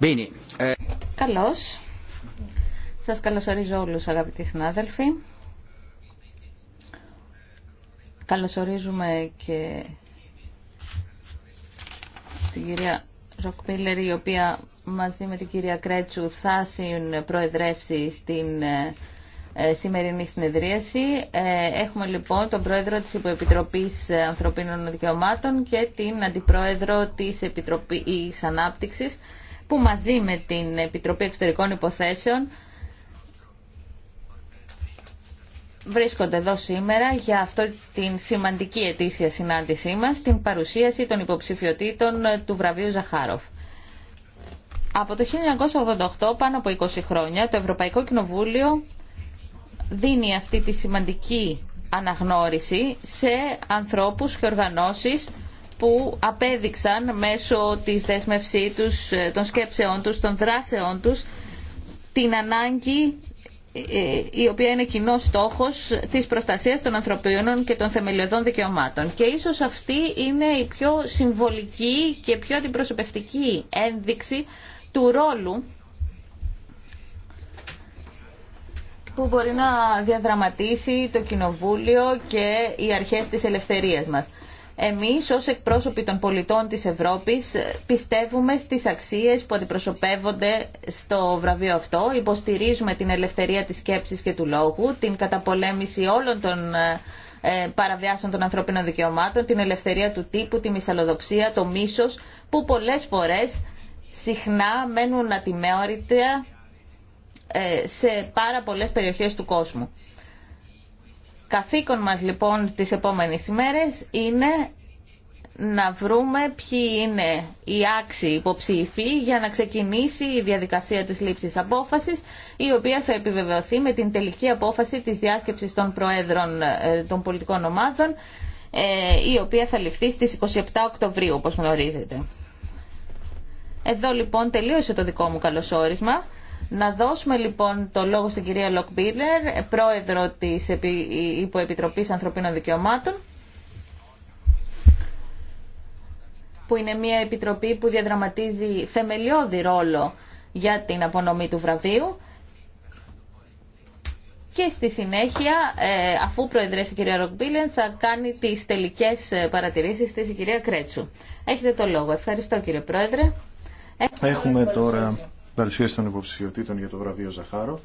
Bene. Eh. Καλώς. Σας καλωσορίζω όλους αγαπητοί συνάδελφοι. Καλωσορίζουμε και την κυρία Ροκπίλερ η οποία μαζί με την κυρία Κρέτσου θα συμπροεδρεύσει στην ε, σημερινή συνεδρίαση. Ε, έχουμε λοιπόν τον πρόεδρο της Υποεπιτροπής Ανθρωπίνων Δικαιωμάτων και την αντιπρόεδρο της Επιτροπής Ανάπτυξης που μαζί με την Επιτροπή Εξωτερικών Υποθέσεων βρίσκονται εδώ σήμερα για αυτή τη σημαντική ετήσια συνάντησή μας, την παρουσίαση των υποψηφιωτήτων του βραβείου Ζαχάροφ. Από το 1988, πάνω από 20 χρόνια, το Ευρωπαϊκό Κοινοβούλιο δίνει αυτή τη σημαντική αναγνώριση σε ανθρώπους και οργανώσεις που απέδειξαν μέσω της δέσμευσή τους, ε, των σκέψεών τους, των δράσεών τους, την ανάγκη ε, η οποία είναι κοινό στόχος της προστασίας των ανθρωπίνων και των θεμελιωδών δικαιωμάτων. Και ίσως αυτή είναι η πιο συμβολική και πιο αντιπροσωπευτική ένδειξη του ρόλου που μπορεί να διαδραματίσει το Κοινοβούλιο και οι αρχές της ελευθερίας μας. Εμείς ως εκπρόσωποι των πολιτών της Ευρώπης πιστεύουμε στις αξίες που αντιπροσωπεύονται στο βραβείο αυτό. Υποστηρίζουμε την ελευθερία της σκέψης και του λόγου, την καταπολέμηση όλων των ε, παραβιάσεων των ανθρωπίνων δικαιωμάτων, την ελευθερία του τύπου, τη μυσαλλοδοξία, το μίσος, που πολλές φορές συχνά μένουν ατιμέωρητα ε, σε πάρα πολλές περιοχές του κόσμου. Καθήκον μας λοιπόν τις επόμενες ημέρες είναι να βρούμε ποιοι είναι οι άξιοι υποψήφοι για να ξεκινήσει η διαδικασία της λήψης απόφασης η οποία θα επιβεβαιωθεί με την τελική απόφαση της διάσκεψης των Προέδρων ε, των πολιτικών ομάδων ε, η οποία θα ληφθεί στις 27 Οκτωβρίου όπως γνωρίζετε. Εδώ λοιπόν τελείωσε το δικό μου καλωσόρισμα να δώσουμε λοιπόν το λόγο στην κυρία Λοκμπίλερ, πρόεδρο της Υποεπιτροπής Ανθρωπίνων Δικαιωμάτων, που είναι μια επιτροπή που διαδραματίζει θεμελιώδη ρόλο για την απονομή του βραβείου. Και στη συνέχεια, ε, αφού προεδρεύσει η κυρία Ροκμπίλεν, θα κάνει τις τελικές ε, παρατηρήσεις της η κυρία Κρέτσου. Έχετε το λόγο. Ευχαριστώ κύριε Πρόεδρε. Έχουμε τώρα παρουσίαση των υποψηφιωτήτων για το βραβείο Ζαχάρο.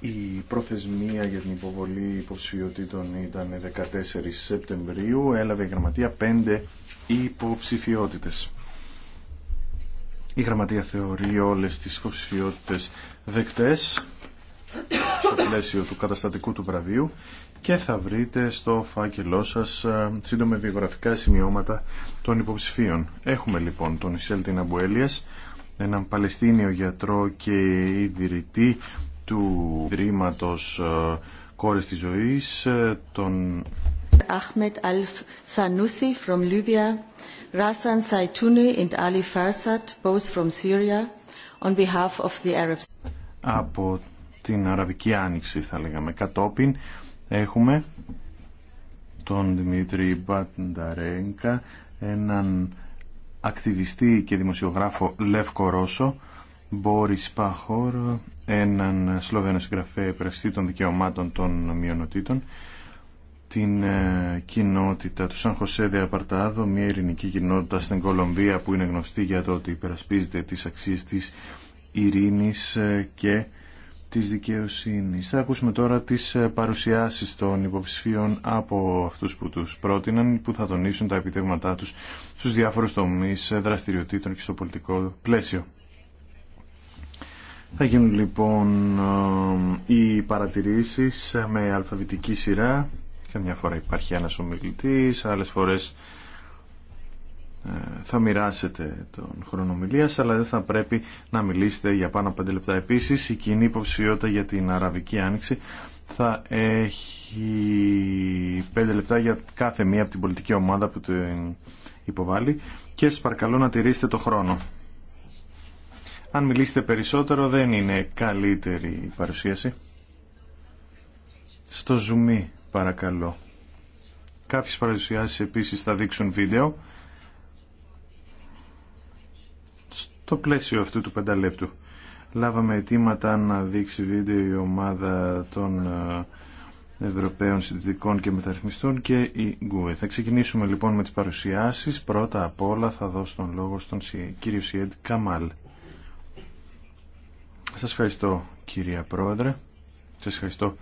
Η προθεσμία για την υποβολή υποψηφιωτήτων ήταν 14 Σεπτεμβρίου. Έλαβε η Γραμματεία 5 υποψηφιότητες. Η Γραμματεία θεωρεί όλες τις υποψηφιότητες δεκτές στο πλαίσιο του καταστατικού του βραβείου και θα βρείτε στο φάκελό σας ε, σύντομα βιογραφικά σημειώματα των υποψηφίων. Έχουμε λοιπόν τον Ισέλτιν Αμπουέλιας, έναν Παλαιστίνιο γιατρό και ιδρυτή του Ιδρύματος ε, Κόρες της Ζωής, ε, τον Ahmed Al Sanusi from Libya, Rasan Saitouni and Ali both from Syria, on behalf of the Arabs. Από την Αραβική Άνοιξη θα λέγαμε κατόπιν Έχουμε τον Δημήτρη Μπανταρέγκα, έναν ακτιβιστή και δημοσιογράφο Λεύκο Ρώσο, Μπόρις Παχόρ, έναν Σλοβένο συγγραφέα πρευστή των δικαιωμάτων των μειονοτήτων, την ε, κοινότητα του Σαν Χωσέδε Απαρτάδο, μια ειρηνική κοινότητα στην Κολομβία που είναι γνωστή για το ότι υπερασπίζεται τις αξίες της ειρήνης ε, και της δικαιοσύνης. Θα ακούσουμε τώρα τις ε, παρουσιάσεις των υποψηφίων από αυτούς που τους πρότειναν, που θα τονίσουν τα επιτεύγματά τους στους διάφορους τομείς ε, δραστηριοτήτων και στο πολιτικό πλαίσιο. Θα γίνουν λοιπόν ε, οι παρατηρήσεις με αλφαβητική σειρά. Καμιά φορά υπάρχει ένας ομιλητής, άλλες φορές ε, θα μοιράσετε τον χρόνο μιλίας, αλλά δεν θα πρέπει να μιλήσετε για πάνω από 5 λεπτά. Επίσης, η κοινή υποψηφιότητα για την Αραβική Άνοιξη θα έχει 5 λεπτά για κάθε μία από την πολιτική ομάδα που το υποβάλλει και σας παρακαλώ να τηρήσετε το χρόνο. Αν μιλήσετε περισσότερο δεν είναι καλύτερη η παρουσίαση. Στο ζουμί, παρακαλώ. Κάποιες παρουσιάσεις επίσης θα δείξουν βίντεο το πλαίσιο αυτού του πενταλέπτου. Λάβαμε αιτήματα να δείξει βίντεο η ομάδα των ε, Ευρωπαίων Συντητικών και Μεταρρυθμιστών και η ΓΚΟΕ. Θα ξεκινήσουμε λοιπόν με τις παρουσιάσεις. Πρώτα απ' όλα θα δώσω τον λόγο στον κύριο Σιέντ Καμάλ. Σας ευχαριστώ κύριε Πρόεδρε. Σας ευχαριστώ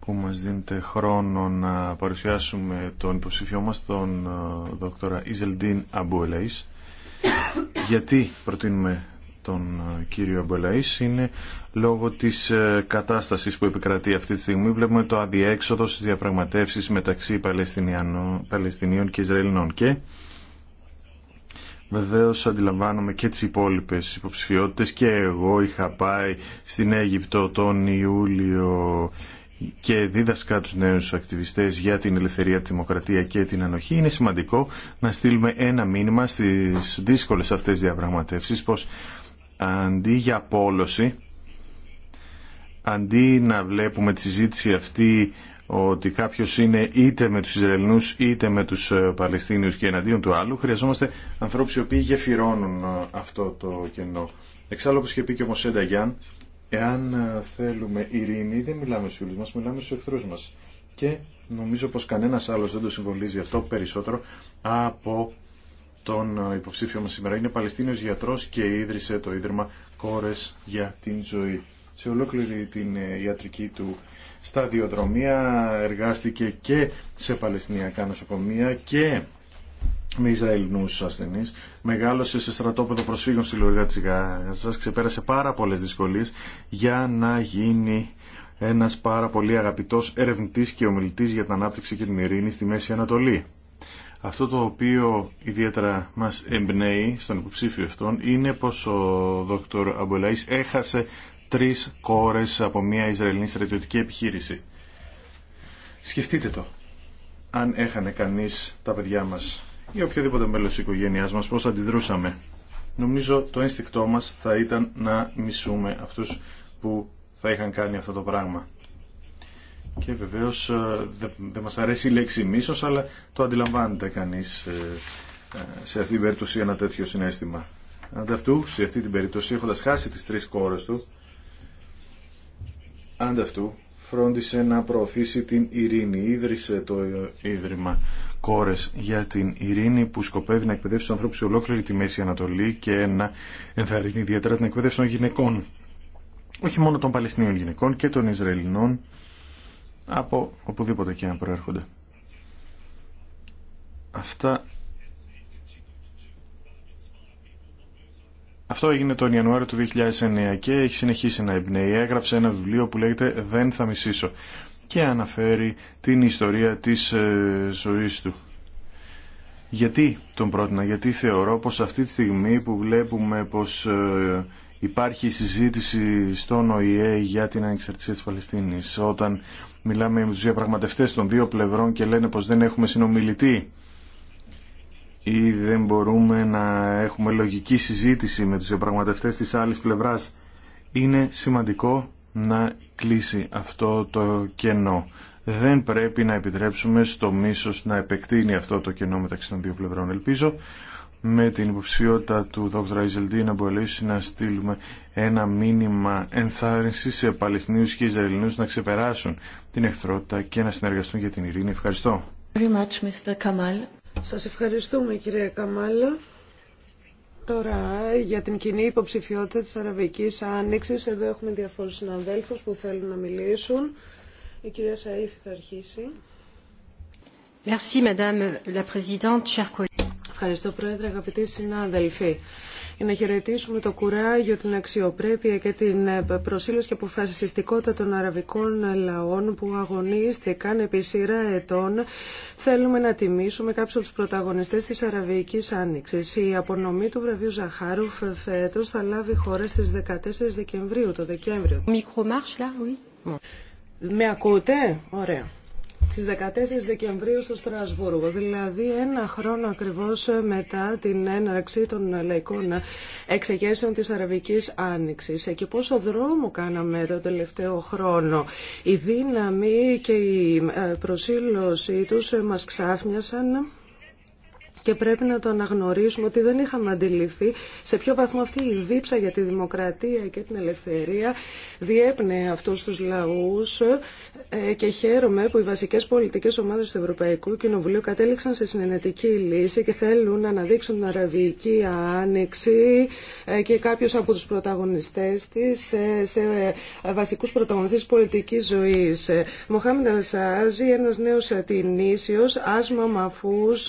που μας δίνετε χρόνο να παρουσιάσουμε τον υποψηφιό μας, τον ε, δόκτωρα Ιζελντίν Αμπουελέης. Γιατί προτείνουμε τον ε, κύριο Αμπολαής είναι λόγω της ε, κατάστασης που επικρατεί αυτή τη στιγμή. Βλέπουμε το αδιέξοδο στις διαπραγματεύσεις μεταξύ Παλαιστινίων και Ισραηλινών και βεβαίως αντιλαμβάνομαι και τις υπόλοιπες υποψηφιότητες και εγώ είχα πάει στην Αίγυπτο τον Ιούλιο και δίδασκα τους νέους ακτιβιστές για την ελευθερία, τη δημοκρατία και την ανοχή, είναι σημαντικό να στείλουμε ένα μήνυμα στις δύσκολες αυτές διαπραγματεύσεις πως αντί για πόλωση, αντί να βλέπουμε τη συζήτηση αυτή ότι κάποιος είναι είτε με τους Ισραηλινούς είτε με τους ε, Παλαιστίνιους και εναντίον του άλλου, χρειαζόμαστε ανθρώπους οι οποίοι γεφυρώνουν ε, αυτό το κενό. Εξάλλου, όπως είχε πει και ο Μωσέντα Γιάν, Εάν ε, θέλουμε ειρήνη, δεν μιλάμε στους φίλους μας, μιλάμε στους εχθρούς μας. Και νομίζω πως κανένας άλλος δεν το συμβολίζει αυτό περισσότερο από τον ε, υποψήφιο μας σήμερα. Είναι Παλαιστίνιος γιατρός και ίδρυσε το Ίδρυμα Κόρες για την Ζωή. Σε ολόκληρη την ε, ιατρική του σταδιοδρομία εργάστηκε και σε Παλαιστινιακά νοσοκομεία και με Ισραηλινού ασθενεί. Μεγάλωσε σε στρατόπεδο προσφύγων στη Λωρίδα τη Γάζα. ξεπέρασε πάρα πολλέ δυσκολίε για να γίνει ένα πάρα πολύ αγαπητό ερευνητή και ομιλητή για την ανάπτυξη και την ειρήνη στη Μέση Ανατολή. Αυτό το οποίο ιδιαίτερα μας εμπνέει στον υποψήφιο αυτόν είναι πως ο Δ. Αμπολαής έχασε τρεις κόρες από μια Ισραηλινή στρατιωτική επιχείρηση. Σκεφτείτε το, αν έχανε κανείς τα παιδιά μας ή οποιοδήποτε μέλο τη οικογένεια μας πώ αντιδρούσαμε. Νομίζω το ένστικτό μας θα ήταν να μισούμε αυτούς που θα είχαν κάνει αυτό το πράγμα. Και βεβαίως ε, δεν μας αρέσει η λέξη μίσος, αλλά το αντιλαμβάνεται κανείς ε, ε, σε αυτή την περίπτωση ένα τέτοιο συνέστημα. Ανταυτού, σε αυτή την περίπτωση, έχοντα χάσει τι τρει κόρε του, ανταυτού φρόντισε να προωθήσει την ειρήνη, ίδρυσε το Ίδρυμα κόρες για την ειρήνη που σκοπεύει να εκπαιδεύσει του ανθρώπου σε ολόκληρη τη Μέση Ανατολή και να ενθαρρύνει ιδιαίτερα την εκπαίδευση των γυναικών. Όχι μόνο των Παλαιστινίων γυναικών και των Ισραηλινών από οπουδήποτε και αν προέρχονται. Αυτά... Αυτό έγινε τον Ιανουάριο του 2009 και έχει συνεχίσει να εμπνέει. Έγραψε ένα βιβλίο που λέγεται «Δεν θα μισήσω» και αναφέρει την ιστορία της ε, ζωής του. Γιατί τον πρότεινα, γιατί θεωρώ πως αυτή τη στιγμή που βλέπουμε πως ε, υπάρχει συζήτηση στον ΟΗΕ για την ανεξαρτησία της Παλαιστίνης, όταν μιλάμε με τους διαπραγματευτές των δύο πλευρών και λένε πως δεν έχουμε συνομιλητή ή δεν μπορούμε να έχουμε λογική συζήτηση με τους διαπραγματευτές της άλλης πλευράς, είναι σημαντικό να κλείσει αυτό το κενό. Δεν πρέπει να επιτρέψουμε στο μίσος να επεκτείνει αυτό το κενό μεταξύ των δύο πλευρών. Ελπίζω με την υποψηφιότητα του Δ. Ιζελντή να μπορέσει να στείλουμε ένα μήνυμα ενθάρρυνση σε Παλαιστινίους και Ισραηλινούς να ξεπεράσουν την εχθρότητα και να συνεργαστούν για την ειρήνη. Ευχαριστώ. Very Σας ευχαριστούμε κυρία Καμάλα. Τώρα για την κοινή υποψηφιότητα της Αραβικής Άνοιξης, εδώ έχουμε διαφόρους συναδέλφους που θέλουν να μιλήσουν. Η κυρία Σαΐφη θα αρχίσει. Merci, Madame la Ευχαριστώ, Πρόεδρε, αγαπητοί συνάδελφοι για να χαιρετήσουμε το κουράγιο, την αξιοπρέπεια και την ε, προσήλωση και αποφασιστικότητα των αραβικών λαών που αγωνίστηκαν επί σειρά ετών. Θέλουμε να τιμήσουμε κάποιου από του πρωταγωνιστέ τη Αραβική Άνοιξη. Η απονομή του βραβείου Ζαχάρου φέτο θα λάβει χώρα στι 14 Δεκεμβρίου, το Δεκέμβριο. là, Με ακούτε? Ωραία στις 14 Δεκεμβρίου στο Στρασβούργο, δηλαδή ένα χρόνο ακριβώς μετά την έναρξη των λαϊκών εξεγέσεων της Αραβικής Άνοιξης. Και πόσο δρόμο κάναμε τον τελευταίο χρόνο. Η δύναμη και η ε, προσήλωσή τους μας ξάφνιασαν και πρέπει να το αναγνωρίσουμε ότι δεν είχαμε αντιληφθεί σε ποιο βαθμό αυτή η δίψα για τη δημοκρατία και την ελευθερία διέπνε αυτούς τους λαούς ε, και χαίρομαι που οι βασικές πολιτικές ομάδες του Ευρωπαϊκού Κοινοβουλίου κατέληξαν σε συνενετική λύση και θέλουν να αναδείξουν την Αραβική Άνοιξη ε, και κάποιους από τους πρωταγωνιστές της ε, σε βασικούς πρωταγωνιστές της πολιτικής ζωής. Μοχάμιν Ανσαζή, ένας νέος άσμα μαφούς,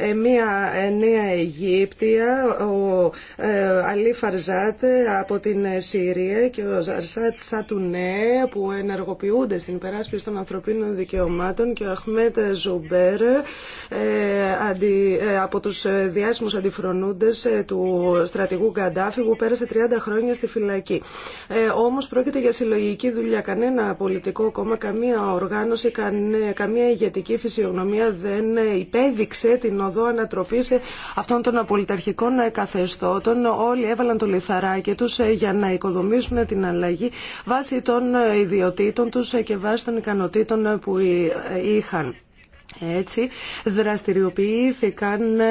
Ε, μία νέα Αιγύπτια, ο ε, Αλή Φαρζάτ ε, από την Συρία και ο Ζαρσάτ Σατουνέ που ενεργοποιούνται στην υπεράσπιση των ανθρωπίνων δικαιωμάτων και ο Αχμέτ Ζουμπέρ από τους διάσημους αντιφρονούντες του στρατηγού Γκαντάφη που πέρασε 30 χρόνια στη φυλακή. Όμως πρόκειται για συλλογική δουλειά. Κανένα πολιτικό κόμμα, καμία οργάνωση, καμία ηγετική φυσιογνωμία δεν υπέδειξε την οδό ανατροπή αυτών των απολυταρχικών καθεστώτων. Όλοι έβαλαν το λιθαράκι τους ε, για να οικοδομήσουν την αλλαγή βάσει των ε, ιδιωτήτων τους ε, και βάσει των ικανοτήτων που είχαν. Έτσι δραστηριοποιήθηκαν ε,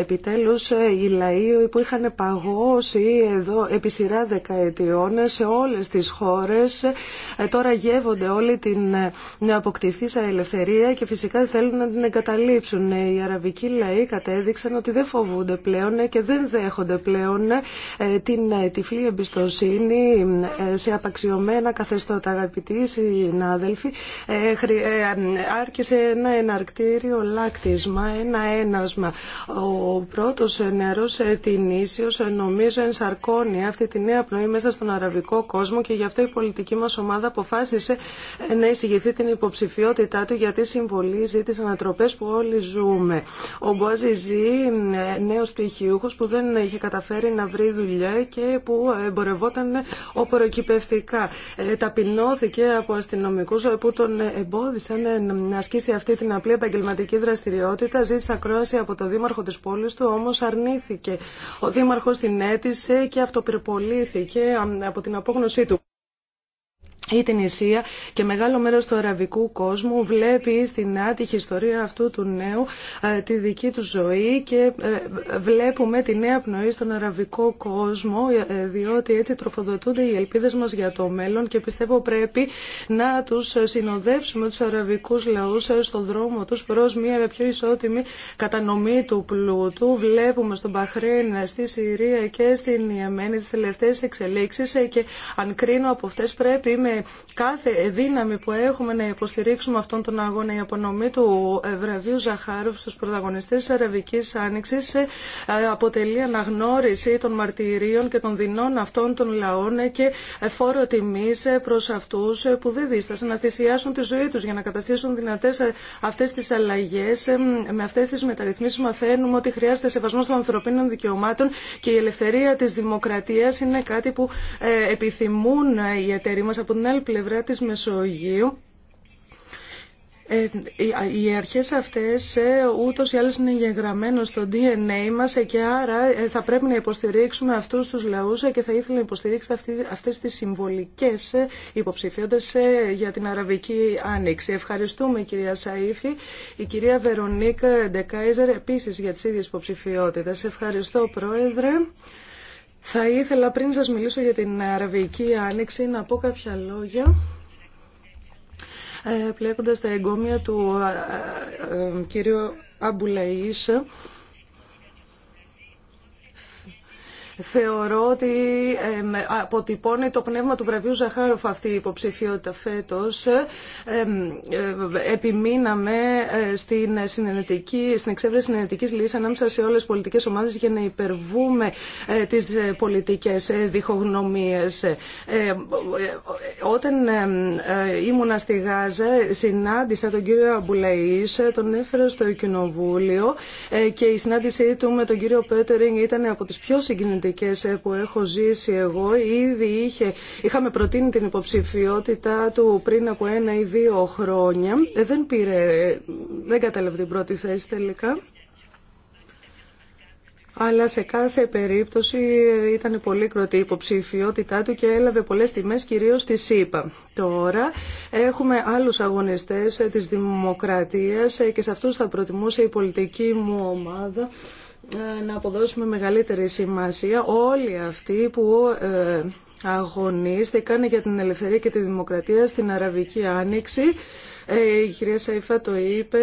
επιτέλους ε, οι λαοί που είχαν παγώσει εδώ επί σειρά δεκαετιών σε όλες τις χώρες. Ε, τώρα γεύονται όλη την αποκτηθήσα ελευθερία και φυσικά θέλουν να την εγκαταλείψουν. Οι αραβικοί λαοί κατέδειξαν ότι δεν φοβούνται πλέον και δεν δέχονται πλέον την τυφλή εμπιστοσύνη σε απαξιωμένα καθεστώτα. Αγαπητοί συνάδελφοι, να ένα αρκτήριο λάκτισμα, ένα ένασμα. Ο πρώτος νερός ε, την Ίσιος ε, νομίζω ενσαρκώνει αυτή τη νέα πνοή μέσα στον αραβικό κόσμο και γι' αυτό η πολιτική μας ομάδα αποφάσισε ε, να εισηγηθεί την υποψηφιότητά του γιατί συμβολίζει τις ανατροπές που όλοι ζούμε. Ο Μποαζιζή, νέος πτυχιούχος που δεν είχε καταφέρει να βρει δουλειά και που εμπορευόταν οποροκυπευτικά. Ταπεινώθηκε από αστυνομικούς που τον εμπόδισαν να ασκήσει αυτή την απλή επαγγελματική δραστηριότητα. Ζήτησε ακρόαση από το δήμαρχο της πόλης του, όμως αρνήθηκε. Ο δήμαρχος την αίτησε και αυτοπυρπολήθηκε από την απόγνωσή του η Ισία και μεγάλο μέρος του αραβικού κόσμου βλέπει στην άτυχη ιστορία αυτού του νέου ε, τη δική του ζωή και ε, βλέπουμε τη νέα πνοή στον αραβικό κόσμο ε, διότι έτσι τροφοδοτούνται οι ελπίδες μας για το μέλλον και πιστεύω πρέπει να τους συνοδεύσουμε τους αραβικούς λαούς στον δρόμο τους προς μια πιο ισότιμη κατανομή του πλούτου. Βλέπουμε στον Παχρέν, στη Συρία και στην Ιεμένη τις τελευταίες εξελίξεις και αν κρίνω από πρέπει κάθε δύναμη που έχουμε να υποστηρίξουμε αυτόν τον αγώνα. Η απονομή του βραβείου Ζαχάροφ στους πρωταγωνιστές της Αραβικής Άνοιξης ε, αποτελεί αναγνώριση των μαρτυρίων και των δεινών αυτών των λαών και φόρο τιμής προς αυτούς που δεν δίστασαν να θυσιάσουν τη ζωή τους για να καταστήσουν δυνατές ε, αυτές τις αλλαγές. Ε, με αυτές τις μεταρρυθμίσεις μαθαίνουμε ότι χρειάζεται σεβασμός των ανθρωπίνων δικαιωμάτων και η ελευθερία της δημοκρατίας είναι κάτι που επιθυμούν οι εταιροί μας από άλλη πλευρά της Μεσογείου ε, οι αρχές αυτές ε, ούτως ή άλλως είναι γεγραμμένο στο DNA μας ε, και άρα θα πρέπει να υποστηρίξουμε αυτούς τους λαούς και θα ήθελα να υποστηρίξετε αυτές τις συμβολικές υποψηφιότητες για την Αραβική Άνοιξη. Ευχαριστούμε κυρία Σαΐφη, η κυρία Βερονίκα Ντεκάιζερ επίσης για τις ίδιες υποψηφιότητες. Ευχαριστώ πρόεδρε. Θα ήθελα πριν σας μιλήσω για την Αραβική Άνοιξη να πω κάποια λόγια ε, πλέκοντας τα εγκόμια του ε, ε, κυρίου Αμπουλαΐς. Θεωρώ ότι αποτυπώνει το πνεύμα του βραβείου Ζαχάροφ αυτή η υποψηφιότητα φέτος. Ε, επιμείναμε ε, στην, συνενετική, στην εξέβρεση συνενετικής λύσης ανάμεσα σε όλες τις πολιτικές ομάδες για να υπερβούμε ε, τις πολιτικές διχογνωμίες. Όταν ήμουνα στη Γάζα συνάντησα τον κύριο Αμπουλαής, τον έφερα στο Κοινοβούλιο και η συνάντησή του με τον κύριο Πέτερινγκ ήταν από τις πιο συγκινητικές συνθήκες ε, που έχω ζήσει εγώ. Ήδη είχε, είχαμε προτείνει την υποψηφιότητά του πριν από ένα ή δύο χρόνια. Ε, δεν πήρε, ε, δεν κατέλαβε την πρώτη θέση τελικά. Αλλά σε κάθε περίπτωση ήταν πολύ κρωτή η δυο χρονια δεν πηρε δεν καταλαβε την πρωτη θεση τελικα αλλα σε καθε περιπτωση ηταν πολυ κροτή η υποψηφιοτητα του και έλαβε πολλές τιμές κυρίως στη ΣΥΠΑ. Τώρα έχουμε άλλους αγωνιστές της δημοκρατίας και σε αυτούς θα προτιμούσε η πολιτική μου ομάδα ε, να αποδώσουμε μεγαλύτερη σημασία όλοι αυτοί που ε, αγωνίστηκαν για την ελευθερία και τη δημοκρατία στην Αραβική Άνοιξη. Ε, η κυρία Σαϊφά το είπε,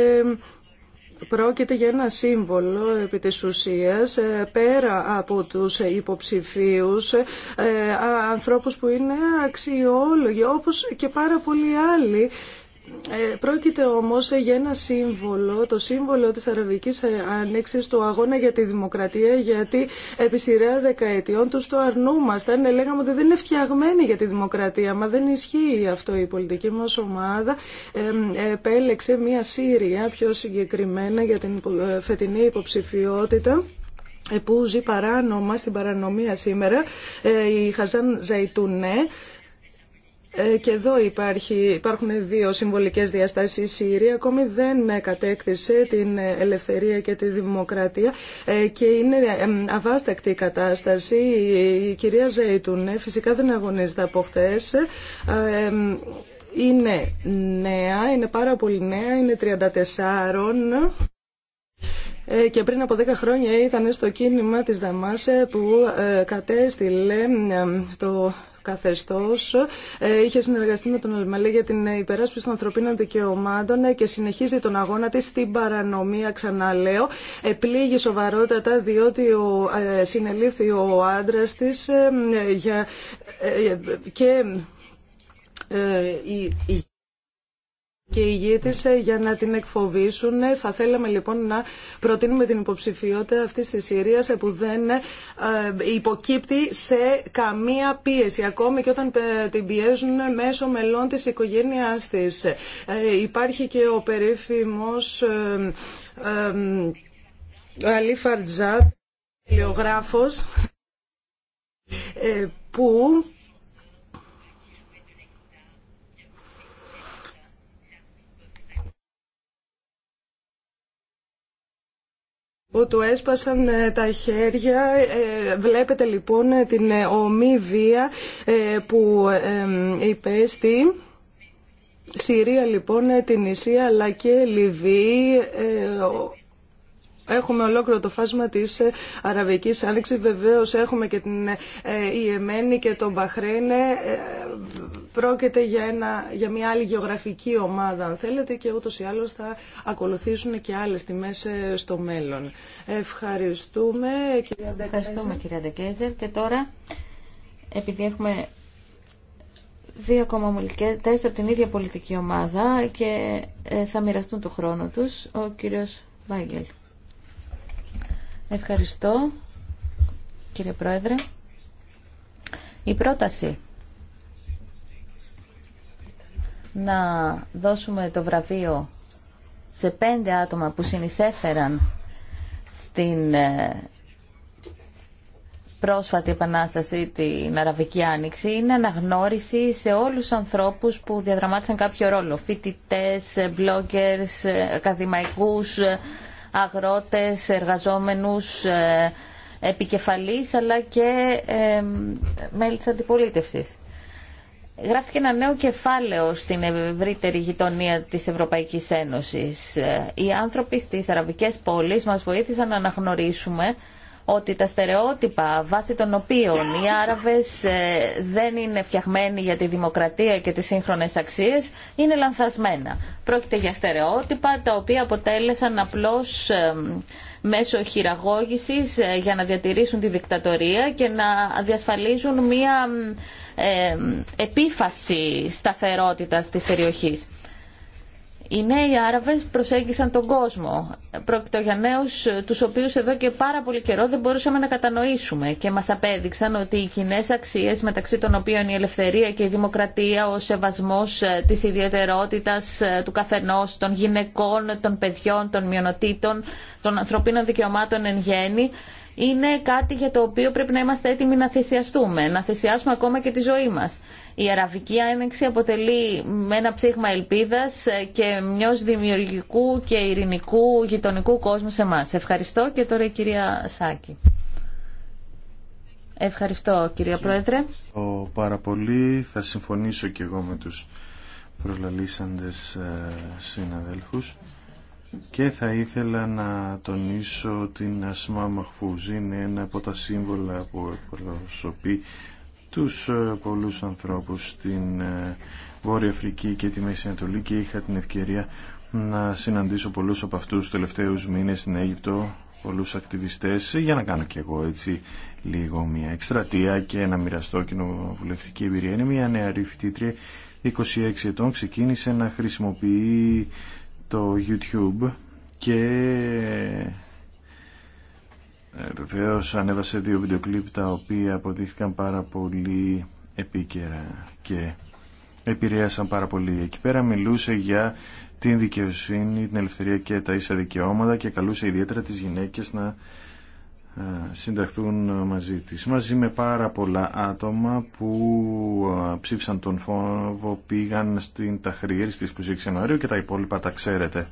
πρόκειται για ένα σύμβολο επί της ουσίας, πέρα από τους υποψηφίους, ανθρώπους που είναι αξιόλογοι, όπως και πάρα πολλοί άλλοι ε, πρόκειται όμως για ένα σύμβολο, το σύμβολο της Αραβικής Άνοιξης, του αγώνα για τη δημοκρατία, γιατί επί σειρά δεκαετιών του το αρνούμασταν. Ε, λέγαμε ότι δεν είναι φτιαγμένοι για τη δημοκρατία, μα δεν ισχύει αυτό. Η πολιτική μας ομάδα ε, επέλεξε μία Σύρια πιο συγκεκριμένα για την φετινή υποψηφιότητα που ζει παράνομα στην παρανομία σήμερα η Χαζάν Ζαϊτουνέ ε, και εδώ υπάρχει, υπάρχουν δύο συμβολικές διαστάσεις. Η Συρία ακόμη δεν κατέκτησε την ελευθερία και τη δημοκρατία ε, και είναι ε, αβάστακτη η κατάσταση. Η κυρία Ζέιτουνε φυσικά δεν αγωνίζεται από χθε. Είναι νέα, είναι πάρα πολύ νέα, είναι 34 και πριν από 10 χρόνια ήταν στο κίνημα της Δαμάσε που κατέστηλε το καθεστώς ε, είχε συνεργαστεί με τον Ελμελέ για την υπεράσπιση των ανθρωπίνων δικαιωμάτων και συνεχίζει τον αγώνα της στην παρανομία, ξαναλέω. Επλήγει σοβαρότατα διότι ο, ε, συνελήφθη ο άντρα της ε, για, και η και τη ε, για να την εκφοβήσουν. Ε, θα θέλαμε λοιπόν να προτείνουμε την υποψηφιότητα αυτή τη Συρία ε, που δεν υποκύπτει σε καμία πίεση, ακόμη και όταν την πιέζουν μέσω μελών της οικογένειάς της. Υπάρχει και ο περίφημος Αλή Φαρτζά, ε, που που του έσπασαν ε, τα χέρια. Ε, βλέπετε λοιπόν ε, την ομή βία που υπέστη. Συρία λοιπόν, την Ισία αλλά και Λιβύη Έχουμε ολόκληρο το φάσμα της ε, Αραβικής Άνοιξη. βεβαίω έχουμε και την Ιεμένη ε, και τον Μπαχρέιν. Ε, πρόκειται για, ένα, για μια άλλη γεωγραφική ομάδα, αν θέλετε, και ούτως ή άλλως θα ακολουθήσουν και άλλες τιμέ στο μέλλον. Ευχαριστούμε, κυρία Ντεκέζερ. Ευχαριστούμε, Και τώρα, επειδή έχουμε δύο ακόμα τέσσερα από την ίδια πολιτική ομάδα και θα μοιραστούν το χρόνο του. ο κύριο Βάγγελ. Ευχαριστώ, κύριε Πρόεδρε. Η πρόταση να δώσουμε το βραβείο σε πέντε άτομα που συνεισέφεραν στην ε, πρόσφατη επανάσταση, την Αραβική Άνοιξη, είναι αναγνώριση σε όλους τους ανθρώπους που διαδραμάτισαν κάποιο ρόλο. Φοιτητές, ε, bloggers, ε, ακαδημαϊκούς, αγρότες, εργαζόμενους, ε, επικεφαλής αλλά και ε, μέλη της αντιπολίτευσης. Γράφτηκε ένα νέο κεφάλαιο στην ευρύτερη γειτονία της Ευρωπαϊκής Ένωσης. Ε, οι άνθρωποι στις αραβικές πόλεις μας βοήθησαν να αναγνωρίσουμε ότι τα στερεότυπα βάσει των οποίων οι Άραβες ε, δεν είναι φτιαγμένοι για τη δημοκρατία και τις σύγχρονες αξίες είναι λανθασμένα. Πρόκειται για στερεότυπα τα οποία αποτέλεσαν απλώς ε, μέσω χειραγώγησης ε, για να διατηρήσουν τη δικτατορία και να διασφαλίζουν μία επίφαση σταθερότητας της περιοχής. Οι νέοι Άραβες προσέγγισαν τον κόσμο. Πρόκειται για νέους ε, τους οποίους εδώ και πάρα πολύ καιρό δεν μπορούσαμε να κατανοήσουμε και μας απέδειξαν ότι οι κοινέ αξίες μεταξύ των οποίων η ελευθερία και η δημοκρατία, ο σεβασμός ε, της ιδιαιτερότητας ε, του καθενός, των γυναικών, των παιδιών, των μειονοτήτων, των ανθρωπίνων δικαιωμάτων εν γέννη, είναι κάτι για το οποίο πρέπει να είμαστε έτοιμοι να θυσιαστούμε, να θυσιάσουμε ακόμα και τη ζωή μας. Η Αραβική Άνοιξη αποτελεί με ένα ψήγμα ελπίδας ε, και μια δημιουργικού και ειρηνικού γειτονικού κόσμου σε εμά. Ευχαριστώ και τώρα η κυρία Σάκη. Ευχαριστώ κυρία Πρόεδρε. Ο πάρα πολύ θα συμφωνήσω και εγώ με τους προλαλήσαντες ε, συναδέλφους και θα ήθελα να τονίσω την Ασμά μαχφουζή Είναι ένα από τα σύμβολα που εκπροσωπεί τους ε, πολλούς ανθρώπους στην ε, Βόρεια Αφρική και τη Μέση Ανατολή και είχα την ευκαιρία να συναντήσω πολλούς από αυτούς τους τελευταίους μήνες στην Αίγυπτο, πολλούς ακτιβιστές, για να κάνω και εγώ έτσι λίγο μια εκστρατεία και να μοιραστώ κοινοβουλευτική εμπειρία. Είναι μια νεαρή φοιτήτρια, 26 ετών, ξεκίνησε να χρησιμοποιεί το YouTube και ε, Βεβαίω ανέβασε δύο βιντεοκλίπ τα οποία αποδείχθηκαν πάρα πολύ επίκαιρα και επηρέασαν πάρα πολύ. Εκεί πέρα μιλούσε για την δικαιοσύνη, την ελευθερία και τα ίσα δικαιώματα και καλούσε ιδιαίτερα τις γυναίκες να ε, συνταχθούν μαζί της. Μαζί με πάρα πολλά άτομα που ε, ψήφισαν τον φόβο, πήγαν στην Ταχριέρη στις 26 Ιανουαρίου και τα υπόλοιπα τα ξέρετε.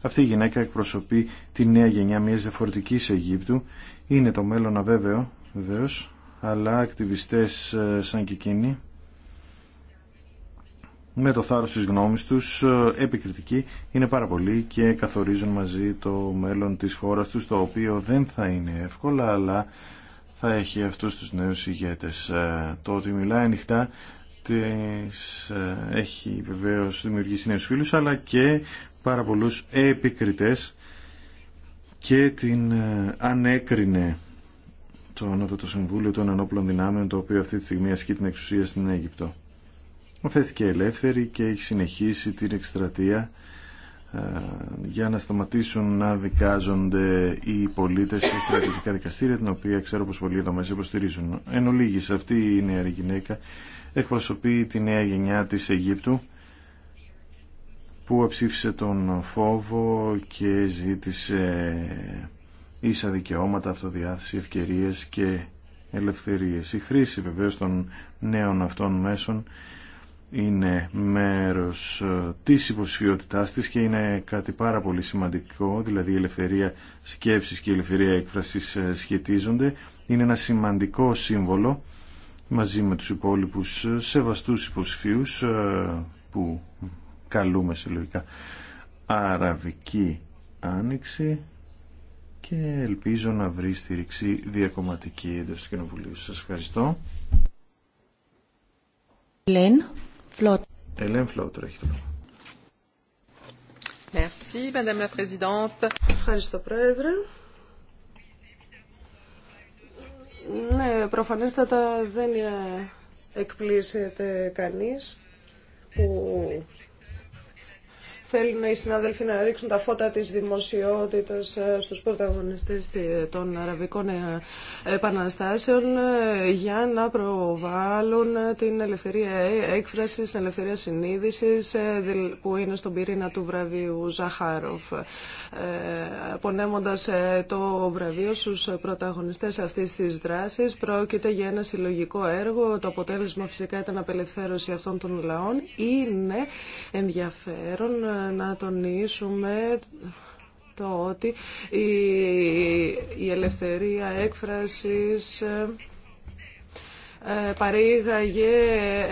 Αυτή η γυναίκα εκπροσωπεί τη νέα γενιά μιας διαφορετικής Αιγύπτου. Είναι το μέλλον αβέβαιο, βεβαίω, αλλά ακτιβιστές ε, σαν και εκείνοι, με το θάρρος της γνώμης τους, ε, επικριτικοί, είναι πάρα πολλοί και καθορίζουν μαζί το μέλλον της χώρας τους, το οποίο δεν θα είναι εύκολα, αλλά θα έχει αυτούς τους νέους ηγέτες. Ε, το ότι μιλάει ανοιχτά της, έχει βεβαίως δημιουργήσει νέους φίλους, αλλά και πάρα πολλούς επικριτές και την ε, ανέκρινε το Ανώτατο Συμβούλιο των Ανόπλων Δυνάμεων, το οποίο αυτή τη στιγμή ασκεί την εξουσία στην Αίγυπτο. Αφέθηκε ελεύθερη και έχει συνεχίσει την εκστρατεία ε, για να σταματήσουν να δικάζονται οι πολίτες σε στρατιωτικά δικαστήρια, την οποία ξέρω πως πολλοί εδώ μέσα υποστηρίζουν. Εν ολίγης, αυτή η νεαρή γυναίκα εκπροσωπεί τη νέα γενιά της Αιγύπτου που αψήφισε τον φόβο και ζήτησε ίσα δικαιώματα, αυτοδιάθεση, ευκαιρίες και ελευθερίες. Η χρήση βεβαίως των νέων αυτών μέσων είναι μέρος της υποσφιότητάς της και είναι κάτι πάρα πολύ σημαντικό, δηλαδή η ελευθερία σκέψης και η ελευθερία έκφρασης ε, σχετίζονται. Είναι ένα σημαντικό σύμβολο μαζί με τους υπόλοιπους ε, σεβαστούς υποσφίους ε, που καλούμε συλλογικά Αραβική Άνοιξη και ελπίζω να βρει στήριξη διακομματική εντός του Κοινοβουλίου. Σας ευχαριστώ. Ελέν Φλότρα. Ελέν Φλότρα έχει το λόγο. Merci, Madame la Présidente. Ευχαριστώ, Πρόεδρε. Ναι, προφανέστατα δεν ε, εκπλήσεται κανείς που Θέλουν οι συνάδελφοι να ρίξουν τα φώτα της δημοσιότητας ε, στους πρωταγωνιστές των αραβικών ε, επαναστάσεων ε, για να προβάλλουν την ελευθερία έκφρασης, την ελευθερία συνείδησης που είναι στον πυρήνα του βραβείου Ζαχάροφ. Πονέμοντας το βραβείο στους πρωταγωνιστές αυτής της δράσης πρόκειται για ένα συλλογικό έργο. Το αποτέλεσμα φυσικά ήταν απελευθέρωση αυτών των λαών. Είναι ενδιαφέρον να τονίσουμε το ότι η ελευθερία έκφρασης παρήγαγε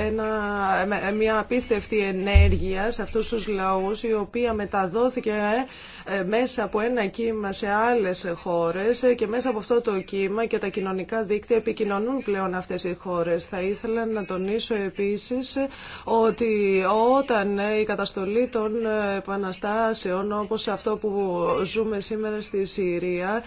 ένα, μια απίστευτη ενέργεια σε αυτούς τους λαούς η οποία μεταδόθηκε ε, ε, μέσα από ένα κύμα σε άλλες χώρες και μέσα από αυτό το κύμα και τα κοινωνικά δίκτυα επικοινωνούν πλέον αυτές οι χώρες. Θα ήθελα να τονίσω επίσης ότι όταν η καταστολή των επαναστάσεων όπως αυτό που ζούμε σήμερα στη Συρία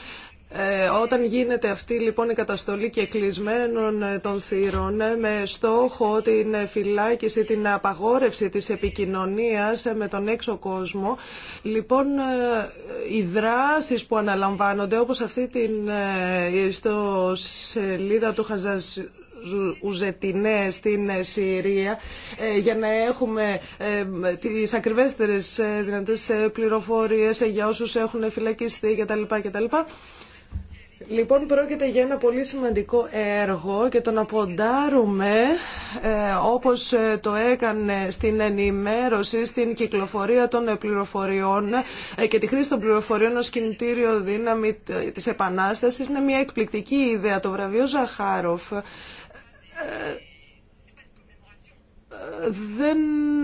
ε, όταν γίνεται αυτή λοιπόν η καταστολή και κλεισμένων ε, των θύρων ε, με στόχο την φυλάκιση, την απαγόρευση της επικοινωνίας με τον έξω κόσμο, λοιπόν οι δράσεις που αναλαμβάνονται όπως αυτή την στο σελίδα του Χαζάς Ουζετινέ στην Συρία για να έχουμε τις ακριβέστερες δυνατές πληροφορίες για όσους έχουν φυλακιστεί κτλ. Λοιπόν, πρόκειται για ένα πολύ σημαντικό έργο και το τον αποντάρουμε ε, όπως ε, το έκανε στην ενημέρωση, στην κυκλοφορία των πληροφοριών ε, και τη χρήση των πληροφοριών ως κινητήριο δύναμη της Επανάστασης. Είναι μια εκπληκτική ιδέα το βραβείο Ζαχάροφ δεν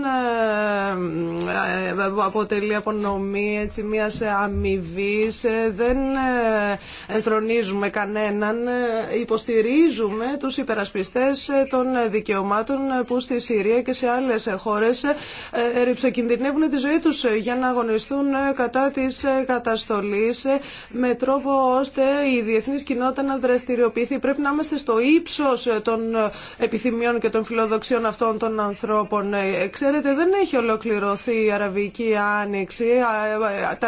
ε, ε, αποτελεί απονομή έτσι, μιας αμοιβή, ε, δεν ενθρονίζουμε κανέναν, υποστηρίζουμε τους υπερασπιστές των δικαιωμάτων που στη Συρία και σε άλλες χώρες ρηψοκινδυνεύουν τη ζωή τους για να αγωνιστούν κατά της καταστολής με τρόπο ώστε η διεθνής κοινότητα να δραστηριοποιηθεί. Πρέπει να είμαστε στο ύψος των επιθυμιών και των φιλοδοξιών αυτών των ανθρώπων. Ε, ξέρετε, δεν έχει ολοκληρωθεί η Αραβική Άνοιξη.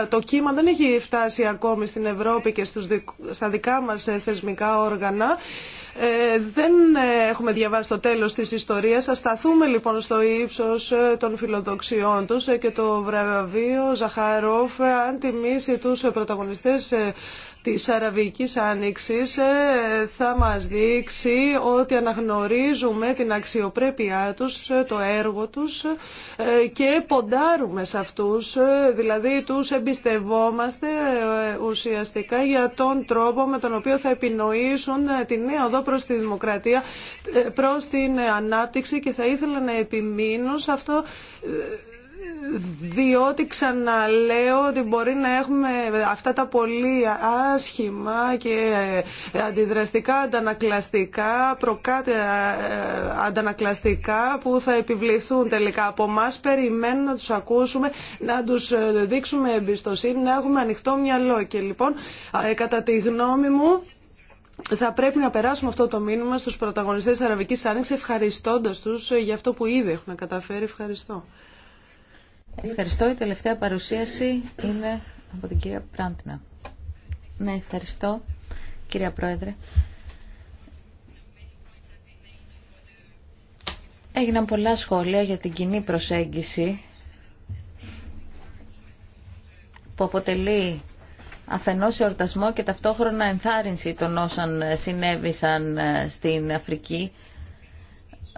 Ε, το κύμα δεν έχει φτάσει ακόμη στην Ευρώπη και στους, στα δικά μας ε, θεσμικά όργανα. Ε, δεν έχουμε διαβάσει το τέλος της ιστορίας. Ας σταθούμε λοιπόν στο ύψος των φιλοδοξιών τους και το βραβείο Ζαχαρόφ αν τιμήσει τους πρωταγωνιστές της Αραβικής Άνοιξης ε, θα μας δείξει ότι αναγνωρίζουμε την αξιοπρέπειά τους, ε, το έργο τους ε, και ποντάρουμε σε αυτούς, δηλαδή τους εμπιστευόμαστε ουσιαστικά για τον τρόπο με τον οποίο θα επινοήσουν τη νέα οδό προς τη δημοκρατία, προς την ανάπτυξη και θα ήθελα να επιμείνω σε αυτό διότι ξαναλέω ότι μπορεί να έχουμε αυτά τα πολύ άσχημα και αντιδραστικά αντανακλαστικά, προκάτε ε, αντανακλαστικά που θα επιβληθούν τελικά από εμά. Περιμένουν να τους ακούσουμε, να τους ε, δείξουμε εμπιστοσύνη, να έχουμε ανοιχτό μυαλό. Και λοιπόν, ε, κατά τη γνώμη μου, θα πρέπει να περάσουμε αυτό το μήνυμα στους πρωταγωνιστές της Αραβικής Άνοιξης ευχαριστώντας τους για αυτό που ήδη έχουν καταφέρει. Ευχαριστώ. Ευχαριστώ. Η τελευταία παρουσίαση είναι από την κυρία Πράντινα. Ναι, ευχαριστώ, κυρία Πρόεδρε. Έγιναν πολλά σχόλια για την κοινή προσέγγιση που αποτελεί αφενός εορτασμό και ταυτόχρονα ενθάρρυνση των όσων συνέβησαν ε, στην Αφρική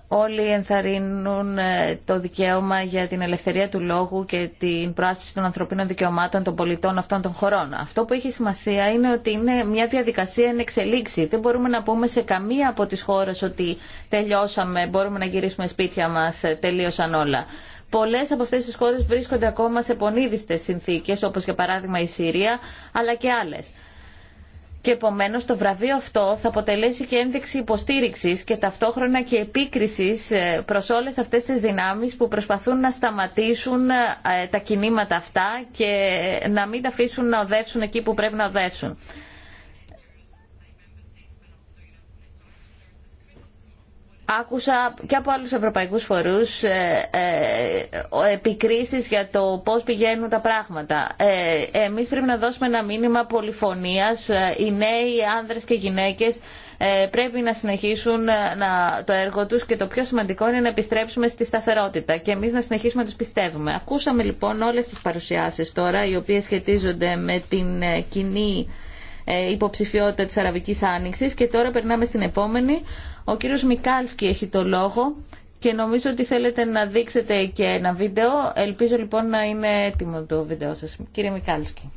όλοι ενθαρρύνουν ε, το δικαίωμα για την ελευθερία του λόγου και την προάσπιση των ανθρωπίνων δικαιωμάτων των πολιτών αυτών των χωρών. Αυτό που έχει σημασία είναι ότι είναι μια διαδικασία εν εξελίξη. Δεν μπορούμε να πούμε σε καμία από τις χώρες ότι τελειώσαμε, μπορούμε να γυρίσουμε σπίτια μας, ε, τελείωσαν όλα. Πολλέ από αυτέ τι χώρε βρίσκονται ακόμα σε πονίδιστε συνθήκε, όπω για παράδειγμα η Συρία, αλλά και άλλε και επομένως το βραβείο αυτό θα αποτελέσει και ένδειξη υποστήριξης και ταυτόχρονα και επίκρισης ε, προς όλες αυτές τις δυνάμεις που προσπαθούν να σταματήσουν ε, τα κινήματα αυτά και ε, να μην τα αφήσουν να οδεύσουν εκεί που πρέπει να οδεύσουν. Άκουσα και από άλλους ευρωπαϊκούς φορούς ε, ε, επικρίσεις για το πώς πηγαίνουν τα πράγματα. Ε, εμείς πρέπει να δώσουμε ένα μήνυμα πολυφωνίας. Ε, οι νέοι άνδρες και γυναίκες ε, πρέπει να συνεχίσουν ε, να, το έργο τους και το πιο σημαντικό είναι να επιστρέψουμε στη σταθερότητα και εμείς να συνεχίσουμε να τους πιστεύουμε. Ακούσαμε λοιπόν όλες τις παρουσιάσεις τώρα οι οποίες σχετίζονται με την κοινή υποψηφιότητα της Αραβικής Άνοιξης και τώρα περνάμε στην επόμενη ο κύριος Μικάλσκι έχει το λόγο και νομίζω ότι θέλετε να δείξετε και ένα βίντεο. Ελπίζω λοιπόν να είναι έτοιμο το βίντεο σας. Κύριε Μικάλσκι.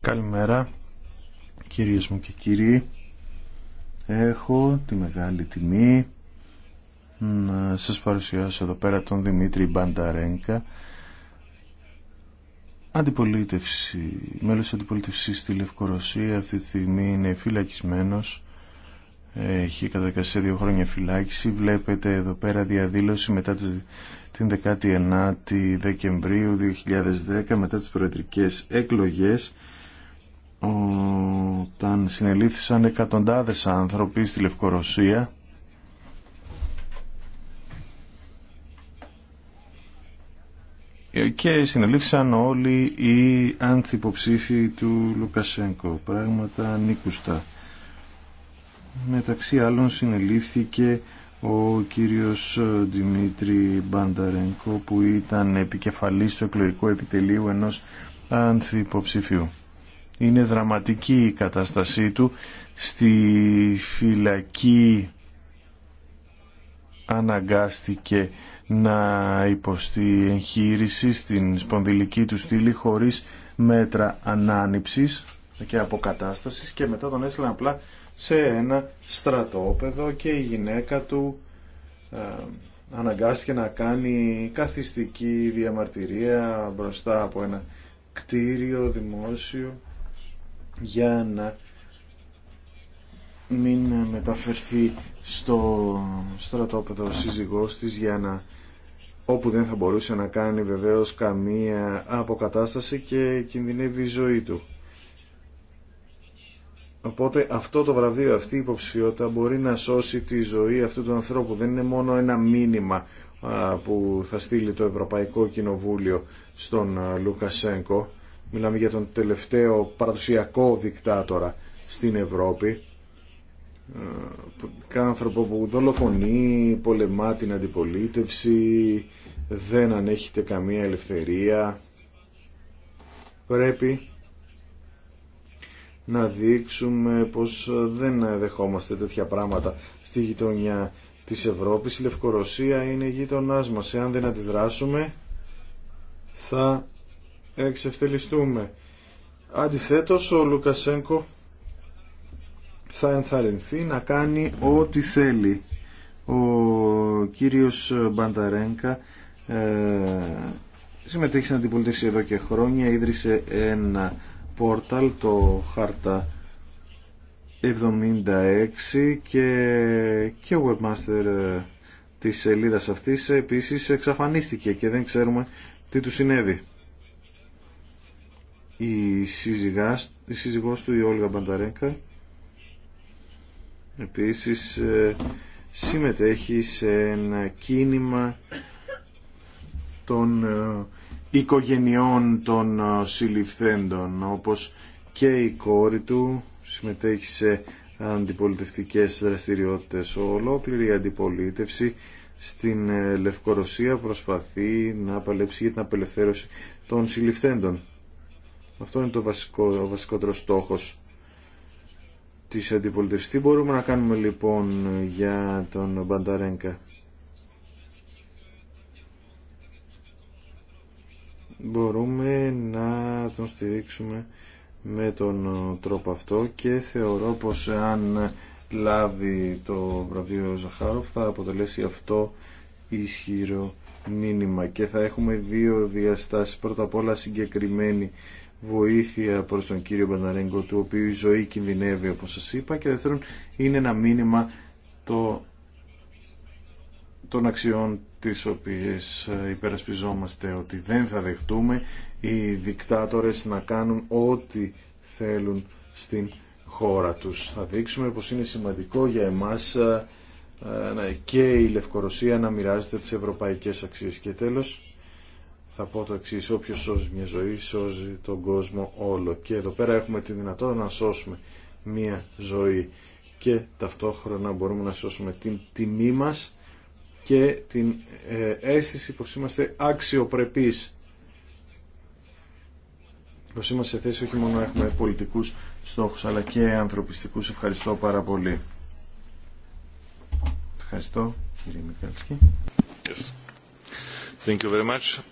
Καλημέρα κυρίες μου και κύριοι. Έχω τη μεγάλη τιμή να σας παρουσιάσω εδώ πέρα τον Δημήτρη Μπανταρένκα αντιπολίτευση, μέλος της αντιπολίτευσης στη Λευκορωσία αυτή τη στιγμή είναι φυλακισμένος έχει καταδικαστεί σε δύο χρόνια φυλάκιση βλέπετε εδώ πέρα διαδήλωση μετά την 19η Δεκεμβρίου 2010 μετά τις προεδρικές εκλογές όταν συνελήφθησαν εκατοντάδες άνθρωποι στη Λευκορωσία και συνελήφθησαν όλοι οι ανθυποψήφοι του Λουκασέγκο. Πράγματα ανήκουστα. Μεταξύ άλλων συνελήφθηκε ο κύριος Δημήτρη Μπανταρενκό που ήταν επικεφαλής του εκλογικού επιτελείου ενός ανθυποψηφίου. Είναι δραματική η κατάστασή του στη φυλακή αναγκάστηκε να υποστεί εγχείρηση στην σπονδυλική του στήλη χωρίς μέτρα ανάνυψης και αποκατάστασης και μετά τον έστειλαν απλά σε ένα στρατόπεδο και η γυναίκα του ε, αναγκάστηκε να κάνει καθιστική διαμαρτυρία μπροστά από ένα κτίριο δημόσιο για να μην μεταφερθεί στο στρατόπεδο σύζυγός της για να όπου δεν θα μπορούσε να κάνει βεβαίως καμία αποκατάσταση και κινδυνεύει η ζωή του. Οπότε αυτό το βραβείο, αυτή η υποψηφιότητα μπορεί να σώσει τη ζωή αυτού του ανθρώπου. Δεν είναι μόνο ένα μήνυμα που θα στείλει το Ευρωπαϊκό Κοινοβούλιο στον Λουκασέγκο. Μιλάμε για τον τελευταίο παραδοσιακό δικτάτορα στην Ευρώπη άνθρωπο που δολοφονεί, πολεμά την αντιπολίτευση, δεν ανέχεται καμία ελευθερία. Πρέπει να δείξουμε πως δεν δεχόμαστε τέτοια πράγματα στη γειτονιά της Ευρώπης. Η Λευκορωσία είναι γείτονάς μας. Εάν δεν αντιδράσουμε θα εξευτελιστούμε. Αντιθέτως ο Λουκασέγκο θα ενθαρρυνθεί να κάνει ό,τι θέλει. Ο κύριος Μπανταρένκα ε, συμμετέχει στην αντιπολίτευση εδώ και χρόνια, ίδρυσε ένα πόρταλ, το Χάρτα 76 και, και ο webmaster ε, της σελίδας αυτής επίσης εξαφανίστηκε και δεν ξέρουμε τι του συνέβη. Η, σύζυγάς, η σύζυγός του, η Όλγα Μπανταρέκα, Επίσης ε, συμμετέχει σε ένα κίνημα των ε, οικογενειών των ε, συλληφθέντων όπως και η κόρη του συμμετέχει σε αντιπολιτευτικές δραστηριότητες. Ολόκληρη η αντιπολίτευση στην Λευκορωσία προσπαθεί να παλέψει για την απελευθέρωση των συλληφθέντων. Αυτό είναι το βασικό, ο βασικότερος στόχος της αντιπολιτευσής. Τι μπορούμε να κάνουμε λοιπόν για τον Μπανταρένκα Μπορούμε να τον στηρίξουμε με τον τρόπο αυτό και θεωρώ πως αν λάβει το βραβείο Ζαχάροφ θα αποτελέσει αυτό ισχυρό μήνυμα και θα έχουμε δύο διαστάσεις πρώτα απ' όλα συγκεκριμένη βοήθεια προς τον κύριο Μπαναρέγκο του οποίου η ζωή κινδυνεύει όπως σας είπα και δεύτερον είναι ένα μήνυμα το, των αξιών τις οποίες ε, υπερασπιζόμαστε ότι δεν θα δεχτούμε οι δικτάτορες να κάνουν ό,τι θέλουν στην χώρα τους. Θα δείξουμε πως είναι σημαντικό για εμάς ε, ε, και η Λευκορωσία να μοιράζεται τις ευρωπαϊκές αξίες. Και τέλος, θα πω το εξή, όποιο σώζει μια ζωή σώζει τον κόσμο όλο. Και εδώ πέρα έχουμε τη δυνατότητα να σώσουμε μια ζωή και ταυτόχρονα μπορούμε να σώσουμε την τιμή μας και την ε, αίσθηση πως είμαστε αξιοπρεπείς. Πως είμαστε σε θέση όχι μόνο να έχουμε πολιτικούς στόχους αλλά και ανθρωπιστικούς. Ευχαριστώ πάρα πολύ. Ευχαριστώ κύριε Yes. Thank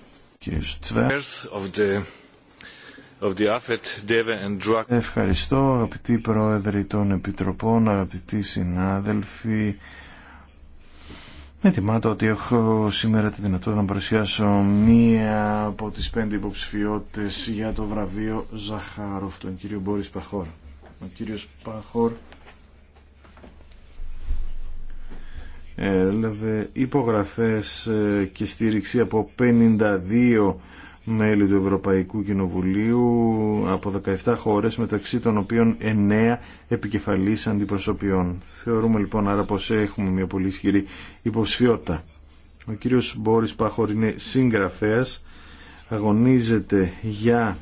Ευχαριστώ αγαπητοί πρόεδροι των Επιτροπών, αγαπητοί συνάδελφοι. Με θυμάται ότι έχω σήμερα τη δυνατότητα να παρουσιάσω μία από τις πέντε υποψηφιότητες για το βραβείο Ζαχάροφ, τον κύριο Μπόρις Παχόρ. Ο Παχόρ έλαβε υπογραφές ε, και στήριξη από 52 μέλη του Ευρωπαϊκού Κοινοβουλίου από 17 χώρες μεταξύ των οποίων 9 επικεφαλής αντιπροσωπιών. Θεωρούμε λοιπόν άρα πως έχουμε μια πολύ ισχυρή υποψηφιότητα. Ο κύριος Μπόρις Πάχορ είναι συγγραφέας, αγωνίζεται για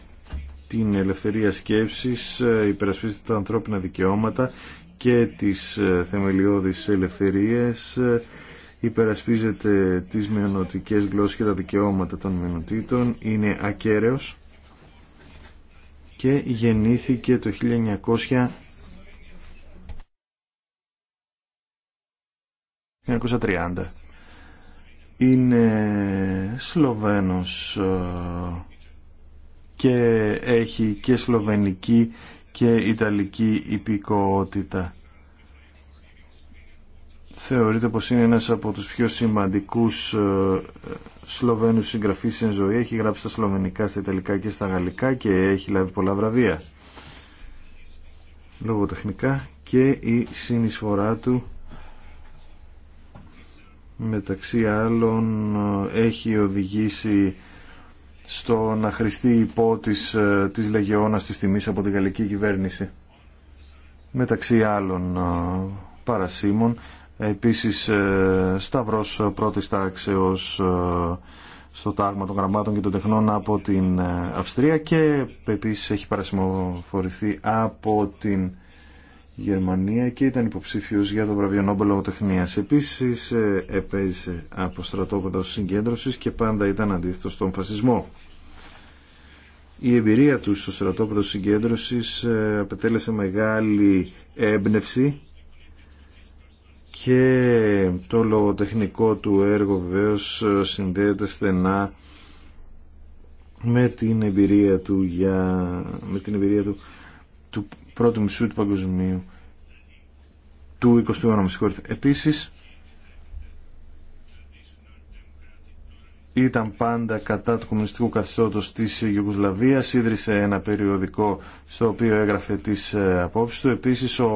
την ελευθερία σκέψης, ε, υπερασπίζεται τα ανθρώπινα δικαιώματα και τις ε, θεμελιώδεις ελευθερίες, ε, υπερασπίζεται τις μειονοτικές γλώσσες και τα δικαιώματα των μειονοτήτων, είναι ακέραιος και γεννήθηκε το 1900 1930. Είναι Σλοβαίνος ε, και έχει και σλοβενική και Ιταλική υπηκοότητα. Θεωρείται πως είναι ένας από τους πιο σημαντικούς ε, Σλοβαίνους συγγραφείς στην ζωή. Έχει γράψει στα Σλοβενικά, στα Ιταλικά και στα Γαλλικά και έχει λάβει πολλά βραβεία. Λογοτεχνικά και η συνεισφορά του μεταξύ άλλων ε, έχει οδηγήσει στο να χρηστεί υπό της, ε, της λεγεώνας της τιμής από την γαλλική κυβέρνηση. Μεταξύ άλλων ε, παρασύμων, επίσης ε, σταυρός πρώτης τάξεως στο τάγμα των γραμμάτων και των τεχνών από την Αυστρία και επίσης έχει παρασημοφορηθεί από την Γερμανία και ήταν υποψήφιος για το βραβείο Νόμπελ Λογοτεχνίας. Επίσης ε, επέζησε από στρατόπεδο συγκέντρωσης και πάντα ήταν αντίθετο στον φασισμό. Η εμπειρία του στο στρατόπεδο συγκέντρωσης ε, απετέλεσε μεγάλη έμπνευση και το λογοτεχνικό του έργο βεβαίω ε, συνδέεται στενά με την εμπειρία του για με την του πρώτου μισού του παγκοσμίου του 20ου αιώνα, Επίσης, ήταν πάντα κατά του κομμουνιστικού καθεστώτος της Ιουγκοσλαβίας, ίδρυσε ένα περιοδικό στο οποίο έγραφε τις ε, απόψεις του. Επίσης, ο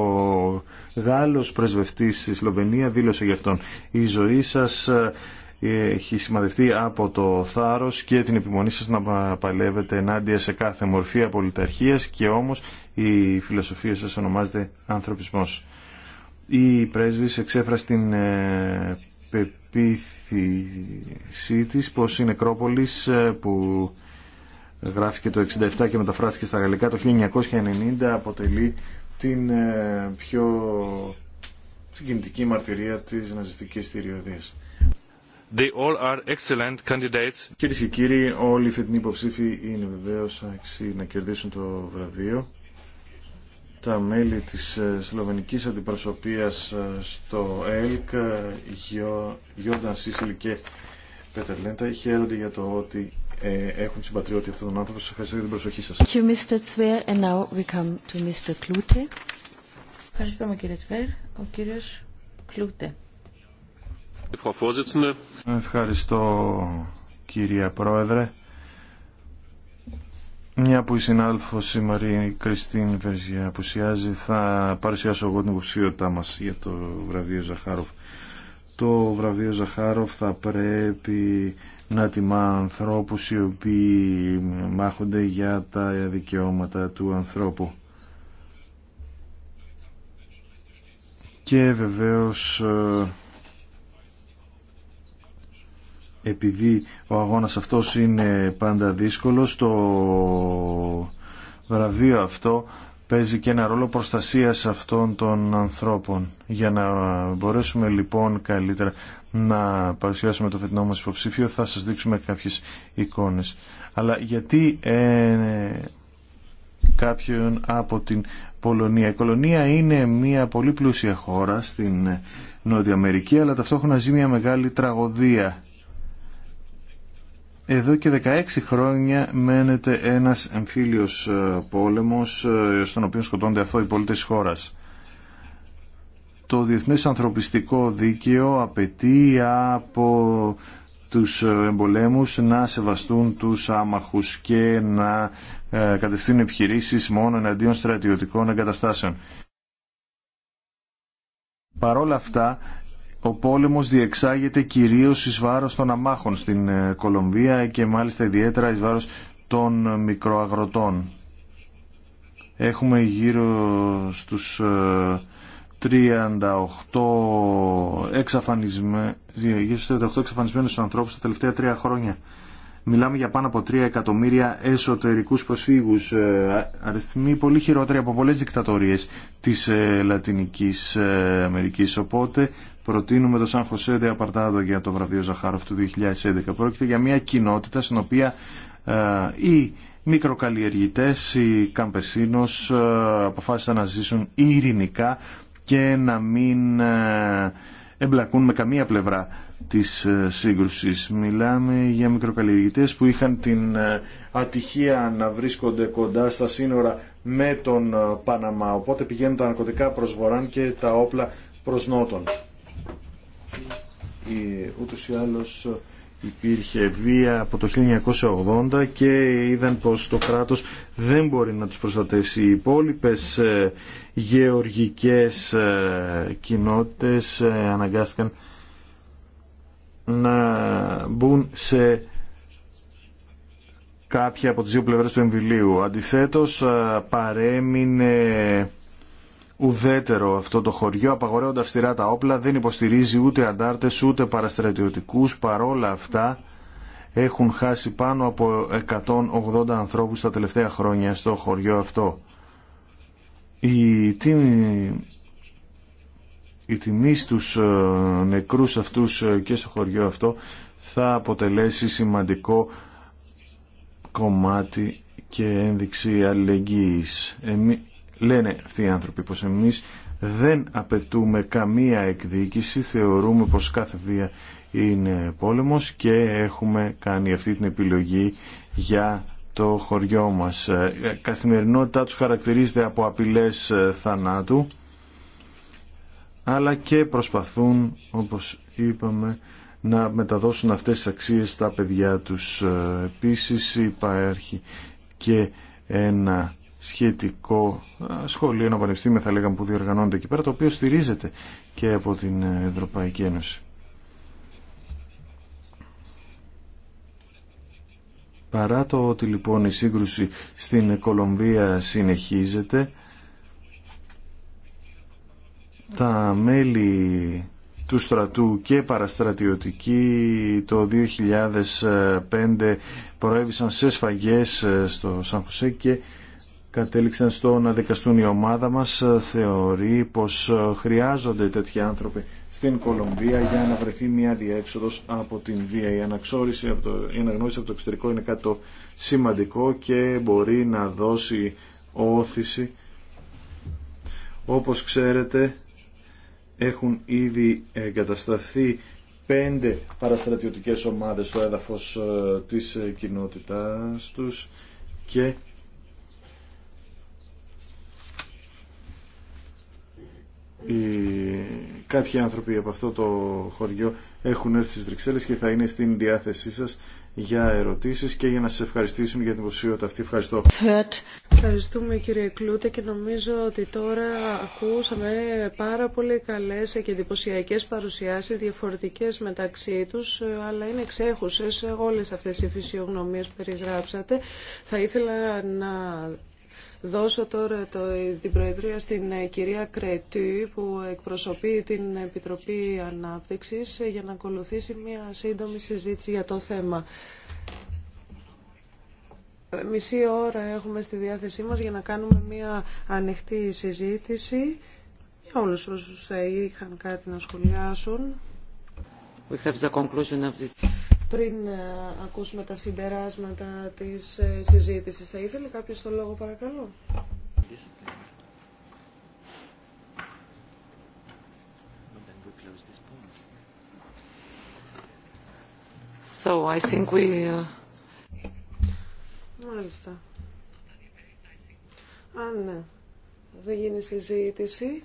Γάλλος πρεσβευτής στη Σλοβενία δήλωσε γι' αυτόν «Η ζωή σας ε, έχει σημαδευτεί από το θάρρος και την επιμονή σας να παλεύετε ενάντια σε κάθε μορφή απολυταρχίας και όμως η φιλοσοφία σας ονομάζεται ανθρωπισμός. Η πρέσβης εξέφρασε την ε, πεποίθησή της πως η Νεκρόπολης ε, που γράφηκε το 67 και μεταφράστηκε στα γαλλικά το 1990 αποτελεί την ε, πιο συγκινητική μαρτυρία της ναζιστικής θηριωδίας. They Κυρίε και κύριοι, όλοι οι φετινοί υποψήφοι είναι βεβαίω αξιοί να κερδίσουν το βραβείο. Τα μέλη της ε, σλοβενικής αντιπροσωπείας ε, στο ΕΛΚ, ε, Γιώργαν Σίσιλ και Πέτερ Λέντα, χαίρονται για το ότι έχουν συμπατριώτη αυτόν τον άνθρωπο. Σας ευχαριστώ για την προσοχή σα. Ευχαριστούμε κύριε Τσβέρ. Ο Κλούτε. Ευχαριστώ κύριε Πρόεδρε. Μια που η συνάδελφος η Μαρία Κριστίν Βερζιά απουσιάζει θα παρουσιάσω εγώ την υποψηφιότητά μας για το βραβείο Ζαχάροφ. Το βραβείο Ζαχάροφ θα πρέπει να τιμά ανθρώπους οι οποίοι μάχονται για τα δικαιώματα του ανθρώπου. Και βεβαίως ε, επειδή ο αγώνας αυτός είναι πάντα δύσκολος, το βραβείο αυτό παίζει και ένα ρόλο προστασίας αυτών των ανθρώπων. Για να μπορέσουμε λοιπόν καλύτερα να παρουσιάσουμε το φετινό μας υποψήφιο θα σας δείξουμε κάποιες εικόνες. Αλλά γιατί ε, κάποιον από την Πολωνία. Η Πολωνία είναι μια πολύ πλούσια χώρα στην Νότια Αμερική αλλά ταυτόχρονα ζει μια μεγάλη τραγωδία εδώ και 16 χρόνια μένεται ένας εμφύλιος ε, πόλεμος ε, στον οποίο σκοτώνται αυτό οι πολίτες της χώρας. Το Διεθνές Ανθρωπιστικό Δίκαιο απαιτεί από τους ε, εμπολέμους να σεβαστούν τους άμαχους και να κατευθύνουν επιχειρήσεις μόνο εναντίον στρατιωτικών εγκαταστάσεων. Παρόλα αυτά ο πόλεμος διεξάγεται κυρίως εις βάρος των αμάχων στην ε, Κολομβία και μάλιστα ιδιαίτερα εις βάρος των μικροαγροτών. Έχουμε γύρω στους 38 ε, εξαφανισμένους, γύρω ανθρώπους τα τελευταία τρία χρόνια. Μιλάμε για πάνω από 3 εκατομμύρια εσωτερικούς προσφύγους, ε, αριθμοί πολύ χειρότεροι από πολλές δικτατορίες της ε, Λατινικής ε, Αμερικής. Οπότε προτείνουμε το Σαν Χωσέ Δε Απαρτάδο για το βραβείο Ζαχάροφ του 2011. Πρόκειται για μια κοινότητα στην οποία οι μικροκαλλιεργητές, οι καμπεσίνος αποφάσισαν να ζήσουν ειρηνικά και να μην εμπλακούν με καμία πλευρά της ε, σύγκρουσης. Μιλάμε για μικροκαλλιεργητές που είχαν την ε, ατυχία να βρίσκονται κοντά στα σύνορα με τον ε, Παναμά. Οπότε πηγαίνουν τα ναρκωτικά προς βοράν και τα όπλα προς νότον. Ούτως ή υπήρχε βία από το 1980 και είδαν πως το κράτος δεν μπορεί να τους προστατεύσει οι υπόλοιπες ε, γεωργικές ε, κοινότητες ε, αναγκάστηκαν να μπουν σε κάποια από τις δύο πλευρές του εμβυλίου. Αντιθέτως παρέμεινε ουδέτερο αυτό το χωριό, απαγορεύονται αυστηρά τα όπλα, δεν υποστηρίζει ούτε αντάρτες ούτε παραστρατιωτικούς, παρόλα αυτά έχουν χάσει πάνω από 180 ανθρώπους τα τελευταία χρόνια στο χωριό αυτό. Η, τιμή, η τιμή στους ε, νεκρούς αυτούς ε, και στο χωριό αυτό θα αποτελέσει σημαντικό κομμάτι και ένδειξη αλληλεγγύης. Εμείς λένε αυτοί οι άνθρωποι πως εμείς δεν απαιτούμε καμία εκδίκηση, θεωρούμε πως κάθε βία είναι πόλεμος και έχουμε κάνει αυτή την επιλογή για το χωριό μας. Ε, καθημερινότητά τους χαρακτηρίζεται από απειλές ε, θανάτου αλλά και προσπαθούν, όπως είπαμε, να μεταδώσουν αυτές τις αξίες στα παιδιά τους. Ε, επίσης υπάρχει και ένα σχετικό σχολείο, ένα πανεπιστήμιο θα λέγαμε που διοργανώνεται εκεί πέρα, το οποίο στηρίζεται και από την Ευρωπαϊκή Ένωση. Παρά το ότι λοιπόν η σύγκρουση στην Κολομβία συνεχίζεται, τα μέλη του στρατού και παραστρατιωτικοί το 2005 προέβησαν σε σφαγές ε, στο Σαν και κατέληξαν στο να δικαστούν η ομάδα μας ε, θεωρεί πως ε, χρειάζονται τέτοιοι άνθρωποι στην Κολομβία για να βρεθεί μια διέξοδος από την βία. Η, αναξόριση από το, η αναγνώριση από το εξωτερικό είναι κάτι σημαντικό και μπορεί να δώσει όθηση. Όπως ξέρετε έχουν ήδη εγκατασταθεί πέντε παραστρατιωτικές ομάδες στο έδαφος ε, της κοινότητάς τους και κάποιοι άνθρωποι από αυτό το χωριό έχουν έρθει στις Βρυξέλλες και θα είναι στην διάθεσή σας για ερωτήσεις και για να σας ευχαριστήσουν για την υποψηφιότητα αυτή. Ευχαριστώ. Ευχαριστούμε κύριε Κλούτε και νομίζω ότι τώρα ακούσαμε πάρα πολύ καλές και εντυπωσιακέ παρουσιάσεις, διαφορετικές μεταξύ τους, αλλά είναι εξέχουσες όλες αυτές οι φυσιογνωμίες που περιγράψατε. Θα ήθελα να Δώσω τώρα το, την Προεδρία στην ε, κυρία Κρετή που εκπροσωπεί την Επιτροπή Ανάπτυξης ε, για να ακολουθήσει μια σύντομη συζήτηση για το θέμα. Ε, μισή ώρα έχουμε στη διάθεσή μας για να κάνουμε μια ανοιχτή συζήτηση για όλους όσους είχαν κάτι να σχολιάσουν. We have the πριν ε, ακούσουμε τα συμπεράσματα της ε, συζήτησης. Θα ήθελε κάποιος το λόγο παρακαλώ. So I think we... Uh, Μάλιστα. Αν ε, δεν γίνει συζήτηση,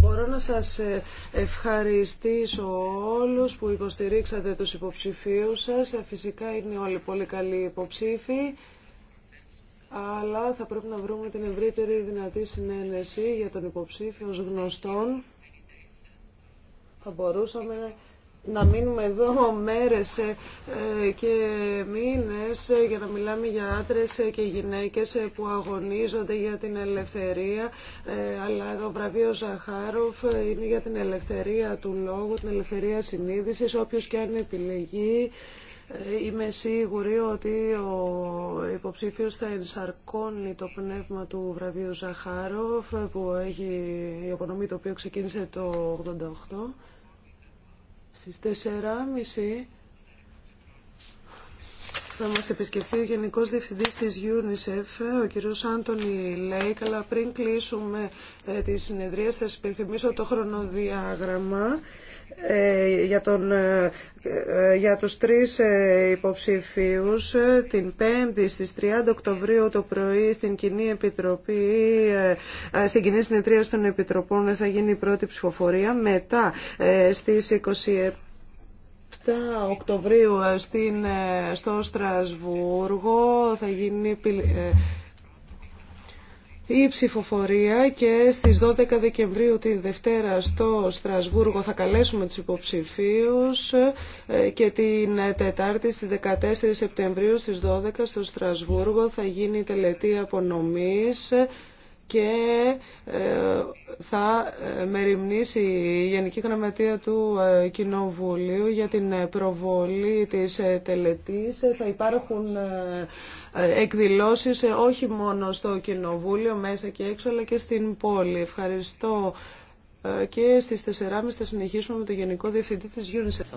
Μπορώ να σας ε, ευχαριστήσω όλους που υποστηρίξατε τους υποψηφίους σας. Ε, φυσικά είναι όλοι πολύ καλοί υποψήφοι, αλλά θα πρέπει να βρούμε την ευρύτερη δυνατή συνένεση για τον υποψήφιο ως γνωστόν. Θα μπορούσαμε να μείνουμε εδώ μέρες ε, και μήνες ε, για να μιλάμε για άντρες ε, και γυναίκες που αγωνίζονται για την ελευθερία αλλά το βραβείο Ζαχάροφ είναι για την ελευθερία του λόγου, την ελευθερία συνείδησης όποιος και αν επιλεγεί Είμαι σίγουρη ότι ο υποψήφιος θα ενσαρκώνει το πνεύμα του βραβείου Ζαχάροφ που έχει η οικονομία το οποίο ξεκίνησε το 1988. Στις 4.30 θα μας επισκεφθεί ο Γενικός Διευθυντής της UNICEF, ο κ. Άντωνη Λέικ, αλλά πριν κλείσουμε ε, τη συνεδρία θα σας υπενθυμίσω το χρονοδιάγραμμα. Ε, για, τον, ε, ε, για τους τρεις υποψηφίους την 5η στις 30 Οκτωβρίου το πρωί στην Κοινή Επιτροπή στην Κοινή Συνεδρία των Επιτροπών θα γίνει η πρώτη ψηφοφορία μετά στις 27 Οκτωβρίου στην, στο Στρασβούργο θα γίνει η ψηφοφορία και στις 12 Δεκεμβρίου τη Δευτέρα στο Στρασβούργο θα καλέσουμε τους υποψηφίους ε, και την Τετάρτη στις 14 Σεπτεμβρίου στις 12 στο Στρασβούργο θα γίνει η τελετή απονομής και ε, θα ε, μεριμνήσει η Γενική Γραμματεία του ε, Κοινοβουλίου για την προβολή της τελετής. Θα υπάρχουν εκδηλώσεις όχι μόνο στο Κοινοβούλιο, μέσα και έξω, αλλά και στην πόλη. Ευχαριστώ και στις 4.30 θα συνεχίσουμε με τον Γενικό Διευθυντή της UNICEF.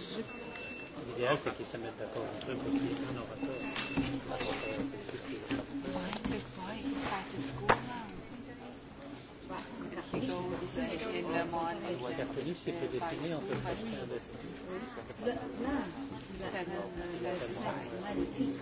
l'idéal, c'est qu'ils se mettent d'accord entre eux pour qu'il y ait un orateur. Le il fait dessiner, on peut un dessin. magnifique.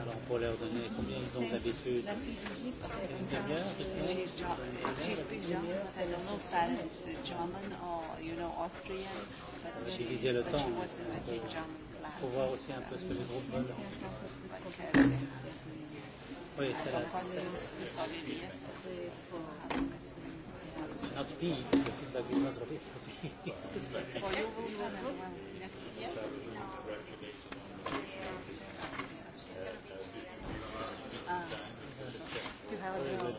Alors, pour leur donner combien ils ont d'habitude Une le temps. pour voir aussi un peu ce que les groupes Oui, c'est la Ευχαριστώ.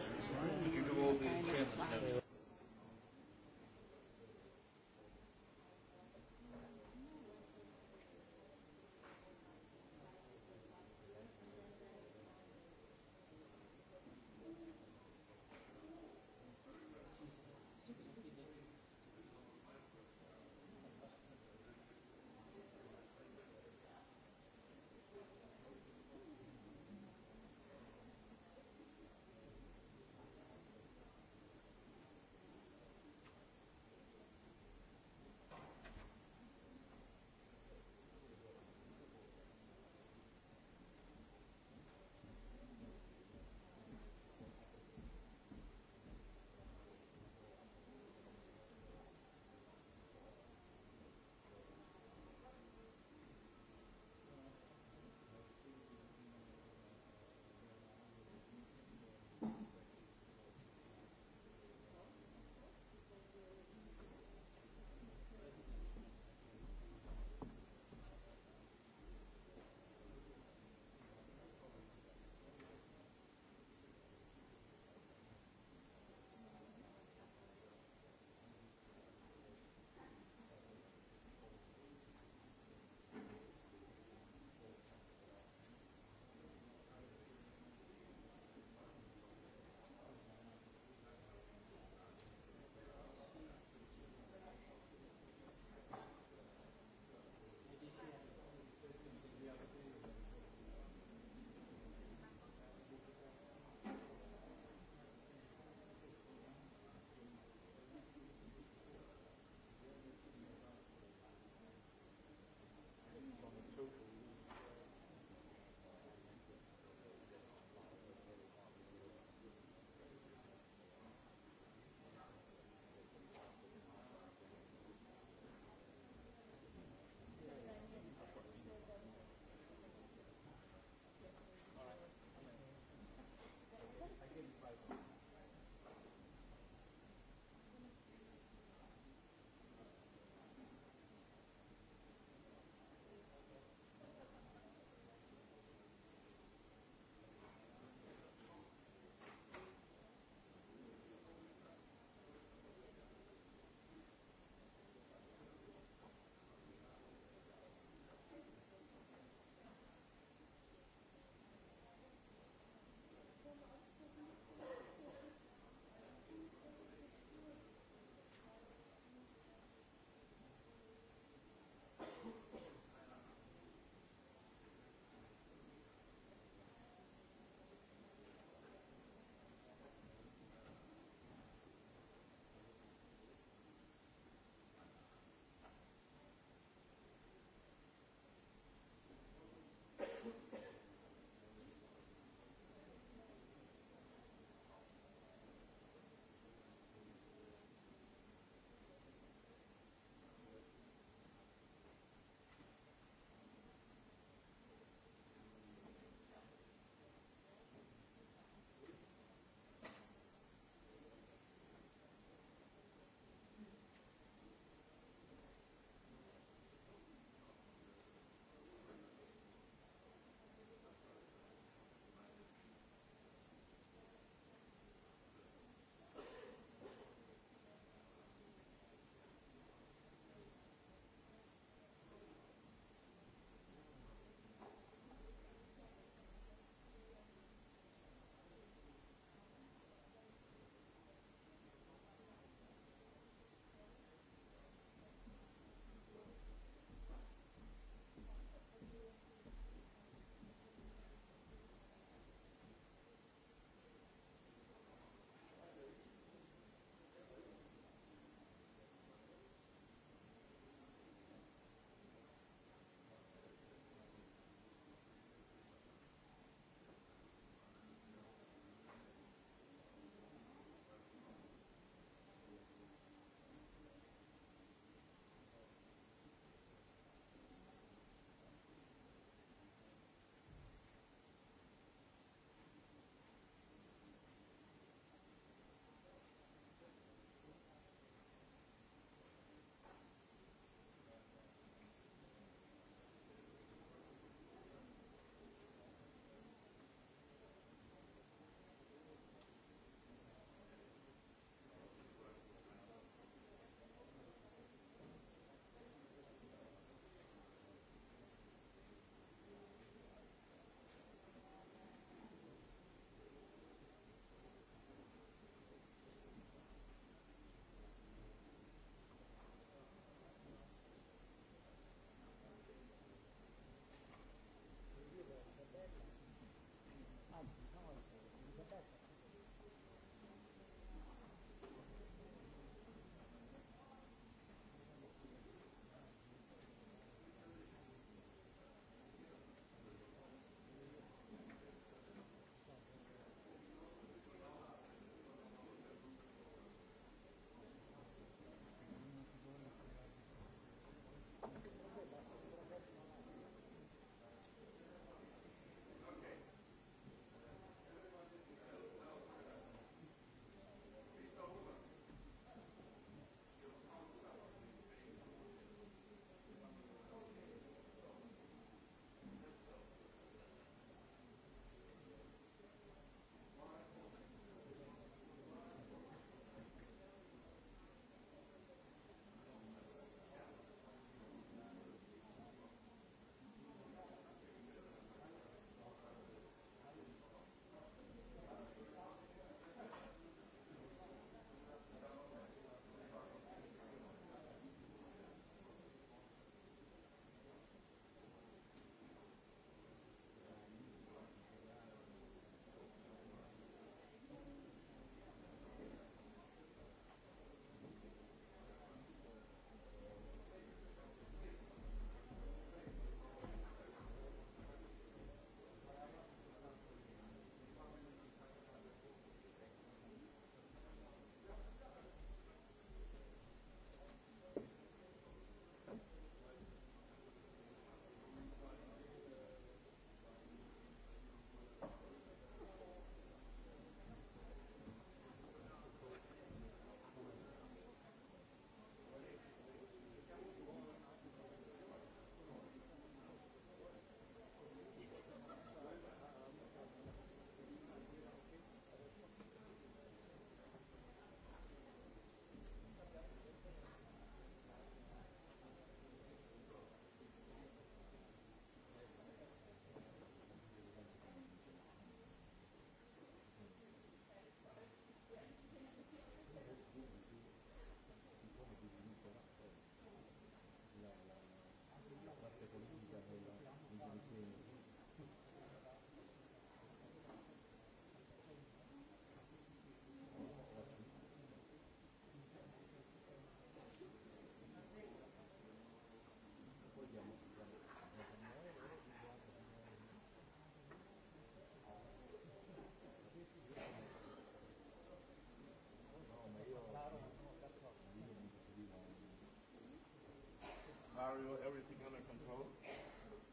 you everything under control?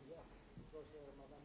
Yeah, because Madame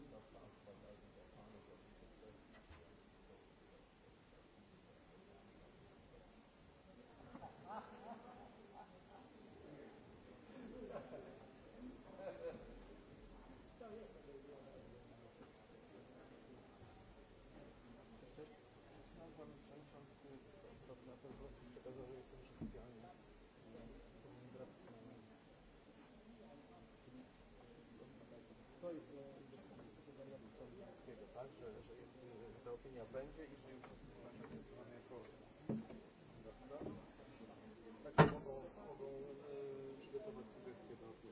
Ja będzie, i także mogą, mogą przygotować sugestie do się,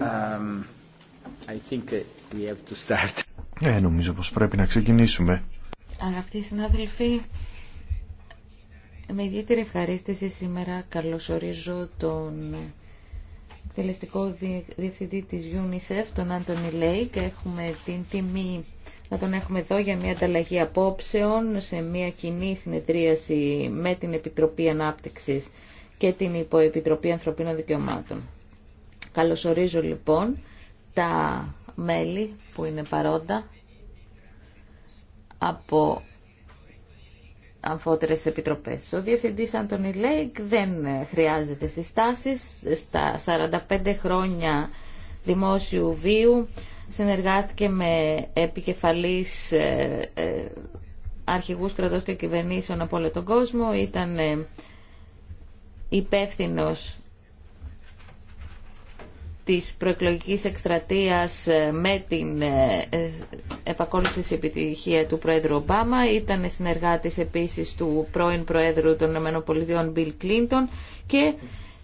Um, ε, νομίζω πως πρέπει να ξεκινήσουμε. Αγαπητοί συνάδελφοι, με ιδιαίτερη ευχαρίστηση σήμερα καλωσορίζω τον εκτελεστικό διευθυντή της UNICEF, τον Άντωνη Λέι, και έχουμε την τιμή να τον έχουμε εδώ για μια ανταλλαγή απόψεων σε μια κοινή συνεδρίαση με την Επιτροπή Ανάπτυξης και την Υποεπιτροπή Ανθρωπίνων Δικαιωμάτων. Καλωσορίζω λοιπόν τα μέλη που είναι παρόντα από αμφότερες επιτροπές. Ο Διευθυντής Αντωνι Λέικ δεν χρειάζεται συστάσεις. Στα 45 χρόνια δημόσιου βίου συνεργάστηκε με επικεφαλής ε, ε, αρχηγούς κρατών και κυβερνήσεων από όλο τον κόσμο. Ήταν ε, υπεύθυνος της προεκλογικής εκστρατείας ε, με την ε, ε, επακόλουθηση επιτυχία του Πρόεδρου Ομπάμα. Ήταν συνεργάτης επίσης του πρώην Προέδρου των ΗΠΑ Μπιλ Κλίντον και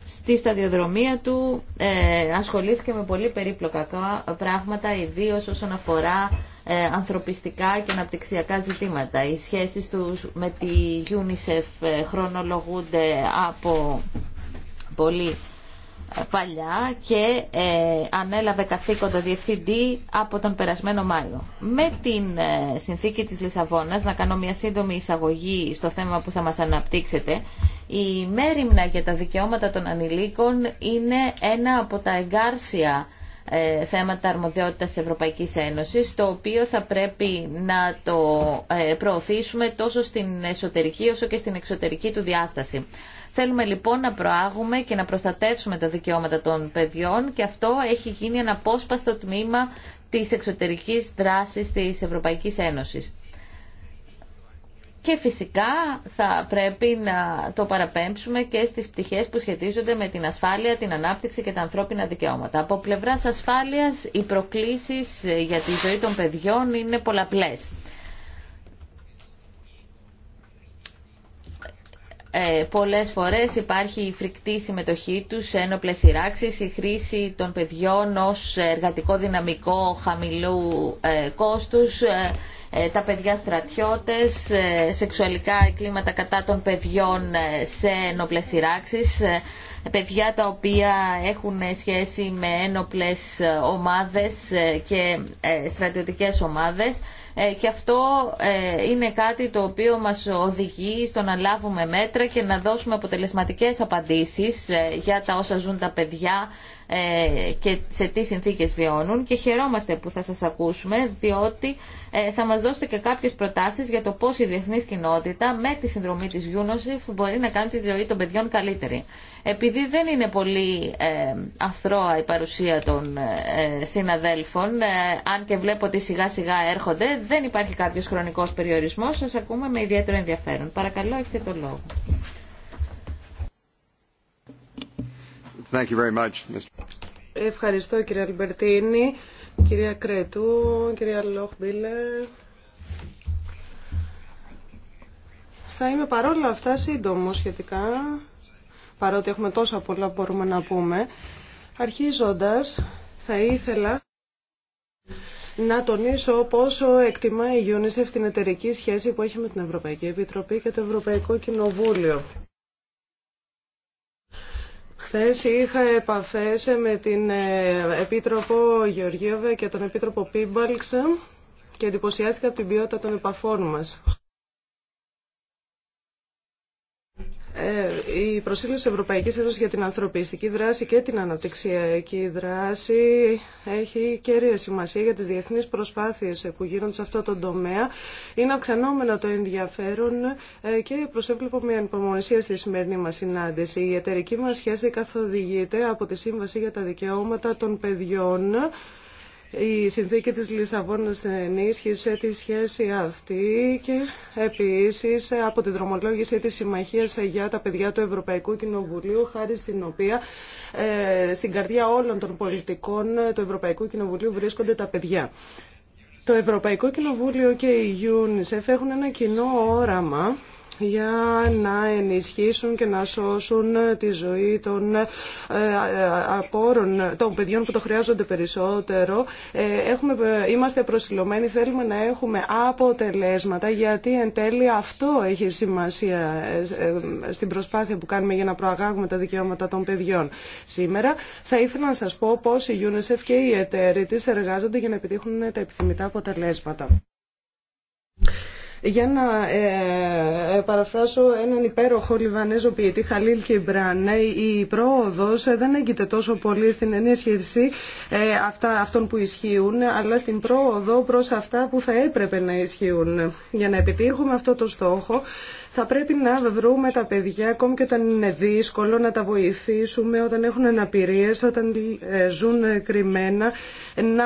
στη σταδιοδρομία του ασχολήθηκε με πολύ περίπλοκα πράγματα, ιδίως όσον αφορά ανθρωπιστικά και αναπτυξιακά ζητήματα. Οι σχέσεις του με τη UNICEF χρονολογούνται από πολύ παλιά και ε, ανέλαβε καθήκοντα διευθυντή από τον περασμένο Μάιο. Με την ε, συνθήκη της Λισαβόνας, να κάνω μια σύντομη εισαγωγή στο θέμα που θα μας αναπτύξετε, η μέρημνα για τα δικαιώματα των ανηλίκων είναι ένα από τα εγκάρσια ε, θέματα αρμοδιότητας της Ευρωπαϊκής Ένωσης, το οποίο θα πρέπει να το προωθήσουμε τόσο στην εσωτερική όσο και στην εξωτερική του διάσταση. Θέλουμε λοιπόν να προάγουμε και να προστατεύσουμε τα δικαιώματα των παιδιών και αυτό έχει γίνει ένα απόσπαστο τμήμα της εξωτερικής δράσης της Ευρωπαϊκής Ένωσης. Και φυσικά θα πρέπει να το παραπέμψουμε και στις πτυχές που σχετίζονται με την ασφάλεια, την ανάπτυξη και τα ανθρώπινα δικαιώματα. Από πλευράς ασφάλειας οι προκλήσεις για τη ζωή των παιδιών είναι πολλαπλές. Ε, πολλές φορές υπάρχει η φρικτή συμμετοχή τους σε ένοπλες σειράξεις, η χρήση των παιδιών ως εργατικό δυναμικό χαμηλού ε, κόστους, ε, ε, τα παιδιά στρατιώτες, ε, σεξουαλικά κλίματα κατά των παιδιών σε ένοπλες σειράξεις, παιδιά τα οποία έχουν σχέση με ένοπλες ομάδες και στρατιωτικές ομάδες. Ε, και αυτό ε, είναι κάτι το οποίο μας οδηγεί στο να λάβουμε μέτρα και να δώσουμε αποτελεσματικές απαντήσεις ε, για τα όσα ζουν τα παιδιά και σε τι συνθήκες βιώνουν και χαιρόμαστε που θα σας ακούσουμε διότι ε, θα μας δώσετε και κάποιες προτάσεις για το πώς η διεθνή κοινότητα με τη συνδρομή της UNOSIF μπορεί να κάνει τη ζωή των παιδιών καλύτερη. Επειδή δεν είναι πολύ ε, αθρώα η παρουσία των ε, συναδέλφων, ε, αν και βλέπω ότι σιγά σιγά έρχονται, δεν υπάρχει κάποιος χρονικός περιορισμός, σας ακούμε με ιδιαίτερο ενδιαφέρον. Παρακαλώ, έχετε το λόγο. Thank you very much, Mr. Ευχαριστώ κύριε Αλμπερτίνη. Κυρία Κρέτου, κυρία Λόχμπιλε, Θα είμαι παρόλα αυτά σύντομο σχετικά, παρότι έχουμε τόσα πολλά που μπορούμε να πούμε. Αρχίζοντας, θα ήθελα να τονίσω πόσο εκτιμά η UNICEF την εταιρική σχέση που έχει με την Ευρωπαϊκή Επιτροπή και το Ευρωπαϊκό Κοινοβούλιο. Χθε είχα επαφές με την ε, Επίτροπο Γεωργίωβε και τον Επίτροπο Πίμπαλξ και εντυπωσιάστηκα από την ποιότητα των επαφών μας. Ε, η προσήλωση Ευρωπαϊκή Ευρωπαϊκής για την ανθρωπιστική δράση και την αναπτυξιακή δράση έχει κέρια σημασία για τις διεθνείς προσπάθειες που γίνονται σε αυτό το τομέα. Είναι αυξανόμενο το ενδιαφέρον ε, και προσέβλεπω μια ανυπομονησία στη σημερινή μα συνάντηση. Η εταιρική μας σχέση καθοδηγείται από τη Σύμβαση για τα Δικαιώματα των Παιδιών η συνθήκη της Λισαβόνας ενίσχυσε τη σχέση αυτή και επίσης από τη δρομολόγηση της συμμαχία για τα παιδιά του Ευρωπαϊκού Κοινοβουλίου χάρη στην οποία ε, στην καρδιά όλων των πολιτικών του Ευρωπαϊκού Κοινοβουλίου βρίσκονται τα παιδιά. Το Ευρωπαϊκό Κοινοβούλιο και η UNICEF έχουν ένα κοινό όραμα για να ενισχύσουν και να σώσουν τη ζωή των ε, απόρων, των παιδιών που το χρειάζονται περισσότερο. Ε, έχουμε, είμαστε προσιλωμένοι, θέλουμε να έχουμε αποτελέσματα γιατί εν τέλει αυτό έχει σημασία ε, στην προσπάθεια που κάνουμε για να προαγάγουμε τα δικαιώματα των παιδιών. Σήμερα θα ήθελα να σας πω πώς η UNICEF και οι εταίροι της εργάζονται για να επιτύχουν τα επιθυμητά αποτελέσματα. Για να ε, ε, παραφράσω έναν υπέροχο Λιβανέζο ποιητή Χαλίλ Κιμπράν, ναι, η πρόοδος δεν έγκυται τόσο πολύ στην ενίσχυση ε, αυτά, αυτών που ισχύουν, αλλά στην πρόοδο προς αυτά που θα έπρεπε να ισχύουν. Για να επιτύχουμε αυτό το στόχο, θα πρέπει να βρούμε τα παιδιά, ακόμη και όταν είναι δύσκολο, να τα βοηθήσουμε όταν έχουν αναπηρίες, όταν ε, ζουν ε, κρυμμένα, να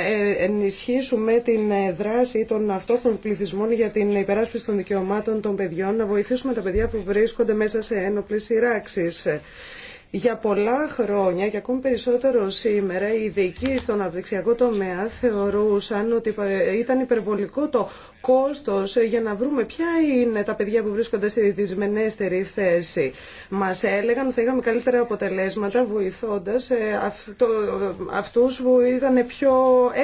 ε, ενισχύσουμε την δράση των αυτόχθων πληθυσμών για την υπεράσπιση των δικαιωμάτων των παιδιών, να βοηθήσουμε τα παιδιά που βρίσκονται μέσα σε ένοπλες σειράξεις. Για πολλά χρόνια και ακόμη περισσότερο σήμερα οι ειδικοί στον αναπτυξιακό τομέα θεωρούσαν ότι ήταν υπερβολικό το Κόστο, για να βρούμε ποια είναι τα παιδιά που βρίσκονται στη δυσμενέστερη θέση. Μα έλεγαν ότι θα είχαμε καλύτερα αποτελέσματα βοηθώντας ε, αυτού που ήταν πιο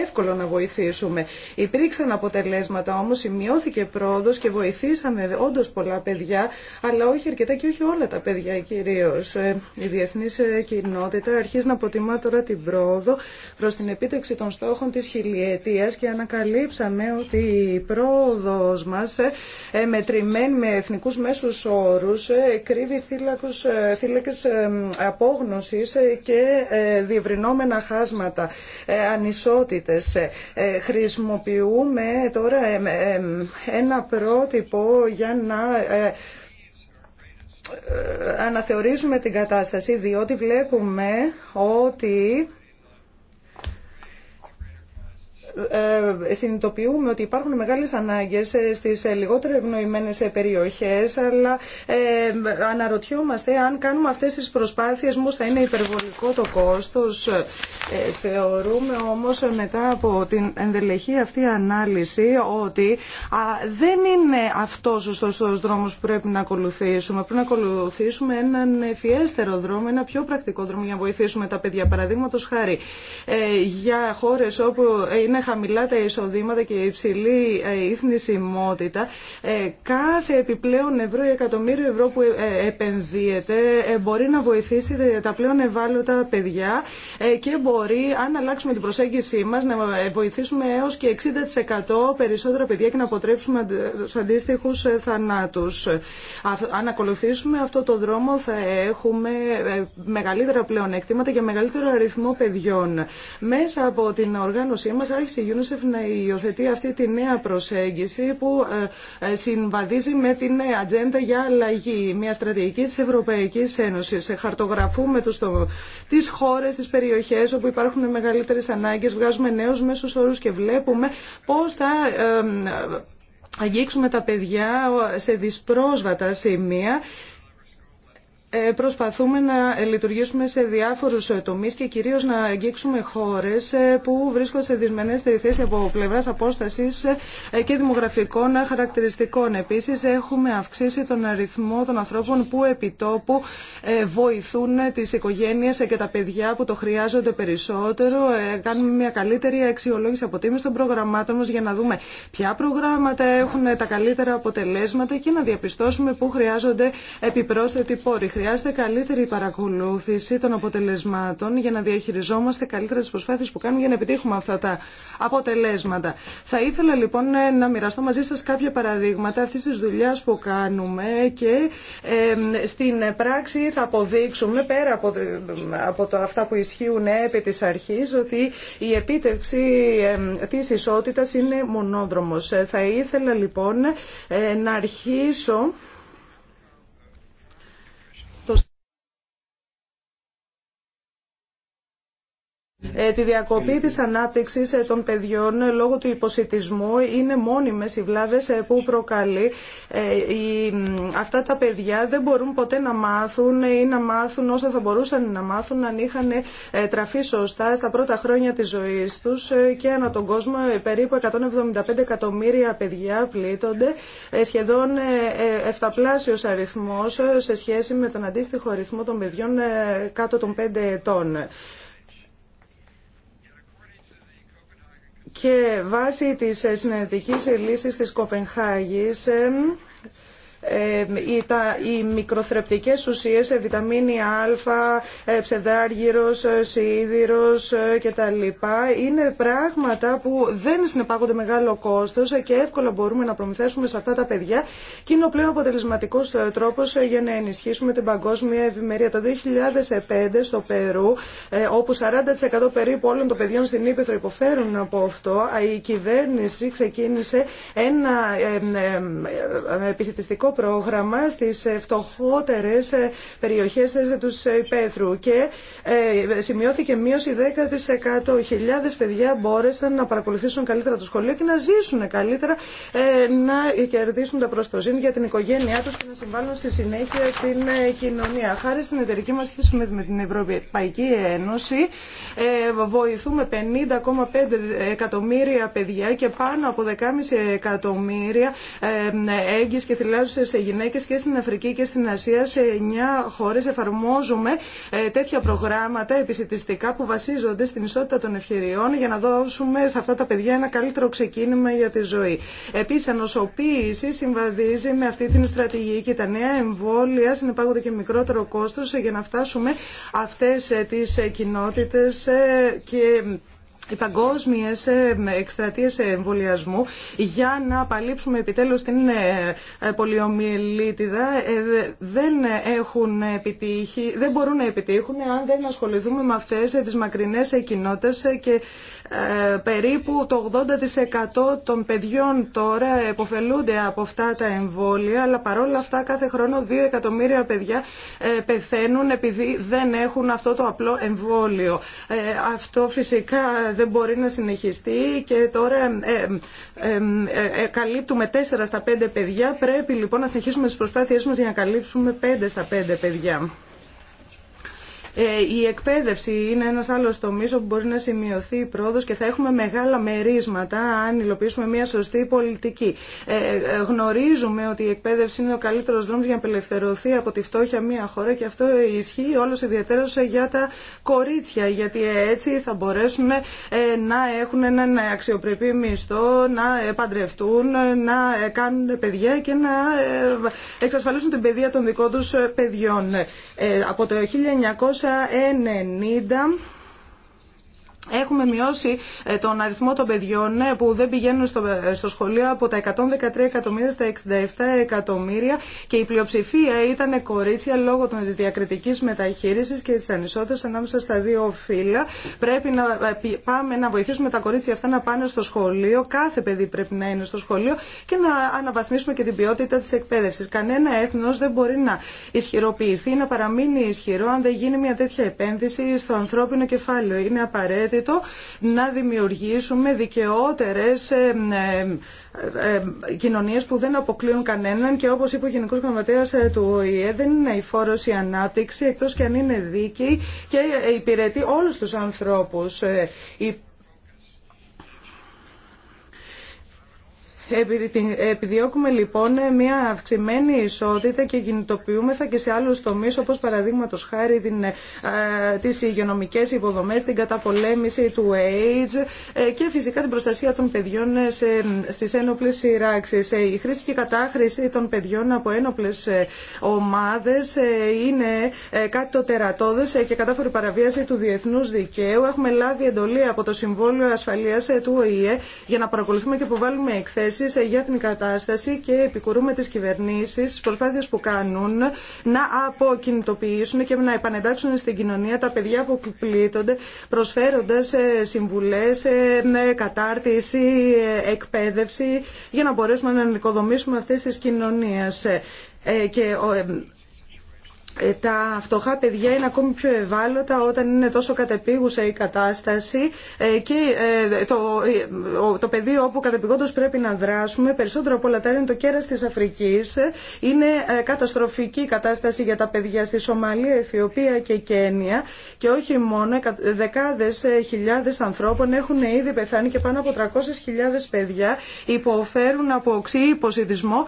εύκολο να βοηθήσουμε. Υπήρξαν αποτελέσματα όμω, σημειώθηκε πρόοδο και βοηθήσαμε όντω πολλά παιδιά, αλλά όχι αρκετά και όχι όλα τα παιδιά κυρίως. Ε, η διεθνή ε, κοινότητα αρχίζει να αποτιμά τώρα την πρόοδο προ την επίτευξη των στόχων τη χιλιετία και ανακαλύψαμε ότι η πρόοδος μας ε, ε, μετρημένη με εθνικούς μέσους όρους ε, κρύβει θύλακους, θύλακες απόγνωσης και διευρυνόμενα χάσματα, ανισότητες. Χρησιμοποιούμε τώρα ένα πρότυπο για να αναθεωρήσουμε την κατάσταση διότι βλέπουμε ότι ε, συνειδητοποιούμε ότι υπάρχουν μεγάλες ανάγκες ε, στις ε, λιγότερο ευνοημένες περιοχές, αλλά αναρωτιόμαστε αν κάνουμε αυτές τις προσπάθειες, όμως θα είναι υπερβολικό το κόστος. Θεωρούμε όμως μετά από την ενδελεχή αυτή ανάλυση ότι δεν είναι αυτός ο σωστός δρόμος που πρέπει να ακολουθήσουμε. Πρέπει να ακολουθήσουμε έναν ευφιέστερο δρόμο, ένα πιο πρακτικό δρόμο για να βοηθήσουμε τα παιδιά. Παραδείγματος χάρη, για χώρες όπου είναι χαμηλά τα εισοδήματα και υψηλή ηθνησιμότητα, ε, ε, κάθε επιπλέον ευρώ ή εκατομμύριο ευρώ που ε, επενδύεται μπορεί να βοηθήσει τα πλέον ευάλωτα παιδιά και μπορεί, αν αλλάξουμε την προσέγγιση μας, να βοηθήσουμε έως και 60% περισσότερα παιδιά και να αποτρέψουμε τους αντίστοιχους θανάτους. Αν ακολουθήσουμε αυτό το δρόμο θα έχουμε μεγαλύτερα πλέον και μεγαλύτερο αριθμό παιδιών. Μέσα από την οργάνωσή μας η UNICEF να υιοθετεί αυτή τη νέα προσέγγιση που ε, ε, συμβαδίζει με την ατζέντα για αλλαγή. Μια στρατηγική της Ευρωπαϊκής Ένωσης. Χαρτογραφούμε τους το, τις χώρες, τις περιοχές όπου υπάρχουν μεγαλύτερες ανάγκες, βγάζουμε νέους μέσους όρους και βλέπουμε πώς θα ε, αγγίξουμε τα παιδιά σε δυσπρόσβατα σημεία ε, προσπαθούμε να λειτουργήσουμε σε διάφορου ε, τομεί και κυρίω να αγγίξουμε χώρε ε, που βρίσκονται σε δυσμενέστερη θέση από πλευρά απόσταση και δημογραφικών χαρακτηριστικών. Επίση, έχουμε αυξήσει τον αριθμό των ανθρώπων που επιτόπου βοηθούν τι οικογένειε και τα παιδιά που το χρειάζονται περισσότερο. Κάνουμε μια καλύτερη αξιολόγηση αποτίμηση των προγραμμάτων μα για να δούμε ποια προγράμματα έχουν τα καλύτερα αποτελέσματα και να διαπιστώσουμε πού χρειάζονται επιπρόσθετη πόρη Χρειάζεται καλύτερη παρακολούθηση των αποτελεσμάτων για να διαχειριζόμαστε καλύτερα τι προσπάθειε που κάνουμε για να επιτύχουμε αυτά τα αποτελέσματα. Θα ήθελα λοιπόν να μοιραστώ μαζί σας κάποια παραδείγματα αυτή τη δουλειά που κάνουμε και στην πράξη θα αποδείξουμε πέρα από, από το, αυτά που ισχύουν επί της αρχή ότι η επίτευξη τη ισότητα είναι μονόδρομος. Θα ήθελα λοιπόν ε, να αρχίσω Ε, τη διακοπή της ανάπτυξης ε, των παιδιών ε, λόγω του υποσυτισμού είναι μόνιμες οι βλάβες που προκαλεί. Αυτά τα παιδιά δεν μπορούν ποτέ να μάθουν ή να μάθουν όσα θα μπορούσαν να μάθουν αν είχαν τραφεί σωστά στα πρώτα χρόνια της ζωής τους και ανά τον κόσμο περίπου 175 εκατομμύρια παιδιά πλήττονται σχεδόν εφταπλάσιος αριθμός σε σχέση με τον αντίστοιχο αριθμό των παιδιών κάτω των 5 ετών. Και βάσει της συνεδρικής λύσης της Κοπενχάγης οι μικροθρεπτικές ουσίες, ε, βιταμίνη α, ε, ψευδάργυρος, ε, σίδηρος κτλ. Είναι πράγματα που δεν συνεπάγονται μεγάλο κόστος και εύκολα μπορούμε να προμηθέσουμε σε αυτά τα παιδιά και είναι ο πλέον αποτελεσματικός τρόπος για να ενισχύσουμε την παγκόσμια ευημερία. Το 2005 στο Περού, όπου 40% περίπου όλων των παιδιών στην Ήπεθρο υποφέρουν από αυτό, η κυβέρνηση ξεκίνησε ένα επιστημιστικό πρόγραμμα στις ε, φτωχότερες ε, περιοχές ε, τους υπαίθρου και σημειώθηκε μείωση 10%. Χιλιάδες παιδιά μπόρεσαν να παρακολουθήσουν καλύτερα το σχολείο και να ζήσουν καλύτερα, να κερδίσουν τα προστοζήν για την οικογένειά τους και να συμβάλλουν στη συνέχεια στην κοινωνία. Χάρη στην εταιρική μας σχέση με την Ευρωπαϊκή Ένωση βοηθούμε 50,5 εκατομμύρια παιδιά και πάνω από 10,5 εκατομμύρια έγκυε και σε γυναίκες και στην Αφρική και στην Ασία. Σε 9 χώρες εφαρμόζουμε ε, τέτοια προγράμματα επισητιστικά που βασίζονται στην ισότητα των ευκαιριών για να δώσουμε σε αυτά τα παιδιά ένα καλύτερο ξεκίνημα για τη ζωή. Επίσης, ανοσοποίηση συμβαδίζει με αυτή την στρατηγική. και Τα νέα εμβόλια συνεπάγονται και μικρότερο κόστος για να φτάσουμε αυτές ε, τις ε, κοινότητες και οι παγκόσμιε ε, εκστρατείε εμβολιασμού για να απαλείψουμε επιτέλου την ε, ε, πολιομιελίτιδα δεν έχουν επιτύχει, δεν μπορούν να επιτύχουν αν δεν ασχοληθούμε με αυτές τις μακρινές κοινότητε και περίπου το 80% των παιδιών τώρα επωφελούνται από αυτά τα εμβόλια αλλά παρόλα αυτά κάθε χρόνο 2 εκατομμύρια παιδιά πεθαίνουν επειδή δεν έχουν αυτό το απλό εμβόλιο. Αυτό φυσικά δεν μπορεί να συνεχιστεί και τώρα ε, ε, ε, ε καλύπτουμε 4 στα 5 παιδιά. Πρέπει λοιπόν να συνεχίσουμε τις προσπάθειές μας για να καλύψουμε 5 στα 5 παιδιά. Ε, η εκπαίδευση είναι ένα άλλο τομής όπου μπορεί να σημειωθεί η πρόοδος και θα έχουμε μεγάλα μερίσματα αν υλοποιήσουμε μια σωστή πολιτική. Ε, ε, γνωρίζουμε ότι η εκπαίδευση είναι ο καλύτερο δρόμο για να απελευθερωθεί από τη φτώχεια μια χώρα και αυτό ισχύει όλο ιδιαίτερα για τα κορίτσια γιατί έτσι θα μπορέσουν να έχουν έναν αξιοπρεπή μισθό, να παντρευτούν, να κάνουν παιδιά και να εξασφαλίσουν την παιδεία των δικών του παιδιών. από το 1900 390 Έχουμε μειώσει ε, τον αριθμό των παιδιών ε, που δεν πηγαίνουν στο ε, σχολείο από τα 113 εκατομμύρια στα 67 εκατομμύρια και η πλειοψηφία ήταν κορίτσια λόγω τη διακριτική μεταχείριση και της ανισότητας ανάμεσα στα δύο φύλλα. Πρέπει να πάμε να βοηθήσουμε τα κορίτσια αυτά να πάνε στο σχολείο, κάθε παιδί πρέπει να είναι στο σχολείο και να αναβαθμίσουμε και την ποιότητα τη εκπαίδευση. Κανένα έθνο δεν μπορεί να ισχυροποιηθεί, να παραμείνει ισχυρό αν δεν γίνει μια τέτοια επένδυση στο ανθρώπινο κεφάλαιο. Είναι απαραίτητο να δημιουργήσουμε δικαιότερες ε, ε, ε, κοινωνίες που δεν αποκλείουν κανέναν και όπως είπε ο Γενικός Γραμματέας του ΟΗΕ δεν είναι η φόρος η ανάπτυξη εκτός και αν είναι δίκαιη και υπηρετεί όλους τους ανθρώπους. Επιδιώκουμε λοιπόν μια αυξημένη ισότητα και κινητοποιούμεθα και σε άλλους τομείς όπως παραδείγματος χάρη την, ε, τις υγειονομικές υποδομές, την καταπολέμηση του AIDS ε, και φυσικά την προστασία των παιδιών ε, σε, στις ένοπλες σειράξεις. Ε, η χρήση και η κατάχρηση των παιδιών από ένοπλες ομάδες είναι κάτι το τερατώδες και κατάφορη παραβίαση του διεθνούς δικαίου. Έχουμε λάβει εντολή από το Συμβόλιο Ασφαλείας του ΟΗΕ για να παρακολουθούμε και υποβάλουμε σε ε, για την κατάσταση και επικουρούμε τις κυβερνήσεις, τι προσπάθειε που κάνουν να αποκινητοποιήσουν και να επανεντάξουν στην κοινωνία τα παιδιά που πλήττονται, προσφέροντας ε, συμβουλές, ε, κατάρτιση, εκπαίδευση για να μπορέσουμε να νοικοδομήσουμε αυτές τις κοινωνίες και ε, τα φτωχά παιδιά είναι ακόμη πιο ευάλωτα όταν είναι τόσο κατεπίγουσα η κατάσταση ε, και ε, το, το πεδίο όπου κατεπηγόντως πρέπει να δράσουμε περισσότερο από όλα τα είναι το κέρας της Αφρικής είναι καταστροφική η κατάσταση για τα παιδιά στη Σομαλία, Αιθιοπία και Κένια και όχι μόνο δεκάδες χιλιάδες ανθρώπων έχουν ήδη πεθάνει και πάνω από 300.000 παιδιά υποφέρουν από οξύ υποσυντισμό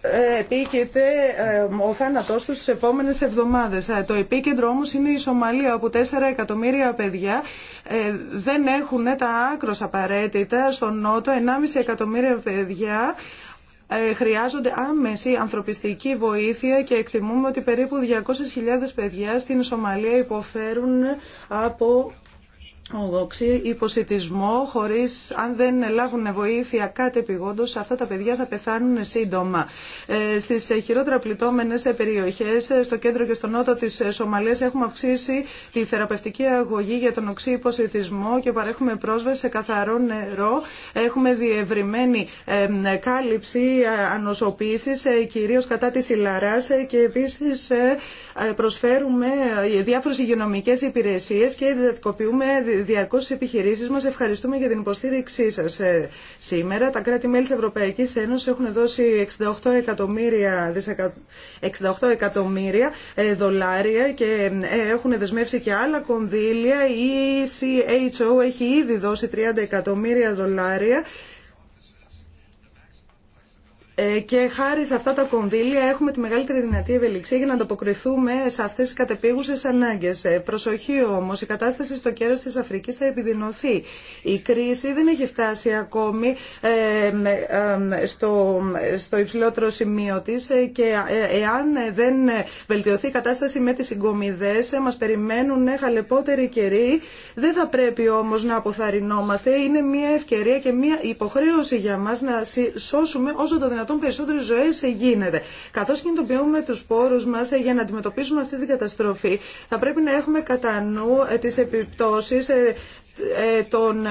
ε, επίκειται ε, ο θάνατός τους τις επόμενες εβδομάδες. Ε, το επίκεντρο όμως είναι η Σομαλία όπου 4 εκατομμύρια παιδιά δεν έχουν τα άκρος απαραίτητα στον Νότο, 1,5 εκατομμύρια παιδιά χρειάζονται άμεση ανθρωπιστική βοήθεια και εκτιμούμε ότι περίπου 200.000 παιδιά στην Σομαλία υποφέρουν από οξύ υποσυτισμό χωρίς αν δεν λάβουν βοήθεια κάτι επιγόντως αυτά τα παιδιά θα πεθάνουν σύντομα. Ε, στις χειρότερα πληττόμενες περιοχές ε, στο κέντρο και στο νότο της ε, Σομαλίας έχουμε αυξήσει τη θεραπευτική αγωγή για τον οξύ υποσυτισμό και παρέχουμε πρόσβαση σε καθαρό νερό. Έχουμε διευρυμένη ε, κάλυψη ανοσοποίησης κυρίως κατά της ε, και επίσης προσφέρουμε διάφορες υγειονομικές υπηρεσίες και διδατικοποιούμε επιχειρήσεις μας. Ευχαριστούμε για την υποστήριξή σας ε, σήμερα. Τα κράτη-μέλη της Ευρωπαϊκής Ένωσης έχουν δώσει 68 εκατομμύρια, 68 εκατομμύρια ε, δολάρια και ε, έχουν δεσμεύσει και άλλα κονδύλια. Η e CHO έχει ήδη δώσει 30 εκατομμύρια δολάρια ε, και χάρη σε αυτά τα κονδύλια έχουμε τη μεγαλύτερη δυνατή ευελιξία για να ανταποκριθούμε σε αυτές τις κατεπίγουσες ανάγκες. Ε, προσοχή όμω η κατάσταση στο κέρα τη Αφρική θα επιδεινωθεί. Η κρίση δεν έχει φτάσει ακόμη ε, στο, στο υψηλότερο σημείο της και εάν δεν βελτιωθεί η κατάσταση με τις συγκομιδές, μα περιμένουν χαλεπότεροι καιροί. Δεν θα πρέπει όμω να αποθαρρυνόμαστε. Είναι μια ευκαιρία και μια υποχρέωση για μα να σώσουμε όσο το δυνατόν δυνατόν περισσότερε ζωέ γίνεται. Καθώ κινητοποιούμε του πόρου μα ε, για να αντιμετωπίσουμε αυτή την καταστροφή, θα πρέπει να έχουμε κατά νου ε, τι επιπτώσει ε, των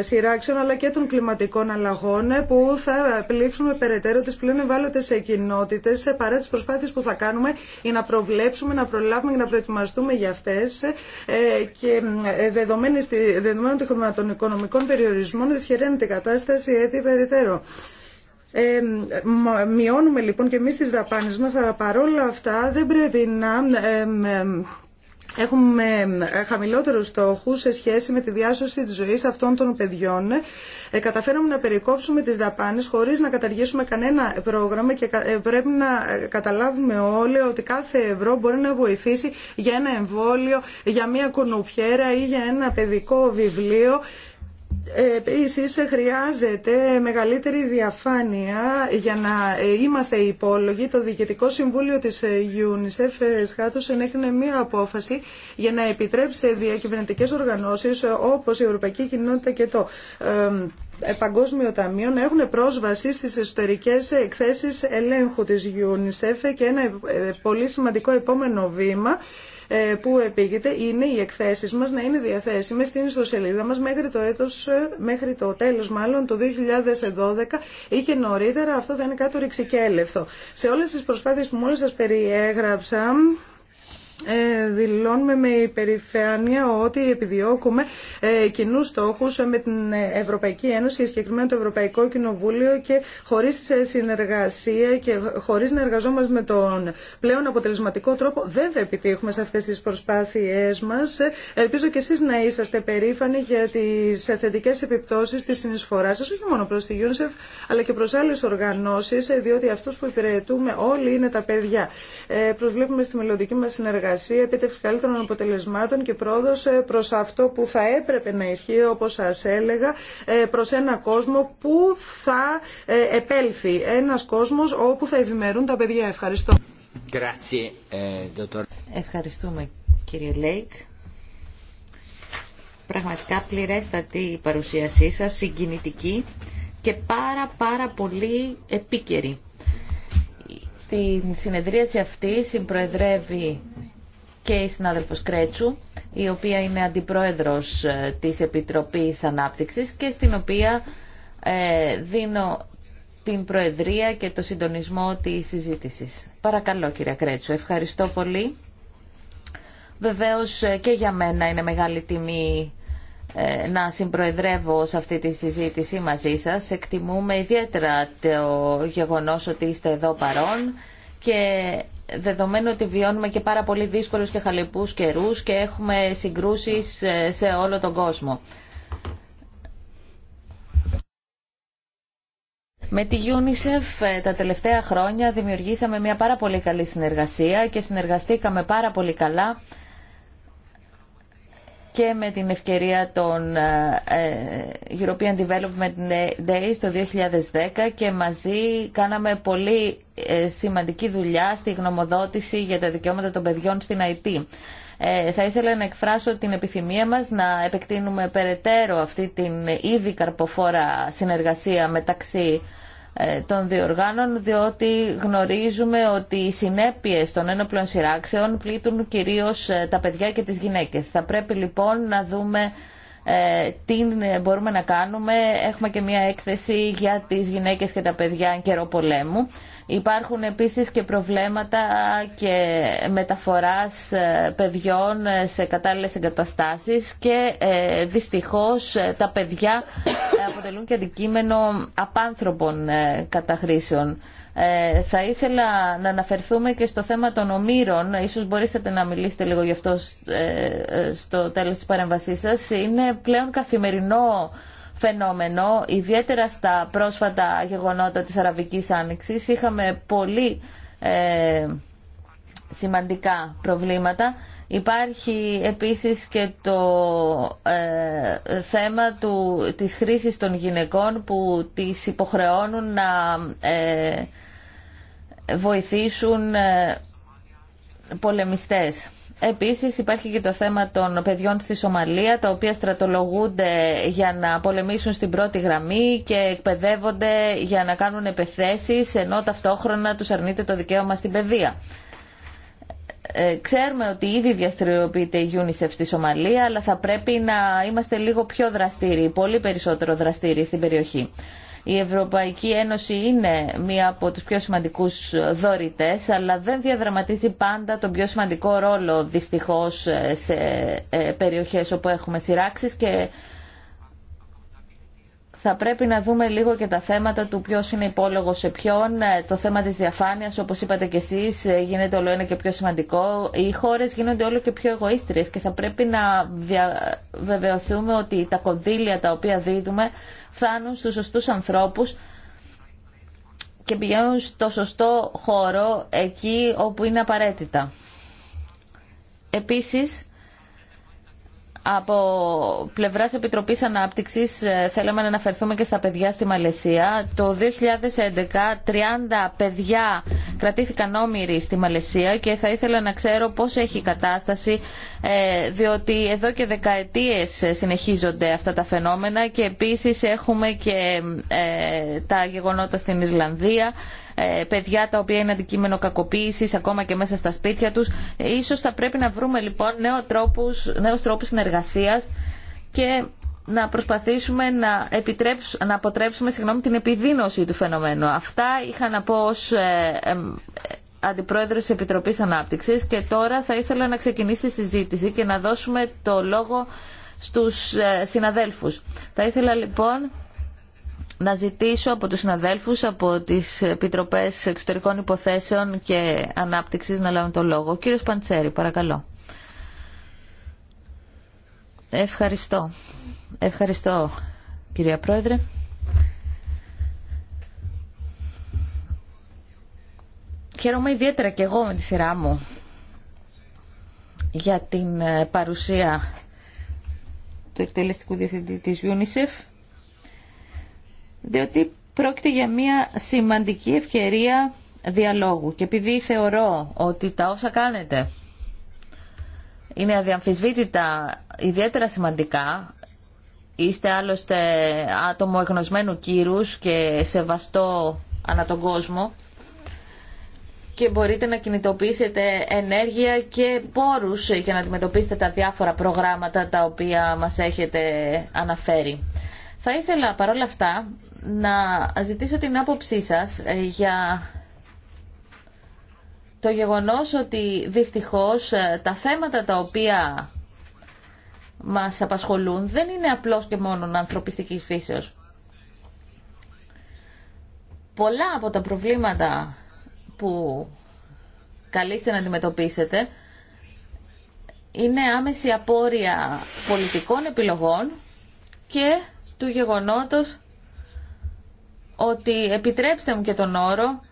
σειράξεων αλλά και των κλιματικών αλλαγών που θα πλήξουμε περαιτέρω τις πλέον ευάλωτες κοινότητες παρά τις προσπάθειες που θα κάνουμε για να προβλέψουμε, να προλάβουμε και να προετοιμαστούμε για αυτές και δεδομένων των οικονομικών περιορισμών δυσχεραίνεται η κατάσταση έτσι περαιτέρω. Ε, μειώνουμε λοιπόν και εμείς τις δαπάνες μας, αλλά παρόλα αυτά δεν πρέπει να έχουμε χαμηλότερους στόχους σε σχέση με τη διάσωση της ζωής αυτών των παιδιών. Ε, καταφέραμε να περικόψουμε τις δαπάνες χωρίς να καταργήσουμε κανένα πρόγραμμα και ε, πρέπει να ε, καταλάβουμε όλοι ότι κάθε ευρώ μπορεί να βοηθήσει για ένα εμβόλιο, για μια κουνουπιέρα ή για ένα παιδικό βιβλίο Επίσης χρειάζεται μεγαλύτερη διαφάνεια για να είμαστε υπόλογοι. Το Διοικητικό Συμβούλιο της UNICEF ε, σχάτωσε να μία απόφαση για να επιτρέψει σε διακυβερνητικές οργανώσεις όπως η Ευρωπαϊκή Κοινότητα και το Παγκόσμιο Ταμείο να έχουν πρόσβαση στις εσωτερικές εκθέσεις ελέγχου της UNICEF και ένα ε, πολύ σημαντικό επόμενο βήμα ε, που επήγεται είναι οι εκθέσεις μας να είναι διαθέσιμες στην ιστοσελίδα μας μέχρι το, έτος, ε, μέχρι το τέλος μάλλον το 2012 ή και νωρίτερα. Αυτό θα είναι κάτω ρηξικέλευθο. Σε όλες τις προσπάθειες που μόλις σας περιέγραψα ε, δηλώνουμε με υπερηφάνεια ότι επιδιώκουμε ε, κοινού στόχου με την Ευρωπαϊκή Ένωση και συγκεκριμένα το Ευρωπαϊκό Κοινοβούλιο και χωρί ε, συνεργασία και χωρί να εργαζόμαστε με τον πλέον αποτελεσματικό τρόπο δεν θα επιτύχουμε σε αυτέ τι προσπάθειέ μα. Ε, ελπίζω και εσεί να είσαστε περήφανοι για τι θετικέ επιπτώσει τη συνεισφορά σα, όχι μόνο προ τη UNICEF αλλά και προ άλλε οργανώσει, διότι αυτού που υπηρετούμε όλοι είναι τα παιδιά. Ε, προσβλέπουμε στη μελλοντική μα συνεργασία συνεργασία, επίτευξη καλύτερων αποτελεσμάτων και πρόοδος ε, προ αυτό που θα έπρεπε να ισχύει, όπω σα έλεγα, ε, προ ένα κόσμο που θα ε, επέλθει. Ένα κόσμο όπου θα ευημερούν τα παιδιά. Ευχαριστώ. Ευχαριστούμε κύριε Λέικ. Πραγματικά πληρέστατη η παρουσίασή σας, συγκινητική και πάρα πάρα πολύ επίκαιρη. Στην συνεδρίαση αυτή συμπροεδρεύει και η συνάδελφος Κρέτσου, η οποία είναι αντιπρόεδρος ε, της Επιτροπής Ανάπτυξης και στην οποία ε, δίνω την Προεδρία και το συντονισμό της συζήτησης. Παρακαλώ κυρία Κρέτσου, ευχαριστώ πολύ. Βεβαίως ε, και για μένα είναι μεγάλη τιμή να συμπροεδρεύω σε αυτή τη συζήτηση μαζί σας. Εκτιμούμε ιδιαίτερα το γεγονός ότι είστε εδώ παρόν δεδομένου ότι βιώνουμε και πάρα πολύ δύσκολους και χαλεπούς καιρούς και έχουμε συγκρούσεις ε, σε όλο τον κόσμο. Με τη UNICEF ε, τα τελευταία χρόνια δημιουργήσαμε μια πάρα πολύ καλή συνεργασία και συνεργαστήκαμε πάρα πολύ καλά και με την ευκαιρία των ε, ε, European Development Days το 2010 και μαζί κάναμε πολύ ε, σημαντική δουλειά στη γνωμοδότηση για τα δικαιώματα των παιδιών στην ΑΕΤ. Θα ήθελα να εκφράσω την επιθυμία μας να επεκτείνουμε περαιτέρω αυτή την ήδη καρποφόρα συνεργασία μεταξύ ε, των διοργάνων, διότι γνωρίζουμε ότι οι συνέπειες των ένοπλων σειράξεων πλήττουν κυρίως ε, τα παιδιά και τις γυναίκες. Θα πρέπει λοιπόν να δούμε ε, τι μπορούμε να κάνουμε. Έχουμε και μια έκθεση για τις γυναίκες και τα παιδιά καιρό πολέμου. Υπάρχουν επίσης και προβλήματα και μεταφοράς ε, παιδιών ε, σε κατάλληλες εγκαταστάσεις και ε, δυστυχώς τα παιδιά αποτελούν και αντικείμενο απάνθρωπων καταχρήσεων. Θα ήθελα να αναφερθούμε και στο θέμα των ομήρων. Ίσως μπορείτε να μιλήσετε λίγο γι' αυτό στο τέλος της παρέμβασής σας. Είναι πλέον καθημερινό φαινόμενο, ιδιαίτερα στα πρόσφατα γεγονότα της Αραβικής Άνοιξης. Είχαμε πολύ ε, σημαντικά προβλήματα. Υπάρχει επίσης και το ε, θέμα του, της χρήσης των γυναικών που τις υποχρεώνουν να ε, βοηθήσουν ε, πολεμιστές. Επίσης υπάρχει και το θέμα των παιδιών στη Σομαλία τα οποία στρατολογούνται για να πολεμήσουν στην πρώτη γραμμή και εκπαιδεύονται για να κάνουν επεθέσει ενώ ταυτόχρονα του αρνείται το δικαίωμα στην παιδεία. Ε, ξέρουμε ότι ήδη διαστηριοποιείται η UNICEF στη Σομαλία αλλά θα πρέπει να είμαστε λίγο πιο δραστήριοι, πολύ περισσότερο δραστήριοι στην περιοχή. Η Ευρωπαϊκή Ένωση είναι μία από τους πιο σημαντικούς δωρητές, αλλά δεν διαδραματίζει πάντα τον πιο σημαντικό ρόλο, δυστυχώς, σε ε, περιοχές όπου έχουμε σειράξεις και θα πρέπει να δούμε λίγο και τα θέματα του ποιο είναι υπόλογο σε ποιον. Ε, το θέμα τη διαφάνεια, όπω είπατε κι εσεί, ε, γίνεται όλο ένα και πιο σημαντικό. Οι χώρε γίνονται όλο και πιο εγωίστριε και θα πρέπει να βεβαιωθούμε ότι τα κονδύλια τα οποία δίδουμε φτάνουν στους σωστούς ανθρώπους και πηγαίνουν στο σωστό χώρο εκεί όπου είναι απαραίτητα. Επίσης, από πλευράς Επιτροπής Ανάπτυξης ε, θέλαμε να αναφερθούμε και στα παιδιά στη Μαλαισία. Το 2011 30 παιδιά κρατήθηκαν όμοιροι στη Μαλαισία και θα ήθελα να ξέρω πώς έχει η κατάσταση ε, διότι εδώ και δεκαετίες συνεχίζονται αυτά τα φαινόμενα και επίσης έχουμε και ε, τα γεγονότα στην Ιρλανδία ε, παιδιά τα οποία είναι αντικείμενο κακοποίησης ακόμα και μέσα στα σπίτια τους. Ίσως θα πρέπει να βρούμε λοιπόν νέου τρόπους, συνεργασία και να προσπαθήσουμε να, να αποτρέψουμε συγγνώμη, την επιδείνωση του φαινομένου. Αυτά είχα να πω ως ε, ε, Αντιπρόεδρος Επιτροπής Ανάπτυξης και τώρα θα ήθελα να ξεκινήσει η συζήτηση και να δώσουμε το λόγο στους ε, συναδέλφους. Θα ήθελα λοιπόν να ζητήσω από τους συναδέλφους από τις Επιτροπές Εξωτερικών Υποθέσεων και Ανάπτυξης να λάβουν το λόγο. κύριος Παντσέρη, παρακαλώ. Ευχαριστώ. Ευχαριστώ, κυρία Πρόεδρε. Χαίρομαι ιδιαίτερα και εγώ με τη σειρά μου για την παρουσία του εκτελεστικού διευθυντή της UNICEF διότι πρόκειται για μια σημαντική ευκαιρία διαλόγου και επειδή θεωρώ ότι τα όσα κάνετε είναι αδιαμφισβήτητα ιδιαίτερα σημαντικά είστε άλλωστε άτομο εγνωσμένου κύρους και σεβαστό ανά τον κόσμο και μπορείτε να κινητοποιήσετε ενέργεια και πόρους για να αντιμετωπίσετε τα διάφορα προγράμματα τα οποία μας έχετε αναφέρει. Θα ήθελα παρόλα αυτά να ζητήσω την άποψή σας ε, για το γεγονός ότι δυστυχώς ε, τα θέματα τα οποία μας απασχολούν δεν είναι απλώς και μόνο ανθρωπιστικής φύσεως. Πολλά από τα προβλήματα που καλείστε να αντιμετωπίσετε είναι άμεση απόρρια πολιτικών επιλογών και του γεγονότος ότι επιτρέψτε μου και τον όρο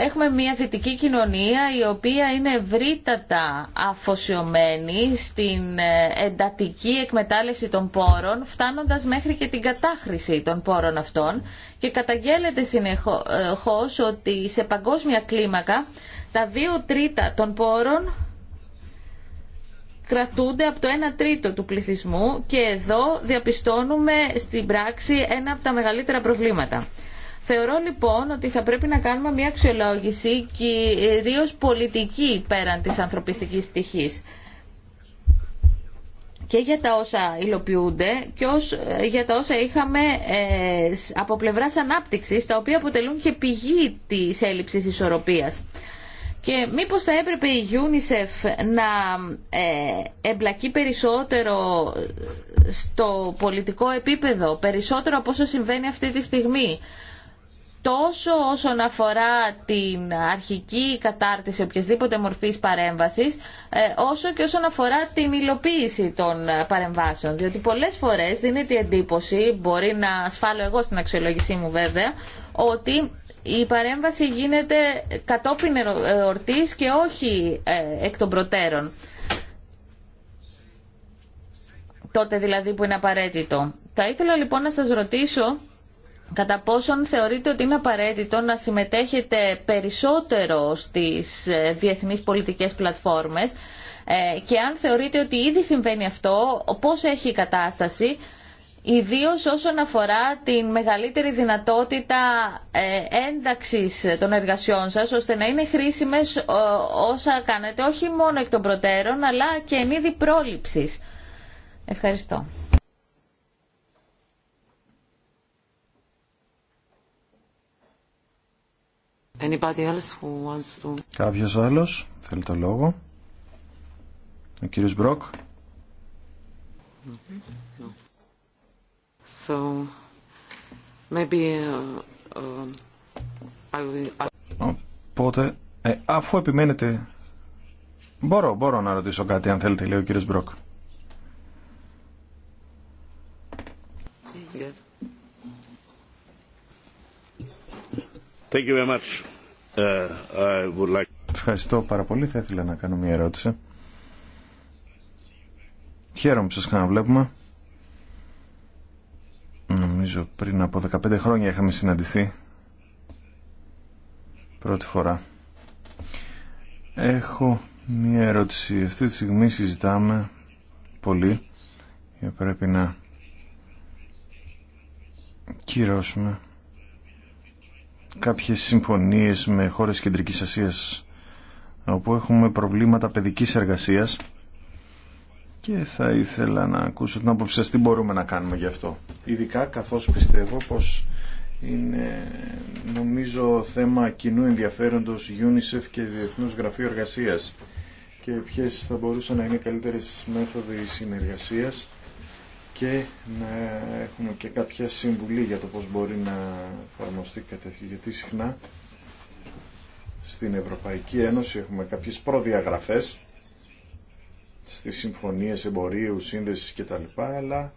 Έχουμε μια θετική κοινωνία η οποία είναι ευρύτατα αφοσιωμένη στην ε, εντατική εκμετάλλευση των πόρων, φτάνοντας μέχρι και την κατάχρηση των πόρων αυτών και καταγγέλλεται συνεχώς ε, ότι σε παγκόσμια κλίμακα τα δύο τρίτα των πόρων κρατούνται από το 1 τρίτο του πληθυσμού και εδώ διαπιστώνουμε στην πράξη ένα από τα μεγαλύτερα προβλήματα. Θεωρώ λοιπόν ότι θα πρέπει να κάνουμε μια αξιολόγηση κυρίω πολιτική πέραν της ανθρωπιστικής πτυχής και για τα όσα υλοποιούνται και ως, για τα όσα είχαμε ε, από πλευράς ανάπτυξης τα οποία αποτελούν και πηγή της έλλειψης ισορροπίας. Και μήπως θα έπρεπε η UNICEF να ε, εμπλακεί περισσότερο στο πολιτικό επίπεδο, περισσότερο από όσο συμβαίνει αυτή τη στιγμή. Τόσο όσον αφορά την αρχική κατάρτιση οποιασδήποτε μορφής παρέμβασης, ε, όσο και όσον αφορά την υλοποίηση των παρεμβάσεων. Διότι πολλές φορές δίνεται η εντύπωση, μπορεί να ασφάλω εγώ στην αξιολόγησή μου βέβαια, ότι η παρέμβαση γίνεται κατόπιν ορτής και όχι ε, εκ των προτέρων. Τότε δηλαδή που είναι απαραίτητο. Θα ήθελα λοιπόν να σας ρωτήσω κατά πόσον θεωρείτε ότι είναι απαραίτητο να συμμετέχετε περισσότερο στις ε, διεθνείς πολιτικές πλατφόρμες ε, και αν θεωρείτε ότι ήδη συμβαίνει αυτό, πώς έχει η κατάσταση, Ιδίω όσον αφορά την μεγαλύτερη δυνατότητα ε, ένταξης των εργασιών σας, ώστε να είναι χρήσιμες ε, όσα κάνετε, όχι μόνο εκ των προτέρων, αλλά και εν είδη πρόληψης. Ευχαριστώ. Κάποιο άλλο, Κάποιος άλλος θέλει το λόγο. Ο κύριος Μπροκ. Mm-hmm. Uh, uh, Οπότε, ε, αφού επιμένετε... Μπορώ, μπορώ να ρωτήσω κάτι αν θέλετε, λέει ο κύριος Μπρόκ. Uh, Ευχαριστώ πάρα πολύ. Θα ήθελα να κάνω μια ερώτηση. Χαίρομαι που σας ξαναβλέπουμε. Νομίζω πριν από 15 χρόνια είχαμε συναντηθεί πρώτη φορά. Έχω μία ερώτηση. Αυτή τη στιγμή συζητάμε πολύ και πρέπει να κυρώσουμε κάποιες συμφωνίες με χώρες κεντρικής Ασίας όπου έχουμε προβλήματα παιδικής εργασίας και θα ήθελα να ακούσω την άποψη σας τι μπορούμε να κάνουμε γι' αυτό. Ειδικά καθώς πιστεύω πως είναι νομίζω θέμα κοινού ενδιαφέροντος UNICEF και Διεθνούς Γραφείου Εργασίας και ποιες θα μπορούσαν να είναι οι καλύτερες μέθοδοι συνεργασίας και να έχουμε και κάποια συμβουλή για το πώς μπορεί να εφαρμοστεί κάτι γιατί συχνά στην Ευρωπαϊκή Ένωση έχουμε κάποιες προδιαγραφές στις συμφωνίες εμπορίου, σύνδεσης κτλ. Αλλά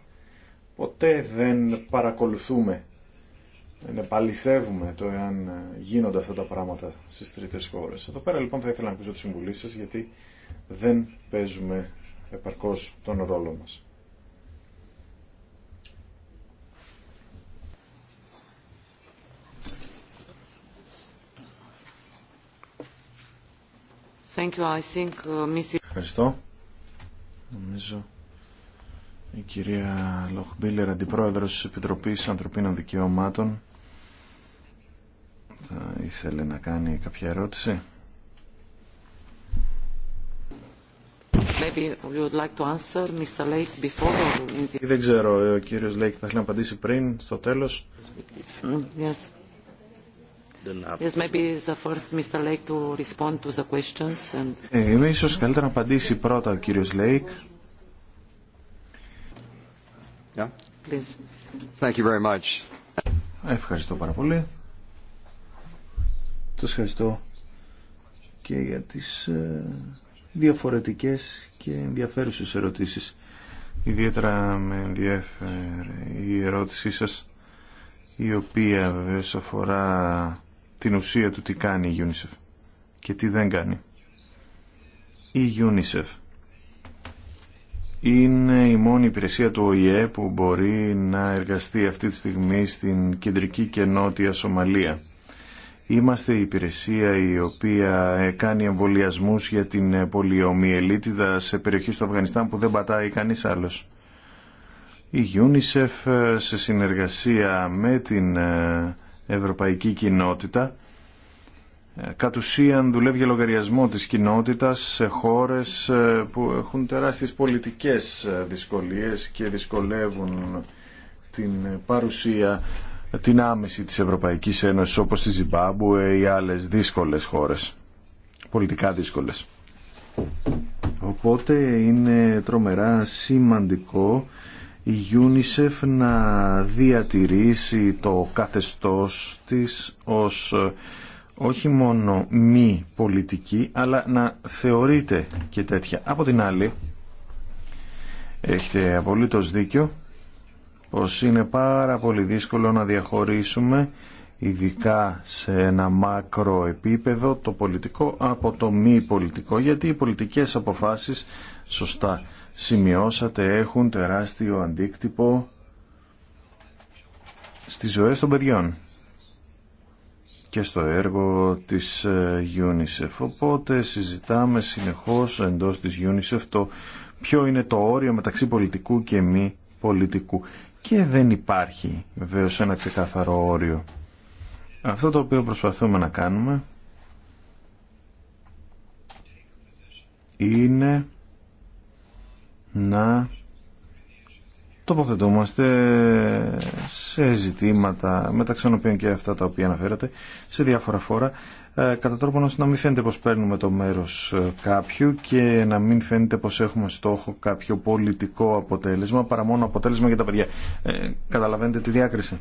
ποτέ δεν παρακολουθούμε, δεν επαληθεύουμε το εάν γίνονται αυτά τα πράγματα στις τρίτες χώρες. Εδώ πέρα λοιπόν θα ήθελα να ακούσω τη συμβουλή σας γιατί δεν παίζουμε επαρκώς τον ρόλο μας. Thank you. I think... Uh, Ευχαριστώ. Νομίζω η κυρία Λοχμπίλερ, αντιπρόεδρος της Επιτροπής Ανθρωπίνων Δικαιωμάτων, θα ήθελε να κάνει κάποια ερώτηση. Δεν ξέρω, ο κύριος Λέικ θα θέλει να απαντήσει πριν, στο τέλος. Yes. Yes, maybe the first Mr. Lake to respond to the questions and... Ε, ίσως καλύτερα να απαντήσει πρώτα ο κύριος Λέικ. Yeah. Please. Thank you very much. Ευχαριστώ πάρα πολύ. Σας ευχαριστώ και για τις ε, διαφορετικές και ενδιαφέρουσες ερωτήσεις. Ιδιαίτερα με ενδιέφερε η ερώτησή σας η οποία βεβαίως αφορά την ουσία του τι κάνει η UNICEF και τι δεν κάνει. Η UNICEF είναι η μόνη υπηρεσία του ΟΗΕ που μπορεί να εργαστεί αυτή τη στιγμή στην κεντρική και νότια Σομαλία. Είμαστε η υπηρεσία η οποία ε, κάνει εμβολιασμού για την ε, πολιομιελίτιδα σε περιοχή στο Αφγανιστάν που δεν πατάει κανεί άλλο. Η UNICEF ε, σε συνεργασία με την ευρωπαϊκή κοινότητα ε, κατ' ουσίαν δουλεύει για λογαριασμό της κοινότητας σε χώρες ε, που έχουν τεράστιες πολιτικές ε, δυσκολίες και δυσκολεύουν την παρουσία την άμεση της Ευρωπαϊκής Ένωσης όπως τη Ζιμπάμπου ή άλλες δύσκολες χώρες, πολιτικά δύσκολες. Οπότε είναι τρομερά σημαντικό η UNICEF να διατηρήσει το καθεστώς της ως όχι μόνο μη πολιτική, αλλά να θεωρείται και τέτοια. Από την άλλη, έχετε απολύτως δίκιο, πως είναι πάρα πολύ δύσκολο να διαχωρίσουμε, ειδικά σε ένα μάκρο επίπεδο, το πολιτικό από το μη πολιτικό, γιατί οι πολιτικές αποφάσεις, σωστά σημειώσατε έχουν τεράστιο αντίκτυπο στις ζωές των παιδιών και στο έργο της ε, UNICEF. Οπότε συζητάμε συνεχώς εντός της UNICEF το ποιο είναι το όριο μεταξύ πολιτικού και μη πολιτικού. Και δεν υπάρχει βεβαίω ένα ξεκαθαρό όριο. Αυτό το οποίο προσπαθούμε να κάνουμε είναι να τοποθετούμαστε σε ζητήματα μεταξύ των οποίων και αυτά τα οποία αναφέρατε σε διάφορα φόρα ε, κατά τρόπο να μην φαίνεται πως παίρνουμε το μέρος ε, κάποιου και να μην φαίνεται πως έχουμε στόχο κάποιο πολιτικό αποτέλεσμα παρά μόνο αποτέλεσμα για τα παιδιά. Ε, καταλαβαίνετε τη διάκριση.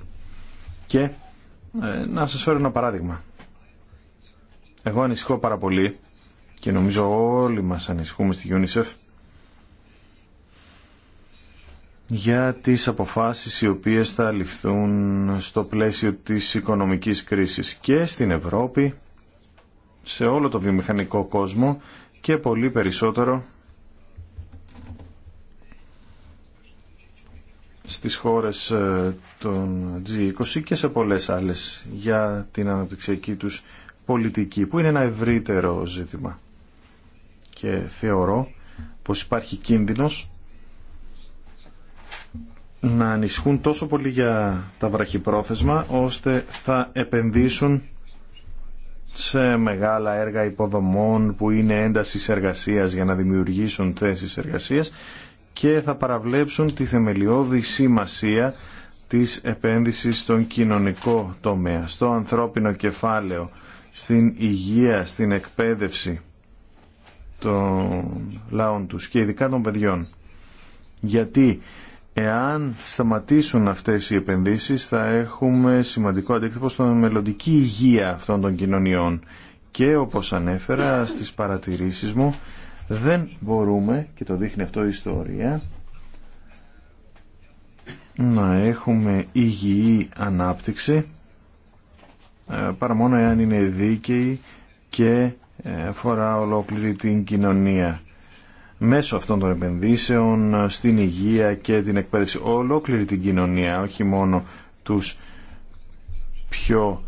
Και να σας φέρω ένα παράδειγμα. Εγώ ανησυχώ πάρα πολύ και νομίζω όλοι μας ανησυχούμε στη UNICEF για τις αποφάσεις οι οποίες θα ληφθούν στο πλαίσιο της οικονομικής κρίσης και στην Ευρώπη, σε όλο το βιομηχανικό κόσμο και πολύ περισσότερο στις χώρες ε, των G20 και σε πολλές άλλες για την αναπτυξιακή τους πολιτική, που είναι ένα ευρύτερο ζήτημα. Και θεωρώ πως υπάρχει κίνδυνος να ανησυχούν τόσο πολύ για τα βραχυπρόθεσμα ώστε θα επενδύσουν σε μεγάλα έργα υποδομών που είναι ένταση εργασίας για να δημιουργήσουν θέσεις εργασίας και θα παραβλέψουν τη θεμελιώδη σημασία της επένδυσης στον κοινωνικό τομέα, στο ανθρώπινο κεφάλαιο, στην υγεία, στην εκπαίδευση των λαών τους και ειδικά των παιδιών. Γιατί Εάν σταματήσουν αυτές οι επενδύσεις θα έχουμε σημαντικό αντίκτυπο στον μελλοντική υγεία αυτών των κοινωνιών. Και όπως ανέφερα στις παρατηρήσεις μου δεν μπορούμε, και το δείχνει αυτό η ιστορία, να έχουμε υγιή ανάπτυξη ε, παρά μόνο εάν είναι δίκαιη και ε, αφορά ολόκληρη την κοινωνία μέσω αυτών των επενδύσεων ε, στην υγεία και την εκπαίδευση ολόκληρη την κοινωνία, όχι μόνο τους πιο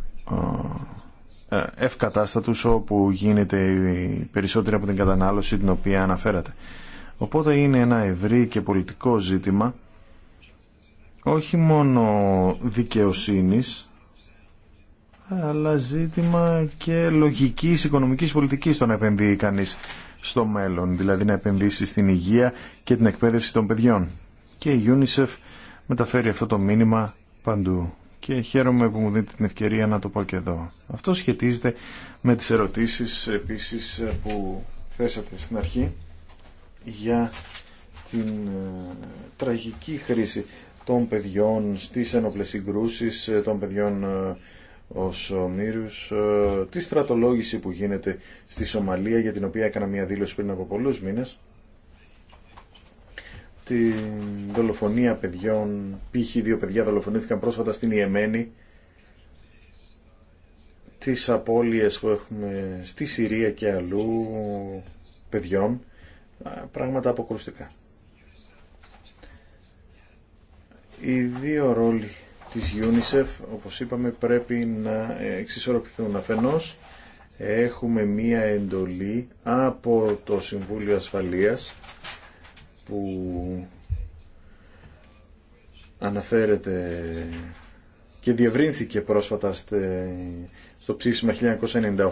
ε, ε, ευκατάστατους όπου γίνεται η περισσότερη από την κατανάλωση την οποία αναφέρατε. Οπότε είναι ένα ευρύ και πολιτικό ζήτημα όχι μόνο δικαιοσύνης αλλά ζήτημα και λογικής οικονομικής πολιτικής το να επενδύει κανείς στο μέλλον, δηλαδή να επενδύσει στην υγεία και την εκπαίδευση των παιδιών. Και η UNICEF μεταφέρει αυτό το μήνυμα παντού. Και χαίρομαι που μου δίνετε την ευκαιρία να το πω και εδώ. Αυτό σχετίζεται με τις ερωτήσεις επίσης που θέσατε στην αρχή για την ε, τραγική χρήση των παιδιών στις ενόπλες συγκρούσεις, ε, των παιδιών ε, ο ομήρους ε, τη στρατολόγηση που γίνεται στη Σομαλία για την οποία έκανα μια δήλωση πριν από πολλούς μήνες την δολοφονία παιδιών π.χ. δύο παιδιά δολοφονήθηκαν πρόσφατα στην Ιεμένη τις απώλειες που έχουμε στη Συρία και αλλού παιδιών πράγματα αποκρουστικά οι δύο ρόλοι της UNICEF, όπως είπαμε, πρέπει να ε, εξισορροπηθούν αφενός. Έχουμε μία εντολή από το Συμβούλιο Ασφαλείας που αναφέρεται και διευρύνθηκε πρόσφατα στο ψήφισμα 1998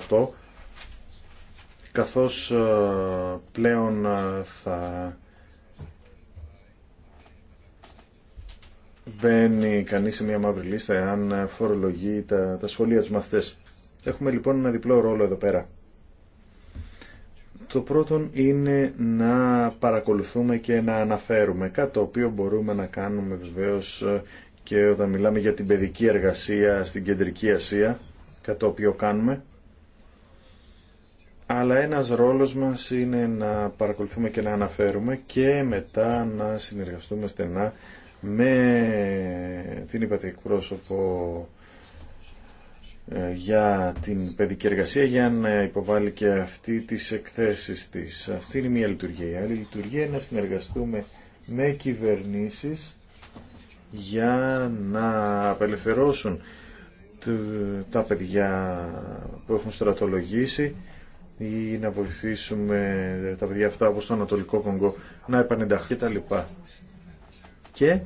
καθώς ε, πλέον ε, θα μπαίνει κανεί σε μια μαύρη λίστα εάν φορολογεί τα, τα σχολεία τους μαθητές. Έχουμε λοιπόν ένα διπλό ρόλο εδώ πέρα. Το πρώτο είναι να παρακολουθούμε και να αναφέρουμε, κάτι το οποίο μπορούμε να κάνουμε βεβαίω ε, και όταν μιλάμε για την παιδική εργασία στην Κεντρική Ασία, κάτι το οποίο κάνουμε. Αλλά ένας ρόλος μας είναι να παρακολουθούμε και να αναφέρουμε και μετά να συνεργαστούμε στενά με την είπατε εκπρόσωπο ε, για την παιδική εργασία για να υποβάλει και αυτή τις εκθέσεις της. Αυτή είναι μια λειτουργία. Η άλλη λειτουργία είναι να συνεργαστούμε με κυβερνήσεις για να απελευθερώσουν τα παιδιά που έχουν στρατολογήσει ή να βοηθήσουμε τα παιδιά αυτά όπως το Ανατολικό Κονγκό να επανενταχθεί τα λοιπά και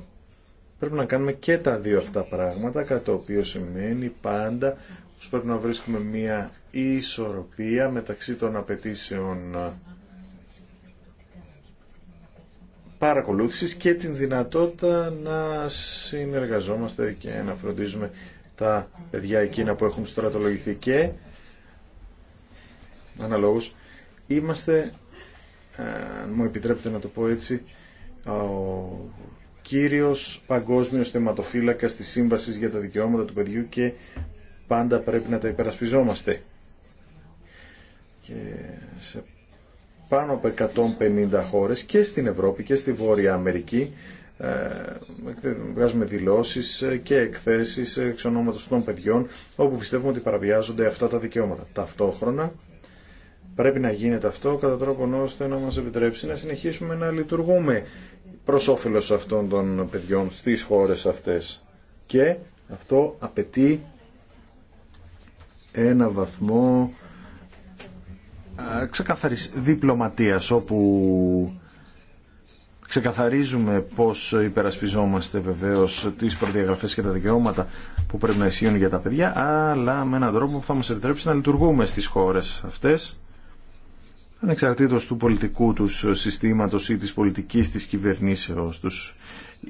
πρέπει να κάνουμε και τα δύο αυτά πράγματα, κατά το οποίο σημαίνει πάντα πως πρέπει να βρίσκουμε μία ισορροπία μεταξύ των απαιτήσεων παρακολούθησης και την δυνατότητα να συνεργαζόμαστε και να φροντίζουμε τα παιδιά εκείνα που έχουν στρατολογηθεί και αναλόγως είμαστε, ε, αν μου επιτρέπετε να το πω έτσι, ο κύριος παγκόσμιο θεματοφύλακας της Σύμβασης για τα Δικαιώματα του Παιδιού και πάντα πρέπει να τα υπερασπιζόμαστε. Και σε πάνω από 150 χώρες και στην Ευρώπη και στη Βόρεια Αμερική ε, βγάζουμε δηλώσεις ε, και εκθέσεις ε, εξ ονόματος των παιδιών όπου πιστεύουμε ότι παραβιάζονται αυτά τα δικαιώματα. Ταυτόχρονα πρέπει να γίνεται αυτό κατά τρόπο ώστε να μας επιτρέψει να συνεχίσουμε να λειτουργούμε προς όφελος αυτών των παιδιών στις χώρες αυτές. Και αυτό απαιτεί ένα βαθμό ξεκαθαρίς διπλωματίας όπου ξεκαθαρίζουμε πως υπερασπιζόμαστε βεβαίως τις προδιαγραφές και τα δικαιώματα που πρέπει να ισχύουν για τα παιδιά αλλά με έναν τρόπο που θα μας επιτρέψει να λειτουργούμε στις χώρες αυτές ανεξαρτήτως του πολιτικού τους συστήματος ή της πολιτικής της κυβερνήσεως τους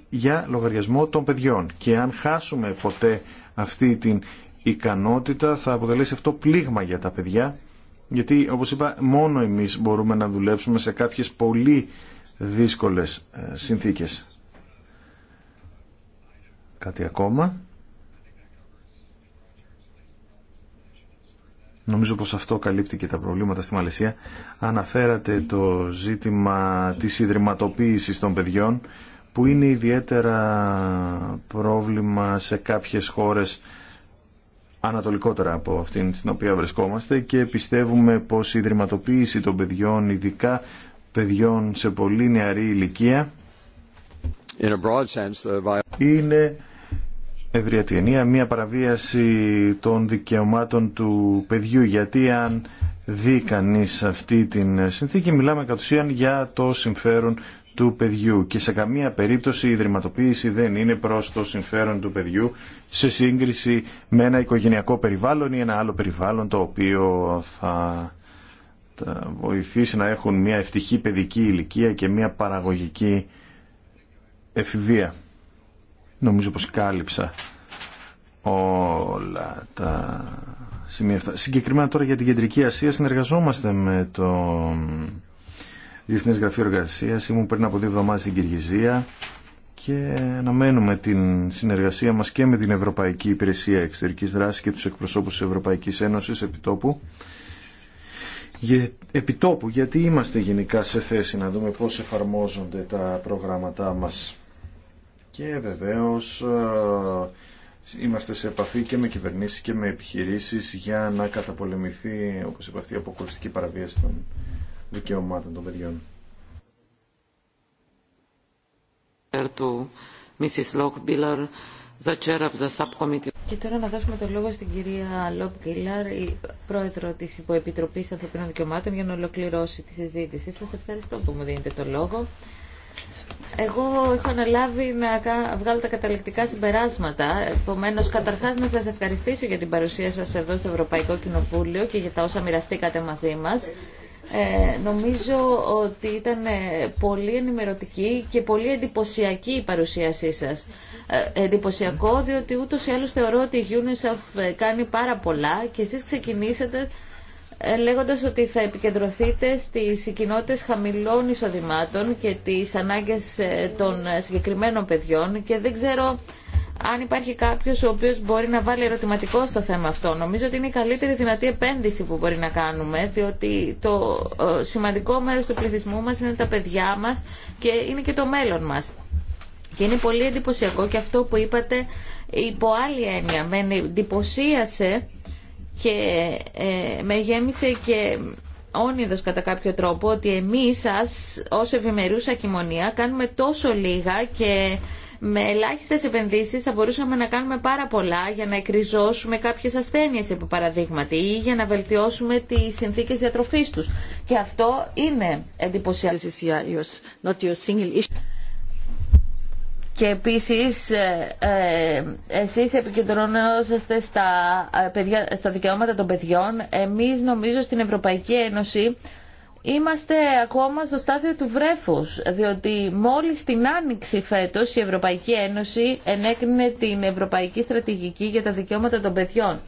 για λογαριασμό των παιδιών και αν χάσουμε ποτέ αυτή την ικανότητα θα αποτελέσει αυτό πλήγμα για τα παιδιά γιατί όπως είπα μόνο εμείς μπορούμε να δουλέψουμε σε κάποιες πολύ δύσκολες ε, συνθήκες. Κάτι ακόμα. Νομίζω πως αυτό καλύπτει και τα προβλήματα στη Μαλαισία. Αναφέρατε το ζήτημα της ιδρυματοποίησης των παιδιών που είναι ιδιαίτερα πρόβλημα σε κάποιες χώρες ανατολικότερα από αυτήν στην οποία βρισκόμαστε και πιστεύουμε πως η ιδρυματοποίηση των παιδιών, ειδικά παιδιών σε πολύ νεαρή ηλικία, είναι ευριατή μια παραβίαση των δικαιωμάτων του παιδιού, γιατί αν δει κανεί αυτή την συνθήκη μιλάμε κατ' ουσίαν για το συμφέρον του παιδιού και σε καμία περίπτωση η ιδρυματοποίηση δεν είναι προς το συμφέρον του παιδιού σε σύγκριση με ένα οικογενειακό περιβάλλον ή ένα άλλο περιβάλλον το οποίο θα βοηθήσει να έχουν μια ευτυχή παιδική ηλικία και μια παραγωγική εφηβεία. Νομίζω πως κάλυψα όλα τα σημεία αυτά. Συγκεκριμένα τώρα για την Κεντρική Ασία συνεργαζόμαστε με το Διεθνές Γραφείο Εργασία. Ήμουν πριν από δύο εβδομάδες στην Κυργυζία και αναμένουμε την συνεργασία μας και με την Ευρωπαϊκή Υπηρεσία Εξωτερικής Δράσης και τους εκπροσώπους της Ευρωπαϊκής Ένωσης επιτόπου. Επιτόπου, γιατί είμαστε γενικά σε θέση να δούμε πώς εφαρμόζονται τα προγράμματά μας και βεβαίως ε, είμαστε σε επαφή και με κυβερνήσεις και με επιχειρήσεις για να καταπολεμηθεί, όπως είπα, αυτή η αποκλειστική παραβίαση των δικαιωμάτων των παιδιών. Και τώρα να δώσουμε το λόγο στην κυρία Λόμπ Κίλαρ, πρόεδρο της Υποεπιτροπής Ανθρωπίνων Δικαιωμάτων, για να ολοκληρώσει τη συζήτηση. σα. ευχαριστώ που μου δίνετε το λόγο. Εγώ έχω αναλάβει να βγάλω τα καταληκτικά συμπεράσματα. Επομένω, καταρχά να σα ευχαριστήσω για την παρουσία σα εδώ στο Ευρωπαϊκό Κοινοβούλιο και για τα όσα μοιραστήκατε μαζί μα. Ε, νομίζω ότι ήταν ε, πολύ ενημερωτική και πολύ εντυπωσιακή η παρουσίασή σας. Ε, εντυπωσιακό διότι ούτως ή άλλως θεωρώ ότι η UNICEF ε, κάνει πάρα πολλά και εσείς ξεκινήσατε ε, λέγοντας ότι θα επικεντρωθείτε στις κοινότητες χαμηλών εισοδημάτων και τις ανάγκες ε, των ε, συγκεκριμένων παιδιών και δεν ξέρω αν υπάρχει κάποιος ο οποίος μπορεί να βάλει ερωτηματικό στο θέμα αυτό. Νομίζω ότι είναι η καλύτερη δυνατή επένδυση που μπορεί να κάνουμε, διότι το σημαντικό μέρος του πληθυσμού μας είναι τα παιδιά μας και είναι και το μέλλον μας. Και είναι πολύ εντυπωσιακό και αυτό που είπατε υπό άλλη έννοια. Με εντυπωσίασε και ε, με γέμισε και όνειδος κατά κάποιο τρόπο ότι εμείς σας ως ευημερούσα κοιμονία κάνουμε τόσο λίγα και με ελάχιστες επενδύσεις θα μπορούσαμε να κάνουμε πάρα πολλά για να εκριζώσουμε κάποιες ασθένειες επί παραδείγματι ή για να βελτιώσουμε τις συνθήκες διατροφής τους. Και αυτό είναι εντυπωσιακό. Και επίσης ε, ε, εσείς επικεντρωνόσαστε στα, ε, παιδιά, στα δικαιώματα των παιδιών. Εμείς νομίζω στην Ευρωπαϊκή Ένωση είμαστε ακόμα στο στάδιο του βρέφους, διότι μόλις την Άνοιξη φέτος η Ευρωπαϊκή Ένωση ενέκρινε την Ευρωπαϊκή Στρατηγική για τα Δικαιώματα των Παιδιών.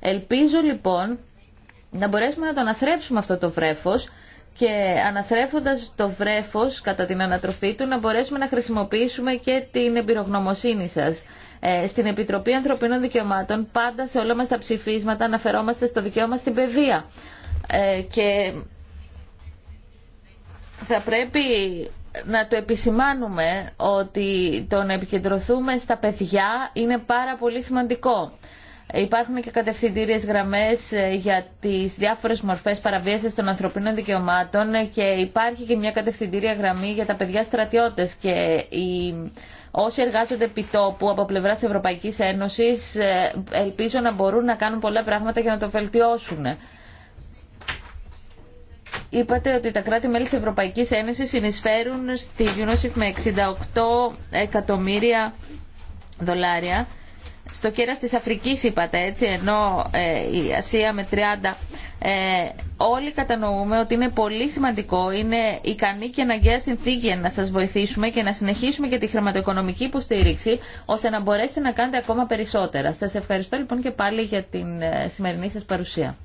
Ελπίζω λοιπόν να μπορέσουμε να το αναθρέψουμε αυτό το βρέφος και αναθρέφοντας το βρέφος κατά την ανατροφή του να μπορέσουμε να χρησιμοποιήσουμε και την εμπειρογνωμοσύνη σας. Ε, στην Επιτροπή Ανθρωπίνων Δικαιωμάτων πάντα σε όλα μας τα ψηφίσματα αναφερόμαστε στο δικαίωμα στην παιδεία. Ε, και θα πρέπει να το επισημάνουμε ότι το να επικεντρωθούμε στα παιδιά είναι πάρα πολύ σημαντικό. Υπάρχουν και κατευθυντήριες γραμμές ε, για τις διάφορες μορφές παραβίασης των ανθρωπίνων δικαιωμάτων και υπάρχει και μια κατευθυντήρια γραμμή για τα παιδιά στρατιώτες και οι... Όσοι εργάζονται επί τόπου από πλευρά τη Ευρωπαϊκή Ένωσης ε, ελπίζω να μπορούν να κάνουν πολλά πράγματα για να το βελτιώσουν. Είπατε ότι τα κράτη-μέλη της Ευρωπαϊκής Ένωσης συνεισφέρουν στη UNOSIF με 68 εκατομμύρια δολάρια στο κέρας της Αφρικής είπατε έτσι, ενώ ε, η Ασία με 30 ε, όλοι κατανοούμε ότι είναι πολύ σημαντικό, είναι ικανή και αναγκαία συνθήκη να σας βοηθήσουμε και να συνεχίσουμε και τη χρηματοοικονομική υποστήριξη ώστε να μπορέσετε να κάνετε ακόμα περισσότερα. Σας ευχαριστώ λοιπόν και πάλι για την ε, σημερινή σας παρουσία.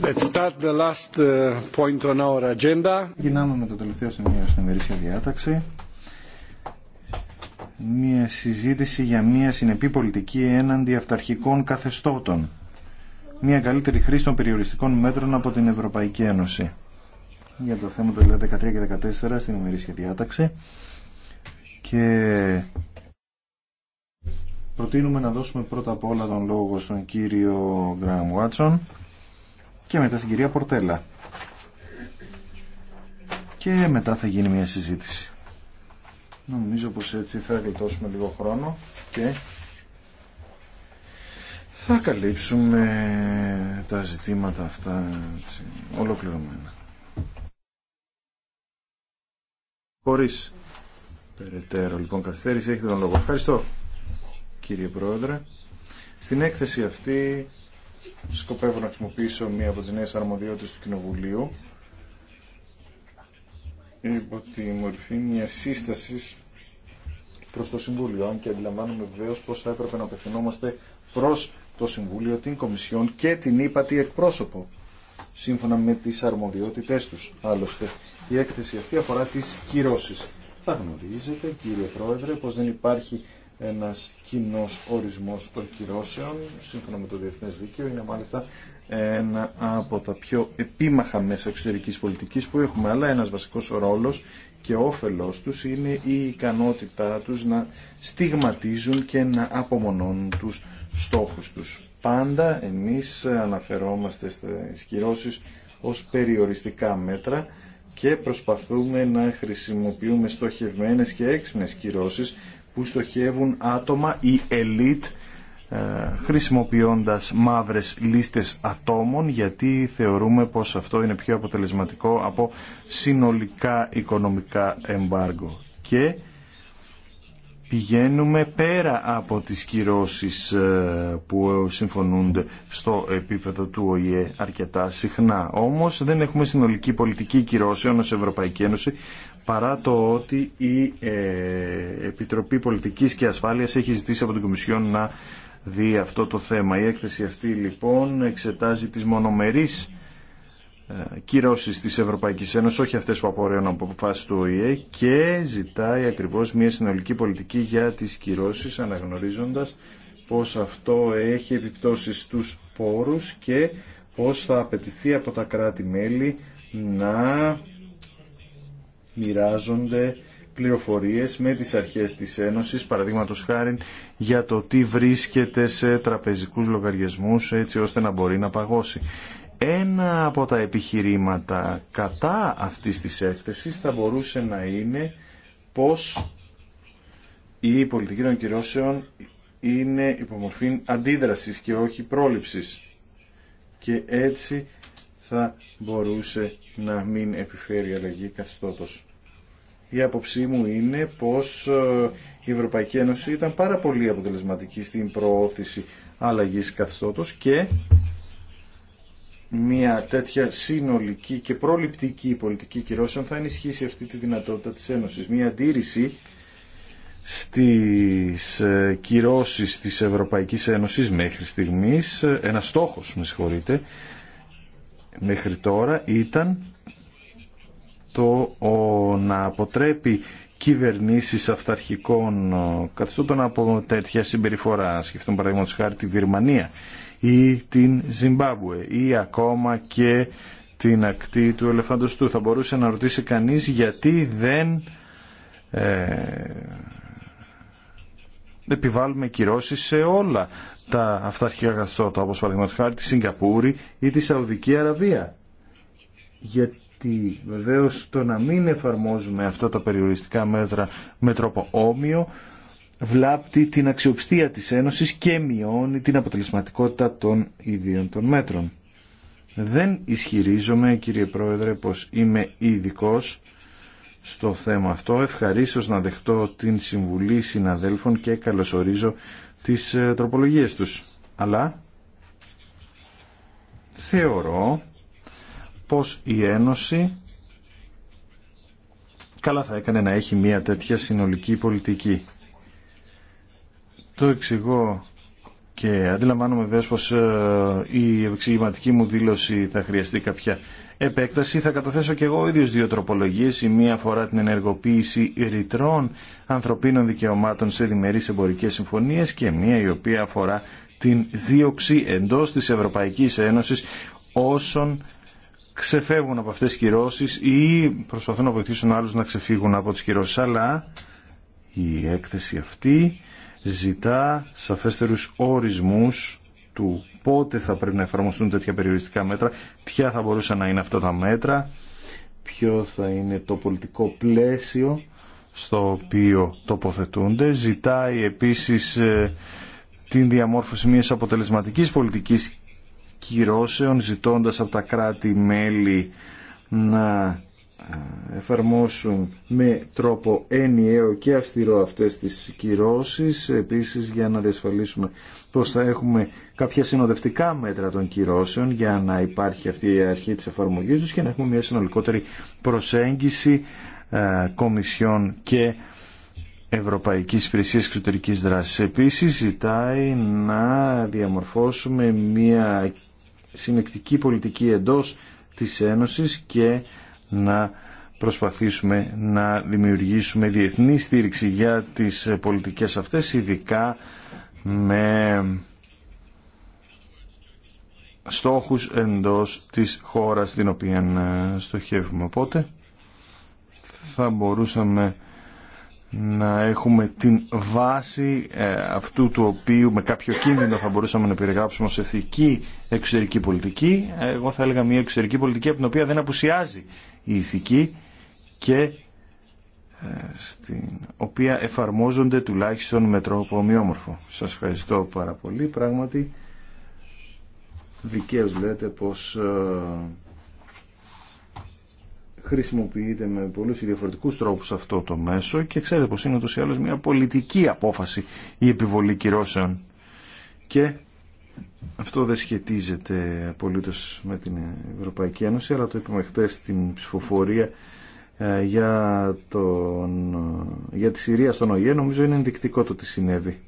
Let's start the last uh, point on our agenda. με το τελευταίο σημείο στην ημερήσια διάταξη. Μία συζήτηση για μία συνεπή πολιτική έναντι αυταρχικών καθεστώτων. Μία καλύτερη χρήση των περιοριστικών μέτρων από την Ευρωπαϊκή Ένωση. Για το θέμα το 2013 και 14 στην ημερήσια διάταξη. Και προτείνουμε να δώσουμε πρώτα απ' όλα τον λόγο στον κύριο Γκραμ Βάτσον και μετά στην κυρία Πορτέλα. Και μετά θα γίνει μια συζήτηση. Νομίζω πως έτσι θα γλιτώσουμε λίγο χρόνο και θα καλύψουμε τα ζητήματα αυτά έτσι, ολοκληρωμένα. Χωρίς περαιτέρω λοιπόν καθυστέρηση έχετε τον λόγο. Ευχαριστώ κύριε Πρόεδρε. Στην έκθεση αυτή σκοπεύω να χρησιμοποιήσω μία από τις νέες αρμοδιότητες του Κοινοβουλίου υπό τη μορφή μια σύσταση προς το Συμβούλιο, αν και αντιλαμβάνομαι βεβαίω πώς θα έπρεπε να απευθυνόμαστε προς το Συμβούλιο, την Κομισιόν και την ύπατη εκπρόσωπο, σύμφωνα με τις αρμοδιότητές τους. Άλλωστε, η έκθεση αυτή αφορά τις κυρώσεις. Θα γνωρίζετε, κύριε Πρόεδρε, πως δεν υπάρχει ένας κοινό ορισμός των κυρώσεων, σύμφωνα με το Διεθνές Δίκαιο, είναι μάλιστα ε, ένα από τα πιο επίμαχα μέσα εξωτερικής πολιτικής που έχουμε, αλλά ένας βασικός ρόλος και όφελός τους είναι η ικανότητά τους να στιγματίζουν και να απομονώνουν τους στόχους τους. Πάντα εμείς αναφερόμαστε στις κυρώσεις ως περιοριστικά μέτρα και προσπαθούμε να χρησιμοποιούμε στοχευμένες και έξυπνες κυρώσεις που στοχεύουν άτομα ή ελίτ ε, χρησιμοποιώντας μαύρες λίστες ατόμων γιατί θεωρούμε πως αυτό είναι πιο αποτελεσματικό από συνολικά οικονομικά εμπάργο και πηγαίνουμε πέρα από τις κυρώσεις ε, που συμφωνούνται στο επίπεδο του ΟΗΕ αρκετά συχνά. Όμως δεν έχουμε συνολική πολιτική κυρώσεων ως Ευρωπαϊκή Ένωση παρά το ότι η ε, Επιτροπή Πολιτικής και Ασφάλειας έχει ζητήσει από την Κομισιόν να δει αυτό το θέμα. Η έκθεση αυτή λοιπόν εξετάζει τις μονομερείς ε, κυρώσεις της Ευρωπαϊκής Ένωσης, όχι αυτές που απορρέουν από αποφάσει του ΟΗΕ και ζητάει ακριβώς μια συνολική πολιτική για τις κυρώσεις αναγνωρίζοντας πως αυτό έχει επιπτώσεις στους πόρους και πως θα απαιτηθεί από τα κράτη-μέλη να μοιράζονται πληροφορίες με τις αρχές της Ένωσης, παραδείγματο χάρη για το τι βρίσκεται σε τραπεζικούς λογαριασμούς έτσι ώστε να μπορεί να παγώσει. Ένα από τα επιχειρήματα κατά αυτής της έκθεσης θα μπορούσε να είναι πως η πολιτική των κυρώσεων είναι υπομορφή αντίδρασης και όχι πρόληψης. Και έτσι θα μπορούσε να μην επιφέρει αλλαγή καθεστώτος. Η άποψή μου είναι πως ε, η Ευρωπαϊκή Ένωση ήταν πάρα πολύ αποτελεσματική στην προώθηση αλλαγής καθεστώτος και μια τέτοια συνολική και προληπτική πολιτική κυρώσεων θα ενισχύσει αυτή τη δυνατότητα της Ένωσης. Μια αντίρρηση στις ε, κυρώσεις της Ευρωπαϊκής Ένωσης μέχρι στιγμής, ε, ένα στόχος, με συγχωρείτε, μέχρι τώρα ήταν το να αποτρέπει κυβερνήσεις αυταρχικών ε, καθιστώτων από τέτοια συμπεριφορά. Σκεφτούμε παραδείγματος χάρη τη Βυρμανία ή την Ζιμπάμπουε ή ακόμα και την ακτή του Ελεφαντοστού. Θα μπορούσε να ρωτήσει κανείς γιατί δεν ε, επιβάλλουμε κυρώσεις σε όλα τα αυταρχικά καθεστώτα όπως παραδείγματος χάρη τη Σιγκαπούρη ή τη Σαουδική Αραβία. Γιατί βεβαίω το να μην εφαρμόζουμε αυτά τα περιοριστικά μέτρα με τρόπο όμοιο βλάπτει την αξιοπιστία της Ένωσης και μειώνει την αποτελεσματικότητα των ίδιων των μέτρων. Δεν ισχυρίζομαι, κύριε Πρόεδρε, πως είμαι ειδικό στο θέμα αυτό. Ευχαρίστω να δεχτώ την Συμβουλή Συναδέλφων και καλωσορίζω τις ε, τροπολογίες τους. Αλλά θεωρώ πως η Ένωση καλά θα έκανε να έχει μια τέτοια συνολική πολιτική. Το εξηγώ και αντιλαμβάνομαι βέβαια πως ε, η επεξηγηματική μου δήλωση θα χρειαστεί κάποια επέκταση θα καταθέσω και εγώ ίδιος δύο τροπολογίες. Η μία αφορά την ενεργοποίηση ρητρών ανθρωπίνων δικαιωμάτων σε διμερείς εμπορικές συμφωνίες και μία η οποία αφορά την δίωξη εντός της Ευρωπαϊκής Ένωσης όσων ξεφεύγουν από αυτές τις κυρώσεις ή προσπαθούν να βοηθήσουν άλλους να ξεφύγουν από τις κυρώσεις. Αλλά η έκθεση αυτή ζητά σαφέστερους ορισμούς του πότε θα πρέπει να εφαρμοστούν τέτοια περιοριστικά μέτρα, ποια θα μπορούσαν να είναι αυτά τα μέτρα, ποιο θα είναι το πολιτικό πλαίσιο στο οποίο τοποθετούνται. Ζητάει επίσης ε, την διαμόρφωση μιας αποτελεσματικής πολιτικής κυρώσεων, ζητώντας από τα κράτη-μέλη να εφαρμόσουν με τρόπο ενιαίο και αυστηρό αυτές τις κυρώσεις επίσης για να διασφαλίσουμε πως θα έχουμε κάποια συνοδευτικά μέτρα των κυρώσεων για να υπάρχει αυτή η αρχή της εφαρμογής τους και να έχουμε μια συνολικότερη προσέγγιση ε, κομισιών και Ευρωπαϊκής Υπηρεσία Εξωτερικής Δράσης. Επίσης ζητάει να διαμορφώσουμε μια συνεκτική πολιτική εντός της Ένωσης και να προσπαθήσουμε να δημιουργήσουμε διεθνή στήριξη για τις πολιτικές αυτές, ειδικά με στόχους εντός της χώρας την οποία στοχεύουμε. Οπότε θα μπορούσαμε να έχουμε την βάση ε, αυτού του οποίου με κάποιο κίνδυνο θα μπορούσαμε να περιγράψουμε ως εθική εξωτερική πολιτική. Εγώ θα έλεγα μια εξωτερική πολιτική από την οποία δεν απουσιάζει η ηθική και ε, στην οποία εφαρμόζονται τουλάχιστον με τρόπο ομοιόμορφο. Σας ευχαριστώ πάρα πολύ. Πράγματι, δικαίως λέτε πως ε, χρησιμοποιείται με πολλούς διαφορετικούς τρόπους αυτό το μέσο και ξέρετε πως είναι ούτως ή άλλως μια πολιτική απόφαση η επιβολή κυρώσεων και αυτό δεν σχετίζεται απολύτως με την Ευρωπαϊκή Ένωση αλλά το είπαμε χτες στην ψηφοφορία ε, για, τον, ε, για τη Συρία στον ΟΗΕ νομίζω είναι ενδεικτικό το τι συνέβη.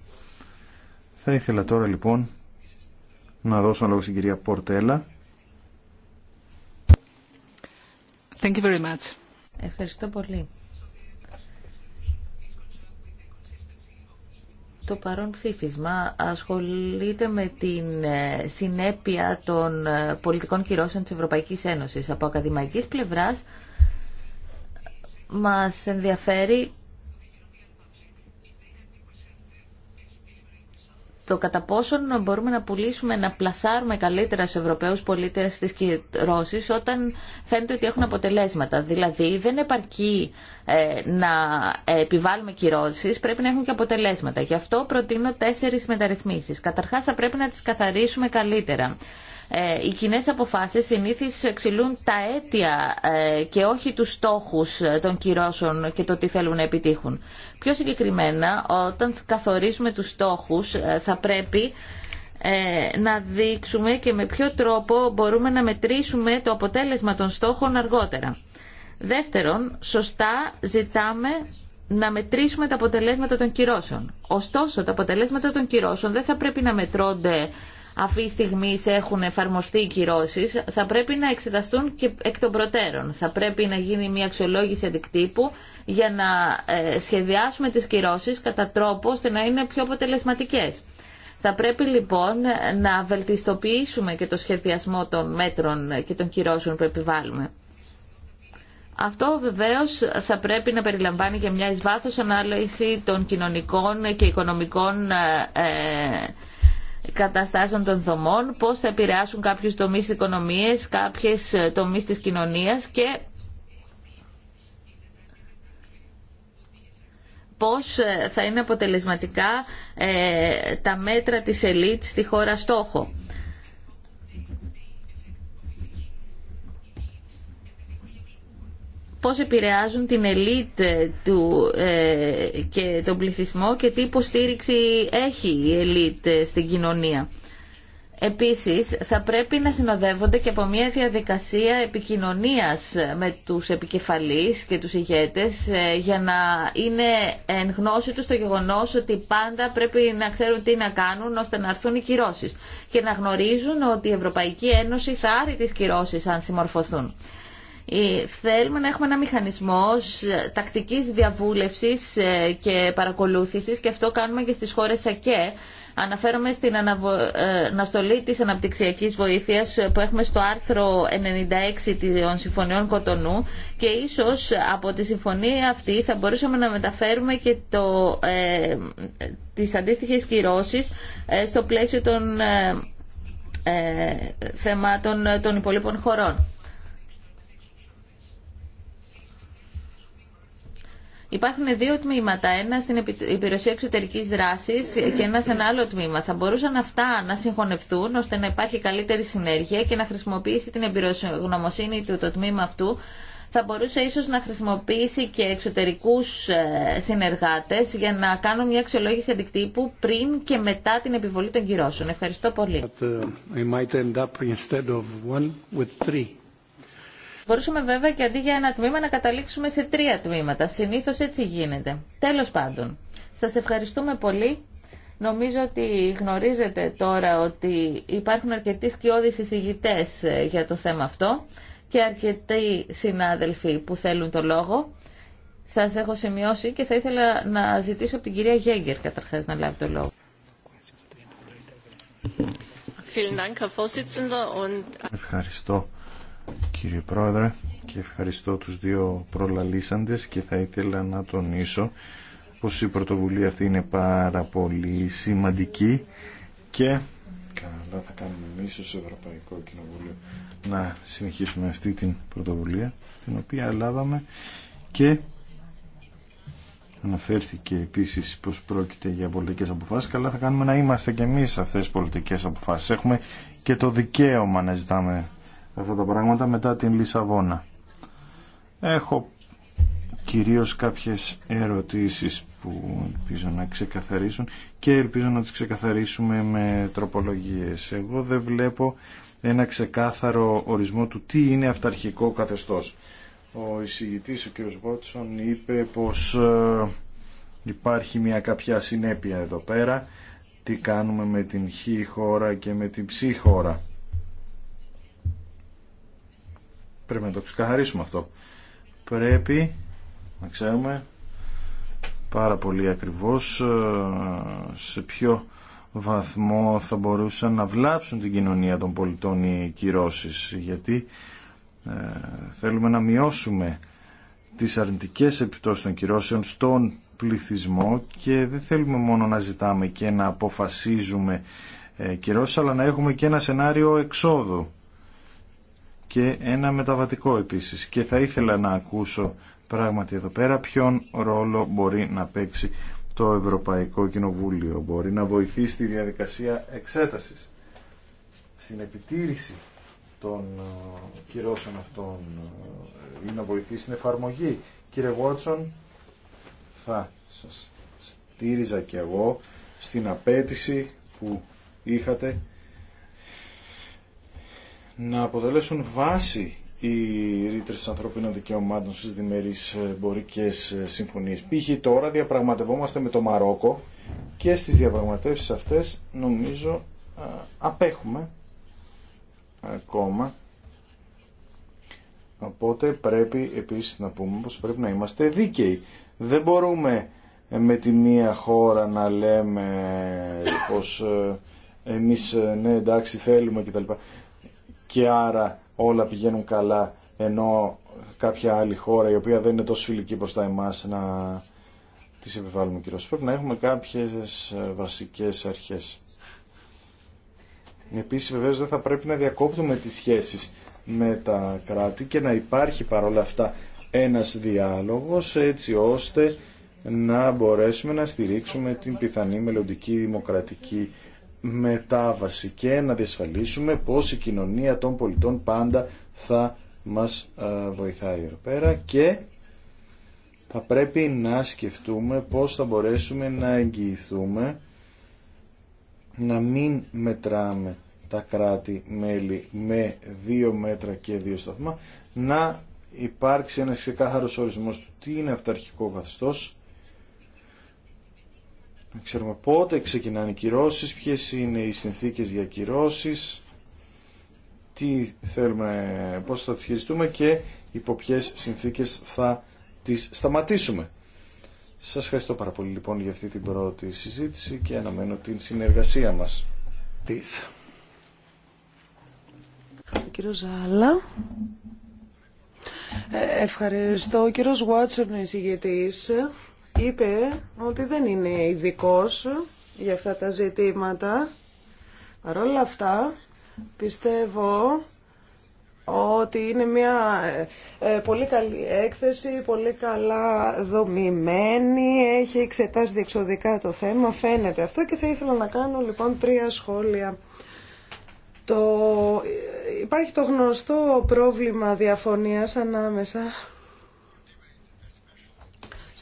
Θα ήθελα τώρα λοιπόν να δώσω λόγο στην κυρία Πορτέλα Ευχαριστώ πολύ. Το παρόν ψήφισμα ασχολείται με την ε, συνέπεια των ε, πολιτικών κυρώσεων της Ευρωπαϊκής Ένωσης. Από ακαδημαϊκής πλευράς μας ενδιαφέρει το κατά πόσον μπορούμε να πουλήσουμε, να πλασάρουμε καλύτερα στους Ευρωπαίους πολίτες τις κυρώσεις όταν φαίνεται ότι έχουν αποτελέσματα. Δηλαδή δεν επαρκεί ε, να ε, επιβάλλουμε κυρώσεις, πρέπει να έχουν και αποτελέσματα. Γι' αυτό προτείνω τέσσερις μεταρρυθμίσεις. Καταρχάς θα πρέπει να τις καθαρίσουμε καλύτερα. Ε, οι κοινέ αποφάσεις συνήθως εξηλούν τα αίτια ε, και όχι τους στόχους ε, των κυρώσεων και το τι θέλουν να επιτύχουν. Πιο συγκεκριμένα, όταν καθορίζουμε τους στόχους θα πρέπει να δείξουμε και με ποιο τρόπο μπορούμε να μετρήσουμε το αποτέλεσμα των στόχων αργότερα. Δεύτερον, σωστά ζητάμε να μετρήσουμε τα αποτελέσματα των κυρώσεων. Ωστόσο, τα αποτελέσματα των κυρώσεων δεν θα πρέπει να μετρώνται αυτή τη στιγμή έχουν εφαρμοστεί οι κυρώσει, θα πρέπει να εξεταστούν και εκ των προτέρων. Θα πρέπει να γίνει μια αξιολόγηση αντικτύπου για να ε, σχεδιάσουμε τις κυρώσει κατά τρόπο ώστε να είναι πιο αποτελεσματικέ. Θα πρέπει λοιπόν να βελτιστοποιήσουμε και το σχεδιασμό των μέτρων και των κυρώσεων που επιβάλλουμε. Αυτό βεβαίω θα πρέπει να περιλαμβάνει και μια εις ανάλυση των κοινωνικών και οικονομικών ε, καταστάσεων των δομών, πώς θα επηρεάσουν κάποιους τομείς της οικονομίας, κάποιες ε, τομείς της κοινωνίας και πώς ε, θα είναι αποτελεσματικά ε, τα μέτρα της ελίτ στη χώρα στόχο. πώς επηρεάζουν την ελίτ ε, ε, και τον πληθυσμό και τι υποστήριξη έχει η ελίτ ε, στην κοινωνία. Επίσης, θα πρέπει να συνοδεύονται και από μια διαδικασία επικοινωνίας με τους επικεφαλείς και τους ηγέτες για να είναι εν γνώση τους το γεγονός ότι πάντα πρέπει να ξέρουν τι να κάνουν ώστε να έρθουν οι κυρώσεις και να γνωρίζουν ότι η Ευρωπαϊκή Ένωση θα άρει τις κυρώσεις αν συμμορφωθούν. Ε, θέλουμε να έχουμε ένα μηχανισμό τακτικής διαβούλευσης ε, και παρακολούθησης και αυτό κάνουμε και στις χώρες ΑΚΕ. Αναφέρομαι στην αναστολή ε, της αναπτυξιακής βοήθειας που έχουμε στο άρθρο 96 των Συμφωνιών Κοτονού και ίσως από τη συμφωνία αυτή θα μπορούσαμε να μεταφέρουμε και το, ε, τις αντίστοιχες στο πλαίσιο των θεμάτων των υπολείπων χωρών. Υπάρχουν δύο τμήματα, ένα στην υπηρεσία εξωτερική δράση και ένα σε ένα άλλο τμήμα. Θα μπορούσαν αυτά να συγχωνευτούν ώστε να υπάρχει καλύτερη συνέργεια και να χρησιμοποιήσει την εμπειρογνωμοσύνη του το τμήμα αυτού. Θα μπορούσε ίσως να χρησιμοποιήσει και εξωτερικούς ε, συνεργάτες για να κάνουν μια αξιολόγηση αντικτύπου πριν και μετά την επιβολή των κυρώσεων. Ευχαριστώ πολύ. Uh, μπορούσαμε βέβαια και αντί για ένα τμήμα να καταλήξουμε σε τρία τμήματα. Συνήθως έτσι γίνεται. Τέλος πάντων, σας ευχαριστούμε πολύ. Νομίζω ότι γνωρίζετε τώρα ότι υπάρχουν αρκετοί σκιώδεις εισηγητές ε, για το θέμα αυτό και αρκετοί συνάδελφοι που θέλουν το λόγο. Σας έχω σημειώσει και θα ήθελα να ζητήσω από την κυρία Γέγκερ καταρχάς να λάβει το λόγο. Ευχαριστώ κύριε Πρόεδρε και ευχαριστώ τους δύο προλαλήσαντες και θα ήθελα να τονίσω πως η πρωτοβουλία αυτή είναι πάρα πολύ σημαντική και καλά θα κάνουμε εμείς ως Ευρωπαϊκό Κοινοβούλιο να συνεχίσουμε αυτή την πρωτοβουλία την οποία λάβαμε και Αναφέρθηκε επίσης πως πρόκειται για πολιτικές αποφάσεις, καλά θα κάνουμε να είμαστε και εμείς αυτές τις πολιτικές αποφάσεις. Έχουμε και το δικαίωμα να ζητάμε αυτά τα πράγματα μετά την Λισαβόνα. Έχω κυρίως κάποιες ερωτήσεις που ελπίζω να ξεκαθαρίσουν και ελπίζω να τις ξεκαθαρίσουμε με τροπολογίες. Εγώ δεν βλέπω ένα ξεκάθαρο ορισμό του τι είναι αυταρχικό καθεστώς. Ο εισηγητής, ο κ. Βότσον, είπε πως ε, υπάρχει μια κάποια συνέπεια εδώ πέρα, τι κάνουμε με την χ χώρα και με την ψ χώρα. Πρέπει να το ξεκαθαρίσουμε αυτό. Πρέπει να ξέρουμε πάρα πολύ ακριβώς ε, σε ποιο βαθμό θα μπορούσαν να βλάψουν την κοινωνία των πολιτών οι κυρώσεις γιατί ε, θέλουμε να μειώσουμε τις αρνητικές επιπτώσεις των κυρώσεων στον πληθυσμό και δεν θέλουμε μόνο να ζητάμε και να αποφασίζουμε ε, κυρώσεις αλλά να έχουμε και ένα σενάριο εξόδου και ένα μεταβατικό επίσης. Και θα ήθελα να ακούσω πράγματι εδώ πέρα ποιον ρόλο μπορεί να παίξει το Ευρωπαϊκό Κοινοβούλιο. Μπορεί να βοηθήσει τη διαδικασία εξέτασης, στην επιτήρηση των ε, κυρώσεων αυτών ε, ή να βοηθήσει στην εφαρμογή. Κύριε Βότσον, θα σας στήριζα και εγώ στην απέτηση που είχατε να αποτελέσουν βάση οι ρήτρε ανθρωπίνων δικαιωμάτων στις διμερεί εμπορικέ συμφωνίες. Π.χ. τώρα διαπραγματευόμαστε με το Μαρόκο και στις διαπραγματεύσεις αυτές νομίζω απέχουμε ακόμα. Οπότε πρέπει επίσης να πούμε πως πρέπει να είμαστε δίκαιοι. Δεν μπορούμε με τη μία χώρα να λέμε πως ε, εμείς ε, ναι εντάξει θέλουμε κτλ και άρα όλα πηγαίνουν καλά ενώ κάποια άλλη χώρα η οποία δεν είναι τόσο φιλική προς τα εμάς να τις επιβάλλουμε κυρώσεις. Πρέπει να έχουμε κάποιες ε, βασικές αρχές. Επίσης βεβαίω δεν θα πρέπει να διακόπτουμε τις σχέσεις με τα κράτη και να υπάρχει παρόλα αυτά ένας διάλογος έτσι ώστε να μπορέσουμε να στηρίξουμε την πιθανή μελλοντική δημοκρατική μετάβαση και να διασφαλίσουμε πως η κοινωνία των πολιτών πάντα θα μας ε, βοηθάει εδώ πέρα και θα πρέπει να σκεφτούμε πως θα μπορέσουμε να εγγυηθούμε να μην μετράμε τα κράτη-μέλη με δύο μέτρα και δύο σταθμά, να υπάρξει ένας ξεκάθαρος ορισμός του τι είναι αυταρχικό καθεστώς να ξέρουμε πότε ξεκινάνε οι κυρώσεις, ποιες είναι οι συνθήκες για κυρώσεις, τι θέλουμε, πώς θα τις χειριστούμε και υπό ποιες συνθήκες θα τις σταματήσουμε. Σας ευχαριστώ πάρα πολύ λοιπόν για αυτή την πρώτη συζήτηση και αναμένω την συνεργασία μας. Της. Κύριο Ζάλα. Ε, ευχαριστώ. Ο κύριος Βάτσον, είπε ότι δεν είναι ειδικό για αυτά τα ζητήματα. Παρ' όλα αυτά, πιστεύω ότι είναι μια ε, πολύ καλή έκθεση, πολύ καλά δομημένη, έχει εξετάσει διεξοδικά το θέμα, φαίνεται αυτό και θα ήθελα να κάνω λοιπόν τρία σχόλια. Το... Ε, υπάρχει το γνωστό πρόβλημα διαφωνίας ανάμεσα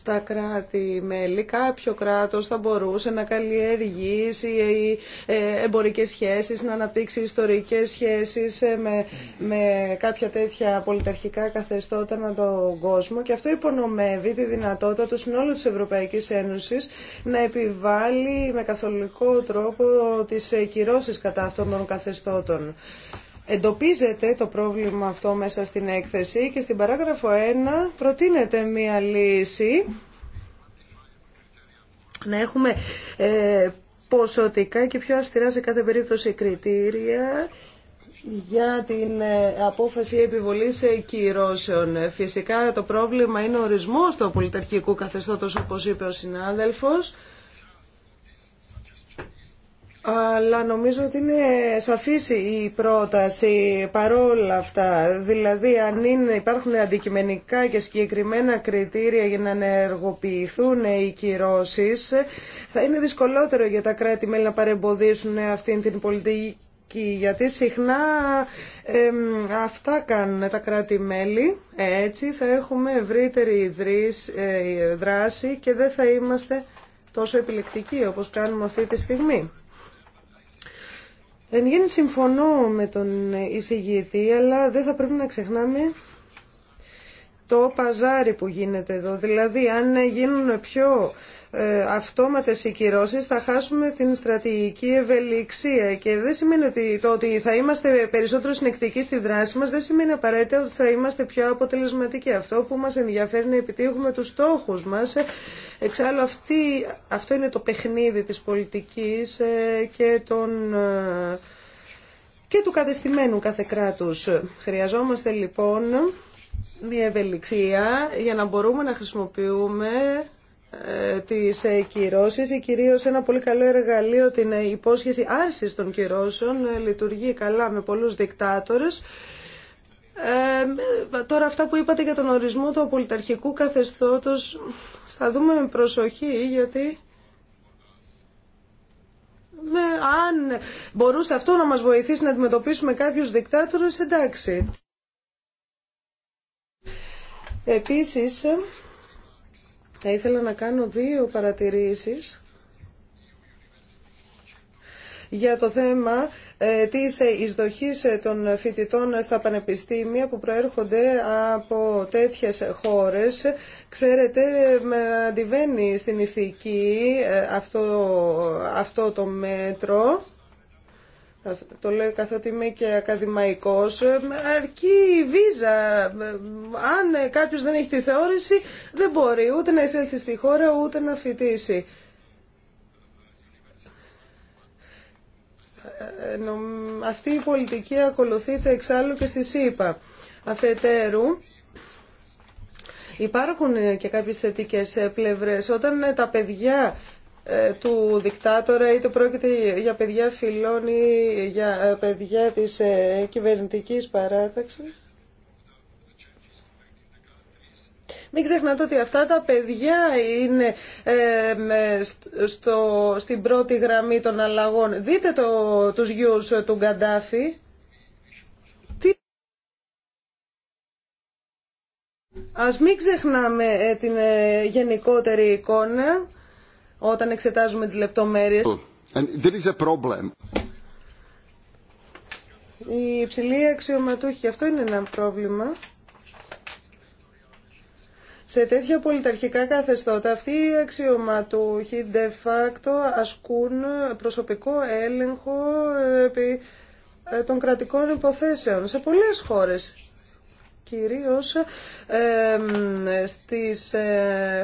τα κράτη-μέλη. Κάποιο κράτος θα μπορούσε να καλλιεργήσει ε, ε, εμπορικές σχέσεις, να αναπτύξει ιστορικές σχέσεις ε, με, με κάποια τέτοια πολιταρχικά καθεστώτα με τον κόσμο και αυτό υπονομεύει τη δυνατότητα του συνόλου της Ευρωπαϊκής Ένωσης να επιβάλλει με καθολικό τρόπο τις κυρώσεις κατά αυτών των καθεστώτων. Εντοπίζεται το πρόβλημα αυτό μέσα στην έκθεση και στην παράγραφο 1 προτείνεται μία λύση να έχουμε ε, ποσοτικά και πιο αυστηρά σε κάθε περίπτωση κριτήρια για την ε, απόφαση επιβολής ε, κυρώσεων. Φυσικά το πρόβλημα είναι ο ορισμός του πολιταρχικού καθεστώτος όπως είπε ο συνάδελφος αλλά νομίζω ότι είναι σαφής η πρόταση παρόλα αυτά. Δηλαδή, αν είναι, υπάρχουν αντικειμενικά και συγκεκριμένα κριτήρια για να ενεργοποιηθούν οι κυρώσει, θα είναι δυσκολότερο για τα κράτη-μέλη να παρεμποδίσουν αυτή την πολιτική, γιατί συχνά αυτά κάνουν τα κράτη-μέλη. Έτσι θα έχουμε ευρύτερη ε, δράση και δεν θα είμαστε τόσο επιλεκτικοί όπως κάνουμε αυτή τη στιγμή. Εν γέννη συμφωνώ με τον εισηγητή, αλλά δεν θα πρέπει να ξεχνάμε το παζάρι που γίνεται εδώ. Δηλαδή, αν γίνουν πιο ε, αυτόματες οι θα χάσουμε την στρατηγική ευελιξία και δεν σημαίνει ότι το ότι θα είμαστε περισσότερο συνεκτικοί στη δράση μας δεν σημαίνει απαραίτητα ότι θα είμαστε πιο αποτελεσματικοί. Αυτό που μας ενδιαφέρει να επιτύχουμε τους στόχους μας. Εξάλλου αυτή, αυτό είναι το παιχνίδι της πολιτικής ε, και των ε, και του κατεστημένου κάθε κράτους. Χρειαζόμαστε λοιπόν μια ευελιξία για να μπορούμε να χρησιμοποιούμε ε, τις ε, η κυρίως ένα πολύ καλό εργαλείο την ε, υπόσχεση άρσης των κυρώσεων, λειτουργεί καλά με πολλούς δικτάτορες. Ε, τώρα αυτά που είπατε για τον ορισμό του πολιταρχικού καθεστώτος θα δούμε με προσοχή γιατί αν μπορούσε αυτό να μας βοηθήσει να αντιμετωπίσουμε κάποιους δικτάτορες εντάξει. Επίσης θα ήθελα να κάνω δύο παρατηρήσεις για το θέμα ε, της ε, εισδοχής ε, των φοιτητών στα πανεπιστήμια που προέρχονται από τέτοιες χώρες. Ξέρετε, με αντιβαίνει στην ηθική αυτό, αυτό το μέτρο το λέω καθότι είμαι και ακαδημαϊκός, ε, αρκεί η βίζα. Ε, αν ε, κάποιος δεν έχει τη θεώρηση, δεν μπορεί ούτε να εισέλθει στη χώρα, ούτε να φοιτήσει. Αυτή η πολιτική ακολουθείται εξάλλου και στη ΣΥΠΑ. Αφετέρου, υπάρχουν και κάποιες θετικές πλευρές. Όταν τα παιδιά ε, του δικτάτορα, είτε πρόκειται για παιδιά φιλών ή για ε, παιδιά της ε, κυβερνητικής παράταξης. Μην ξεχνάτε ότι αυτά τα παιδιά είναι στο, στην πρώτη γραμμή των αλλαγών. Δείτε το, τους γιους του Γκαντάφη. Ας μην ξεχνάμε την γενικότερη εικόνα όταν εξετάζουμε τις λεπτομέρειες. η there is a αυτό είναι ένα πρόβλημα. Σε τέτοια πολιταρχικά καθεστώτα αυτοί οι αξιωματούχοι de facto ασκούν προσωπικό έλεγχο ε, των κρατικών υποθέσεων σε πολλές χώρες κυρίως ε, στις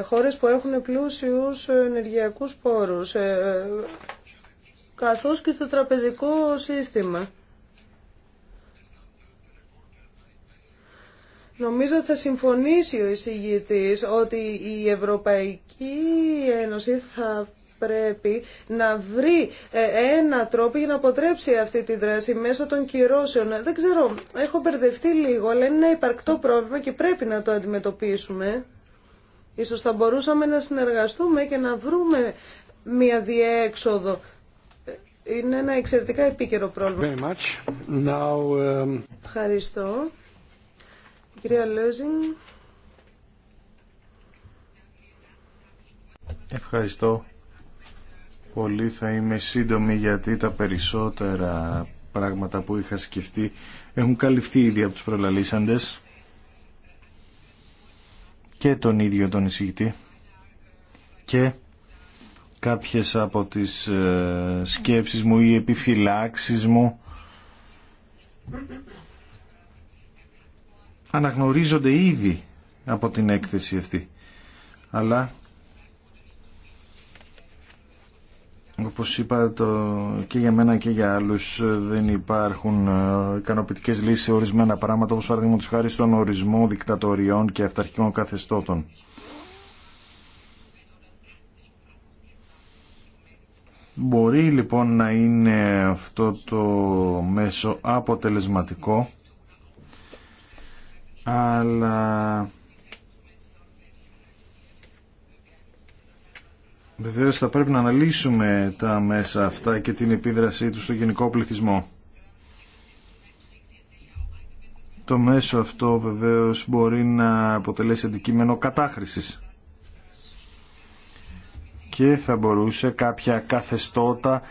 χώρες που έχουν πλούσιους ενεργειακούς πόρους, ε, καθώς και στο τραπεζικό σύστημα. Νομίζω θα συμφωνήσει ο εισηγητής ότι η ευρωπαϊκή Ένωση θα πρέπει να βρει ε, ένα τρόπο για να αποτρέψει αυτή τη δράση μέσω των κυρώσεων. Δεν ξέρω, έχω μπερδευτεί λίγο, αλλά είναι ένα υπαρκτό πρόβλημα και πρέπει να το αντιμετωπίσουμε. Ίσως θα μπορούσαμε να συνεργαστούμε και να βρούμε μια διέξοδο. Είναι ένα εξαιρετικά επίκαιρο πρόβλημα. Um, Ευχαριστώ. κυρία Λέζιν. Ευχαριστώ πολύ. Θα είμαι σύντομη γιατί τα περισσότερα πράγματα που είχα σκεφτεί έχουν καλυφθεί ήδη από τους προλαλήσαντες και τον ίδιο τον εισηγητή και κάποιες από τις ε, σκέψεις μου ή επιφυλάξεις μου αναγνωρίζονται ήδη από την έκθεση αυτή αλλά Όπως είπα το, και για μένα και για άλλους ε, δεν υπάρχουν ε, ικανοποιητικές λύσεις σε ορισμένα πράγματα όπως τους χάρη στον ορισμό δικτατοριών και αυταρχικών καθεστώτων. Μπορεί λοιπόν να είναι αυτό το μέσο αποτελεσματικό αλλά Βεβαίω θα πρέπει να αναλύσουμε τα μέσα αυτά και την επίδρασή του στο γενικό πληθυσμό. Το μέσο αυτό βεβαίως μπορεί να αποτελέσει αντικείμενο κατάχρησης και θα μπορούσε κάποια καθεστώτα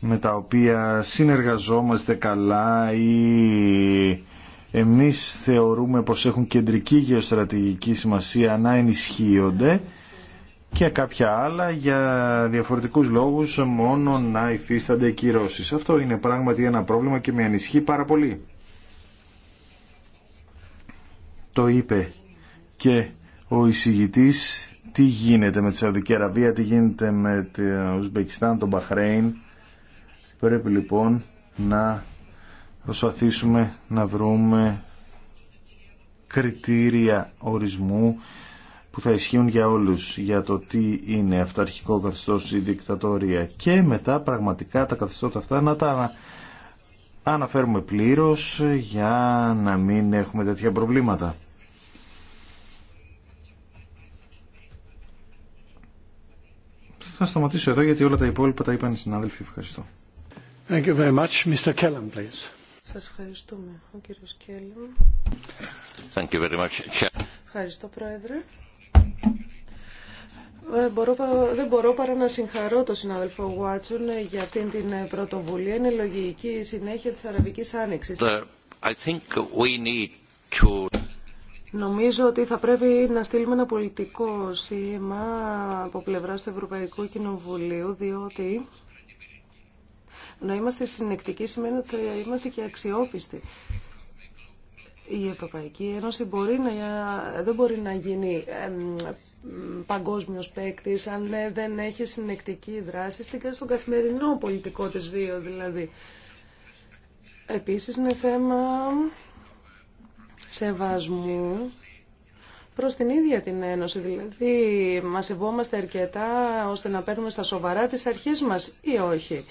με τα οποία συνεργαζόμαστε καλά ή εμείς θεωρούμε πως έχουν κεντρική γεωστρατηγική σημασία να ενισχύονται και κάποια άλλα για διαφορετικούς λόγους μόνο να υφίστανται κυρώσεις. Αυτό είναι πράγματι ένα πρόβλημα και με ανισχύει πάρα πολύ. Το είπε και ο εισηγητής τι γίνεται με τη Σαουδική Αραβία, τι γίνεται με το Ουσμπεκιστάν, τον Μπαχρέιν. Πρέπει λοιπόν να προσπαθήσουμε να βρούμε κριτήρια ορισμού που θα ισχύουν για όλους για το τι είναι αυταρχικό καθεστώς ή δικτατορία και μετά πραγματικά τα καθεστώτα αυτά να τα αναφέρουμε πλήρως για να μην έχουμε τέτοια προβλήματα. Θα σταματήσω εδώ γιατί όλα τα υπόλοιπα τα είπαν οι συνάδελφοι. Ευχαριστώ. Thank you very much. Mr. please. Σας ευχαριστούμε, ο κύριος Κέλλον. Ευχαριστώ, Πρόεδρε. Ε, μπορώ, δεν μπορώ παρά να συγχαρώ τον συνάδελφο Βάτσον για αυτήν την ε, πρωτοβουλία. Είναι λογική η συνέχεια της Αραβικής Άνοιξης. Νομίζω ότι θα πρέπει να στείλουμε ένα πολιτικό σήμα από πλευρά του Ευρωπαϊκού Κοινοβουλίου, διότι να είμαστε συνεκτικοί σημαίνει ότι θα είμαστε και αξιόπιστοι. Η Ευρωπαϊκή Ένωση μπορεί δεν μπορεί να γίνει παγκόσμιος παίκτη, αν ε, δεν έχει συνεκτική δράση στον καθημερινό πολιτικό της βίο δηλαδή. Επίσης είναι θέμα σεβασμού προς την ίδια την Ένωση. Δηλαδή, μας σεβόμαστε αρκετά ώστε να παίρνουμε στα σοβαρά τις αρχές μας ή όχι.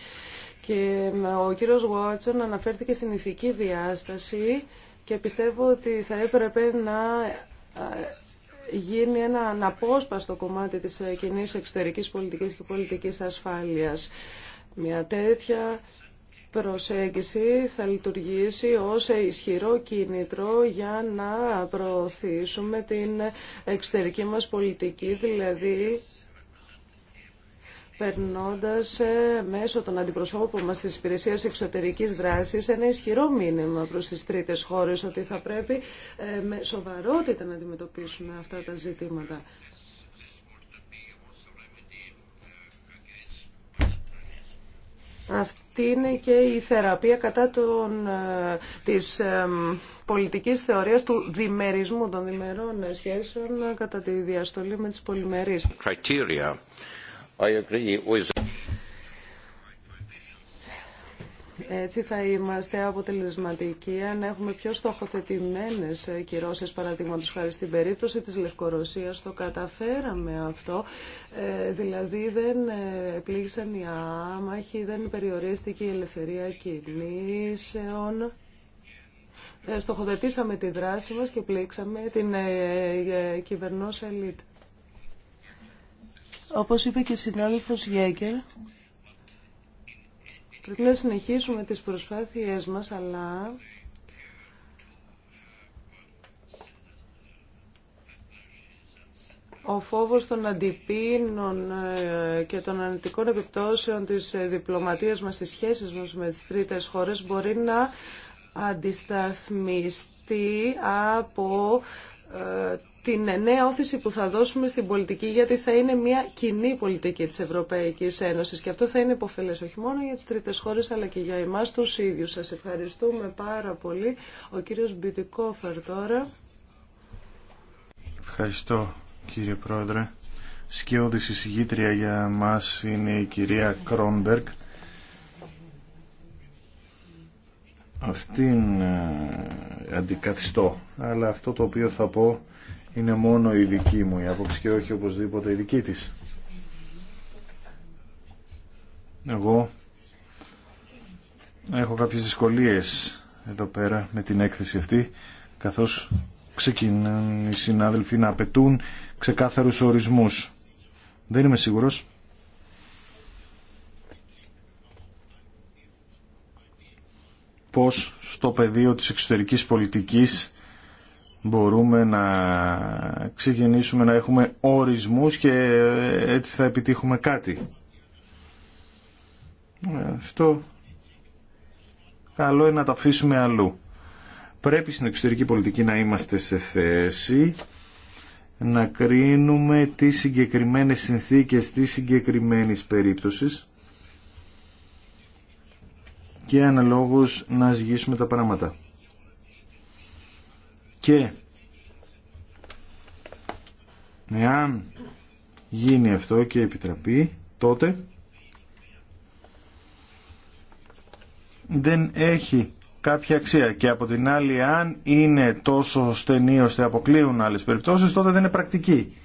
Και ο κύριος Βότσον αναφέρθηκε στην ηθική διάσταση και πιστεύω ότι θα έπρεπε να ε, γίνει ένα αναπόσπαστο κομμάτι της ε, κοινή εξωτερικής πολιτικής και πολιτικής ασφάλειας. Μια τέτοια προσέγγιση θα λειτουργήσει ως ισχυρό κίνητρο για να προωθήσουμε την εξωτερική μας πολιτική, δηλαδή περνώντας ε, μέσω των αντιπροσώπων μα τη υπηρεσία εξωτερικής δράσης ένα ισχυρό μήνυμα προς τις τρίτες χώρες ότι θα πρέπει ε, με σοβαρότητα να αντιμετωπίσουμε αυτά τα ζητήματα. Αυτή είναι και η θεραπεία κατά τον, ε, της πολιτικής θεωρίας του διμερισμού των διμερών σχέσεων κατά τη διαστολή με τις πολυμερείς. Έτσι θα είμαστε αποτελεσματικοί αν έχουμε πιο στοχοθετημένες κυρώσεις παραδείγματο χάρη στην περίπτωση της Λευκορωσίας. Το καταφέραμε αυτό, ε, δηλαδή δεν ε, πλήγησαν οι άμαχοι, δεν περιορίστηκε η ελευθερία κινήσεων. Ε, στοχοθετήσαμε τη δράση μας και πλήξαμε την κυβερνός ελίτ. Όπως είπε και ο συνάδελφος Γέγκερ, πρέπει να συνεχίσουμε τις προσπάθειές μας, αλλά ο φόβος των αντιπίνων ε, και των ανετικών επιπτώσεων της ε, διπλωματίας μας, στις σχέσεις μας με τις τρίτες χώρες μπορεί να αντισταθμιστεί από ε, την νέα όθηση που θα δώσουμε στην πολιτική, γιατί θα είναι μια κοινή πολιτική της Ευρωπαϊκής Ένωσης και αυτό θα είναι υποφελές όχι μόνο για τις τρίτες χώρες, αλλά και για εμάς τους ίδιους. Σας ευχαριστούμε πάρα πολύ. Ο κύριος Μπιτικόφερ τώρα. Ευχαριστώ κύριε Πρόεδρε. Σκιώδη συζητήτρια για μας είναι η κυρία Κρόνμπεργκ. Αυτήν ε, αντικαθιστώ. Αλλά αυτό το οποίο θα πω είναι μόνο η δική μου η άποψη και όχι οπωσδήποτε η δική της. Εγώ έχω κάποιες δυσκολίες εδώ πέρα με την έκθεση αυτή καθώς ξεκινούν οι συνάδελφοι να απαιτούν ξεκάθαρους ορισμούς. Δεν είμαι σίγουρος πώς στο πεδίο της εξωτερικής πολιτικής μπορούμε να ξεκινήσουμε να έχουμε ορισμούς και έτσι θα επιτύχουμε κάτι. Ε, αυτό καλό είναι να τα αφήσουμε αλλού. Πρέπει στην εξωτερική πολιτική να είμαστε σε θέση να κρίνουμε τις συγκεκριμένες συνθήκες της συγκεκριμένης περίπτωσης και αναλόγως να ζυγίσουμε τα πράγματα. Και εάν γίνει αυτό και επιτραπεί, τότε δεν έχει κάποια αξία. Και από την άλλη, αν είναι τόσο στενή ώστε αποκλείουν άλλες περιπτώσεις, τότε δεν είναι πρακτική.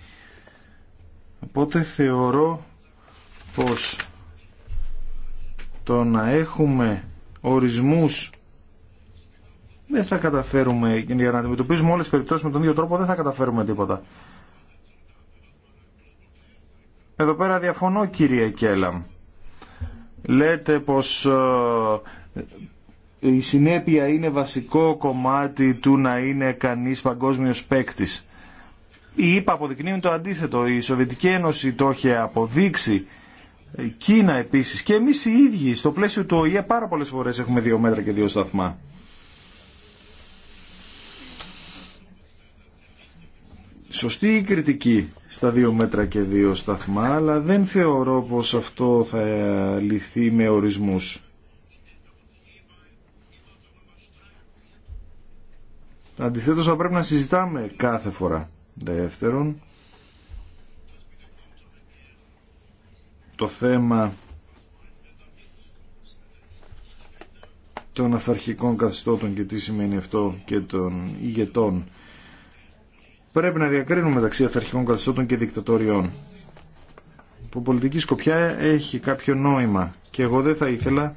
Οπότε θεωρώ πως το να έχουμε ορισμούς δεν θα καταφέρουμε για να αντιμετωπίζουμε όλες τις περιπτώσεις με τον ίδιο τρόπο δεν θα καταφέρουμε τίποτα. Εδώ πέρα διαφωνώ κύριε Κέλαμ. Λέτε πως ε, η συνέπεια είναι βασικό κομμάτι του να είναι κανείς παγκόσμιος παίκτη. Η ΕΠΑ το αντίθετο. Η Σοβιετική Ένωση το είχε αποδείξει Κίνα επίσης και εμείς οι ίδιοι στο πλαίσιο του ΟΗΕ πάρα πολλές φορές έχουμε δύο μέτρα και δύο σταθμά. Σωστή η κριτική στα δύο μέτρα και δύο σταθμά, αλλά δεν θεωρώ πως αυτό θα λυθεί με ορισμούς. Αντιθέτως θα πρέπει να συζητάμε κάθε φορά. Δεύτερον, το θέμα των αθαρχικών καθεστώτων και τι σημαίνει αυτό και των ηγετών. Πρέπει να διακρίνουμε μεταξύ αθαρχικών καθεστώτων και δικτατοριών. Που πολιτική σκοπιά έχει κάποιο νόημα και εγώ δεν θα ήθελα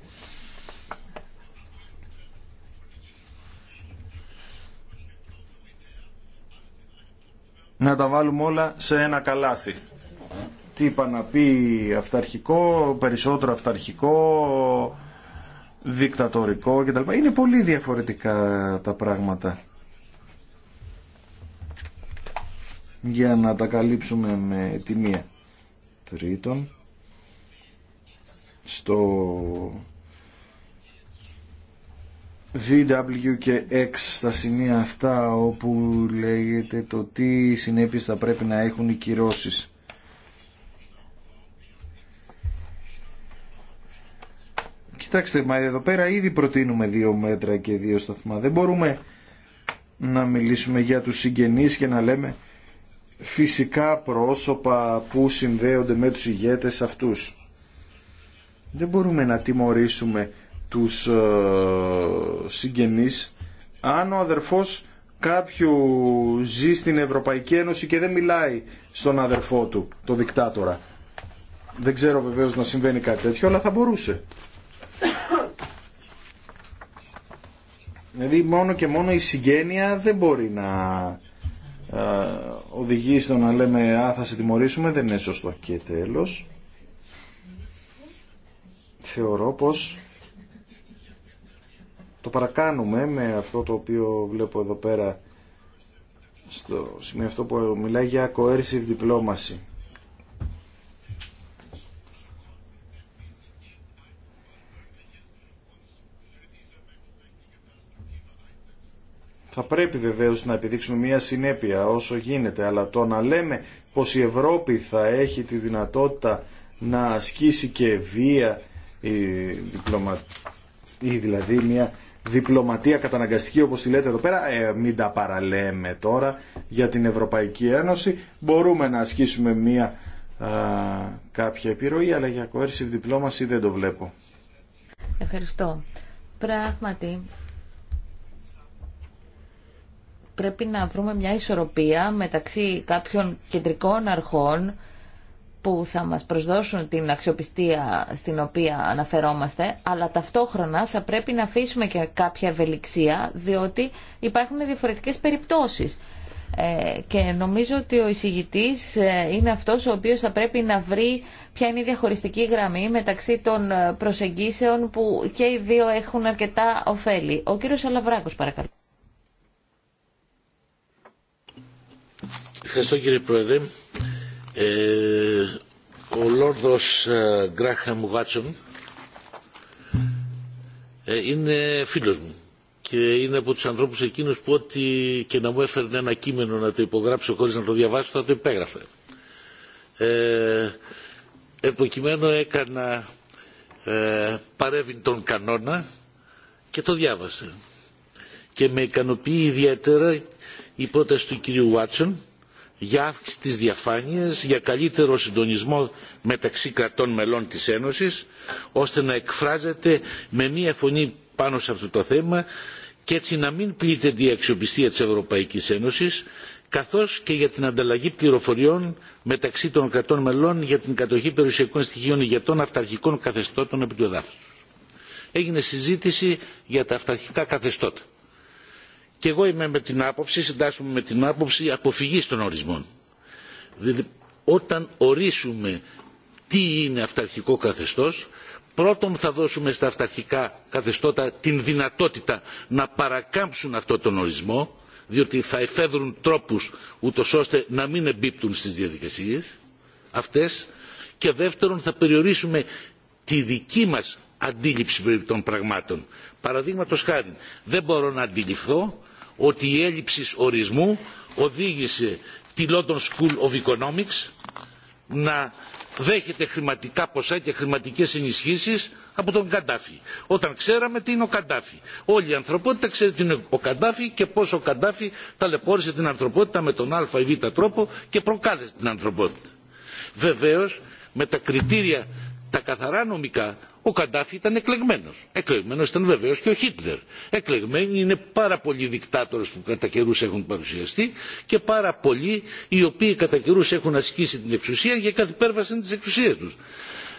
να τα βάλουμε όλα σε ένα καλάθι τι είπα να πει αυταρχικό, περισσότερο αυταρχικό, δικτατορικό κτλ. Είναι πολύ διαφορετικά τα πράγματα. Για να τα καλύψουμε με τη μία. Τρίτον, στο VW και X στα σημεία αυτά όπου λέγεται το τι συνέπειες θα πρέπει να έχουν οι κυρώσεις. Κοιτάξτε, μα εδώ πέρα ήδη προτείνουμε δύο μέτρα και δύο σταθμά. Δεν μπορούμε να μιλήσουμε για τους συγγενείς και να λέμε φυσικά πρόσωπα που συνδέονται με τους ηγέτες αυτούς. Δεν μπορούμε να τιμωρήσουμε τους ε, συγγενείς αν ο αδερφός κάποιου ζει στην Ευρωπαϊκή Ένωση και δεν μιλάει στον αδερφό του, το δικτάτορα. Δεν ξέρω βεβαίως να συμβαίνει κάτι τέτοιο, αλλά θα μπορούσε. Δηλαδή μόνο και μόνο η συγγένεια δεν μπορεί να οδηγήσει στο να λέμε «Α, θα σε τιμωρήσουμε», δεν είναι σωστό. Και τέλος, θεωρώ πως το παρακάνουμε με αυτό το οποίο βλέπω εδώ πέρα στο σημείο αυτό που μιλάει για coercive diplomacy. Θα πρέπει βεβαίω να επιδείξουμε μια συνέπεια όσο γίνεται, αλλά το να λέμε πως η Ευρώπη θα έχει τη δυνατότητα να ασκήσει και βία ή, διπλωμα... ή δηλαδή μια διπλωματία καταναγκαστική όπως τη λέτε εδώ πέρα, ε, μην τα παραλέμε τώρα για την Ευρωπαϊκή Ένωση, μπορούμε να ασκήσουμε μια κάποια επιρροή, αλλά για coercive διπλώμαση δεν το βλέπω. Ευχαριστώ. Πράγματι, πρέπει να βρούμε μια ισορροπία μεταξύ κάποιων κεντρικών αρχών που θα μας προσδώσουν την αξιοπιστία στην οποία αναφερόμαστε, αλλά ταυτόχρονα θα πρέπει να αφήσουμε και κάποια ευελιξία, διότι υπάρχουν διαφορετικές περιπτώσεις. Ε, και νομίζω ότι ο εισηγητής ε, είναι αυτός ο οποίος θα πρέπει να βρει ποια είναι η διαχωριστική γραμμή μεταξύ των ε, προσεγγίσεων που και οι δύο έχουν αρκετά ωφέλη. Ο κύριος Αλαβράκος παρακαλώ. Ευχαριστώ κύριε Πρόεδρε. Ε, ο Λόρδος ε, Γκράχαμ Γουάτσον ε, είναι φίλος μου και είναι από τους ανθρώπους εκείνους που ό,τι και να μου έφερνε ένα κείμενο να το υπογράψω χωρίς να το διαβάσω θα το υπέγραφε. Ε, Εποκειμένου έκανα ε, τον κανόνα και το διάβασε. Και με ικανοποιεί ιδιαίτερα η πρόταση του κυρίου Βάτσον για αύξηση της διαφάνειας, για καλύτερο συντονισμό μεταξύ κρατών μελών της Ένωσης, ώστε να εκφράζεται με μία φωνή πάνω σε αυτό το θέμα και έτσι να μην πλήττεται η αξιοπιστία της Ευρωπαϊκής Ένωσης, καθώς και για την ανταλλαγή πληροφοριών μεταξύ των κρατών μελών για την κατοχή περιουσιακών στοιχείων ηγετών αυταρχικών καθεστώτων επί του εδάφους. Έγινε συζήτηση για τα αυταρχικά καθεστώτα και εγώ είμαι με την άποψη, συντάσσουμε με την άποψη αποφυγής των ορισμών. Δηλαδή, όταν ορίσουμε τι είναι αυταρχικό καθεστώς, πρώτον θα δώσουμε στα αυταρχικά καθεστώτα την δυνατότητα να παρακάμψουν αυτό τον ορισμό, διότι θα εφεύρουν τρόπους ούτω ώστε να μην εμπίπτουν στις διαδικασίες αυτές και δεύτερον θα περιορίσουμε τη δική μας αντίληψη των πραγμάτων. Παραδείγματο χάρη, δεν μπορώ να αντιληφθώ ότι η έλλειψη ορισμού οδήγησε τη London School of Economics να δέχεται χρηματικά ποσά και χρηματικές ενισχύσεις από τον Καντάφη. Όταν ξέραμε τι είναι ο Καντάφη. Όλη η ανθρωπότητα ξέρει τι είναι ο Καντάφη και πώς ο Καντάφη ταλαιπώρησε την ανθρωπότητα με τον α ή β τρόπο και προκάλεσε την ανθρωπότητα. Βεβαίως με τα κριτήρια τα καθαρά νομικά ο Καντάφη ήταν εκλεγμένο. Εκλεγμένο ήταν βεβαίω και ο Χίτλερ. Εκλεγμένοι είναι πάρα πολλοί δικτάτορε που κατά καιρού έχουν παρουσιαστεί και πάρα πολλοί οι οποίοι κατά καιρού έχουν ασκήσει την εξουσία για κάθε υπέρβαση τη εξουσία του.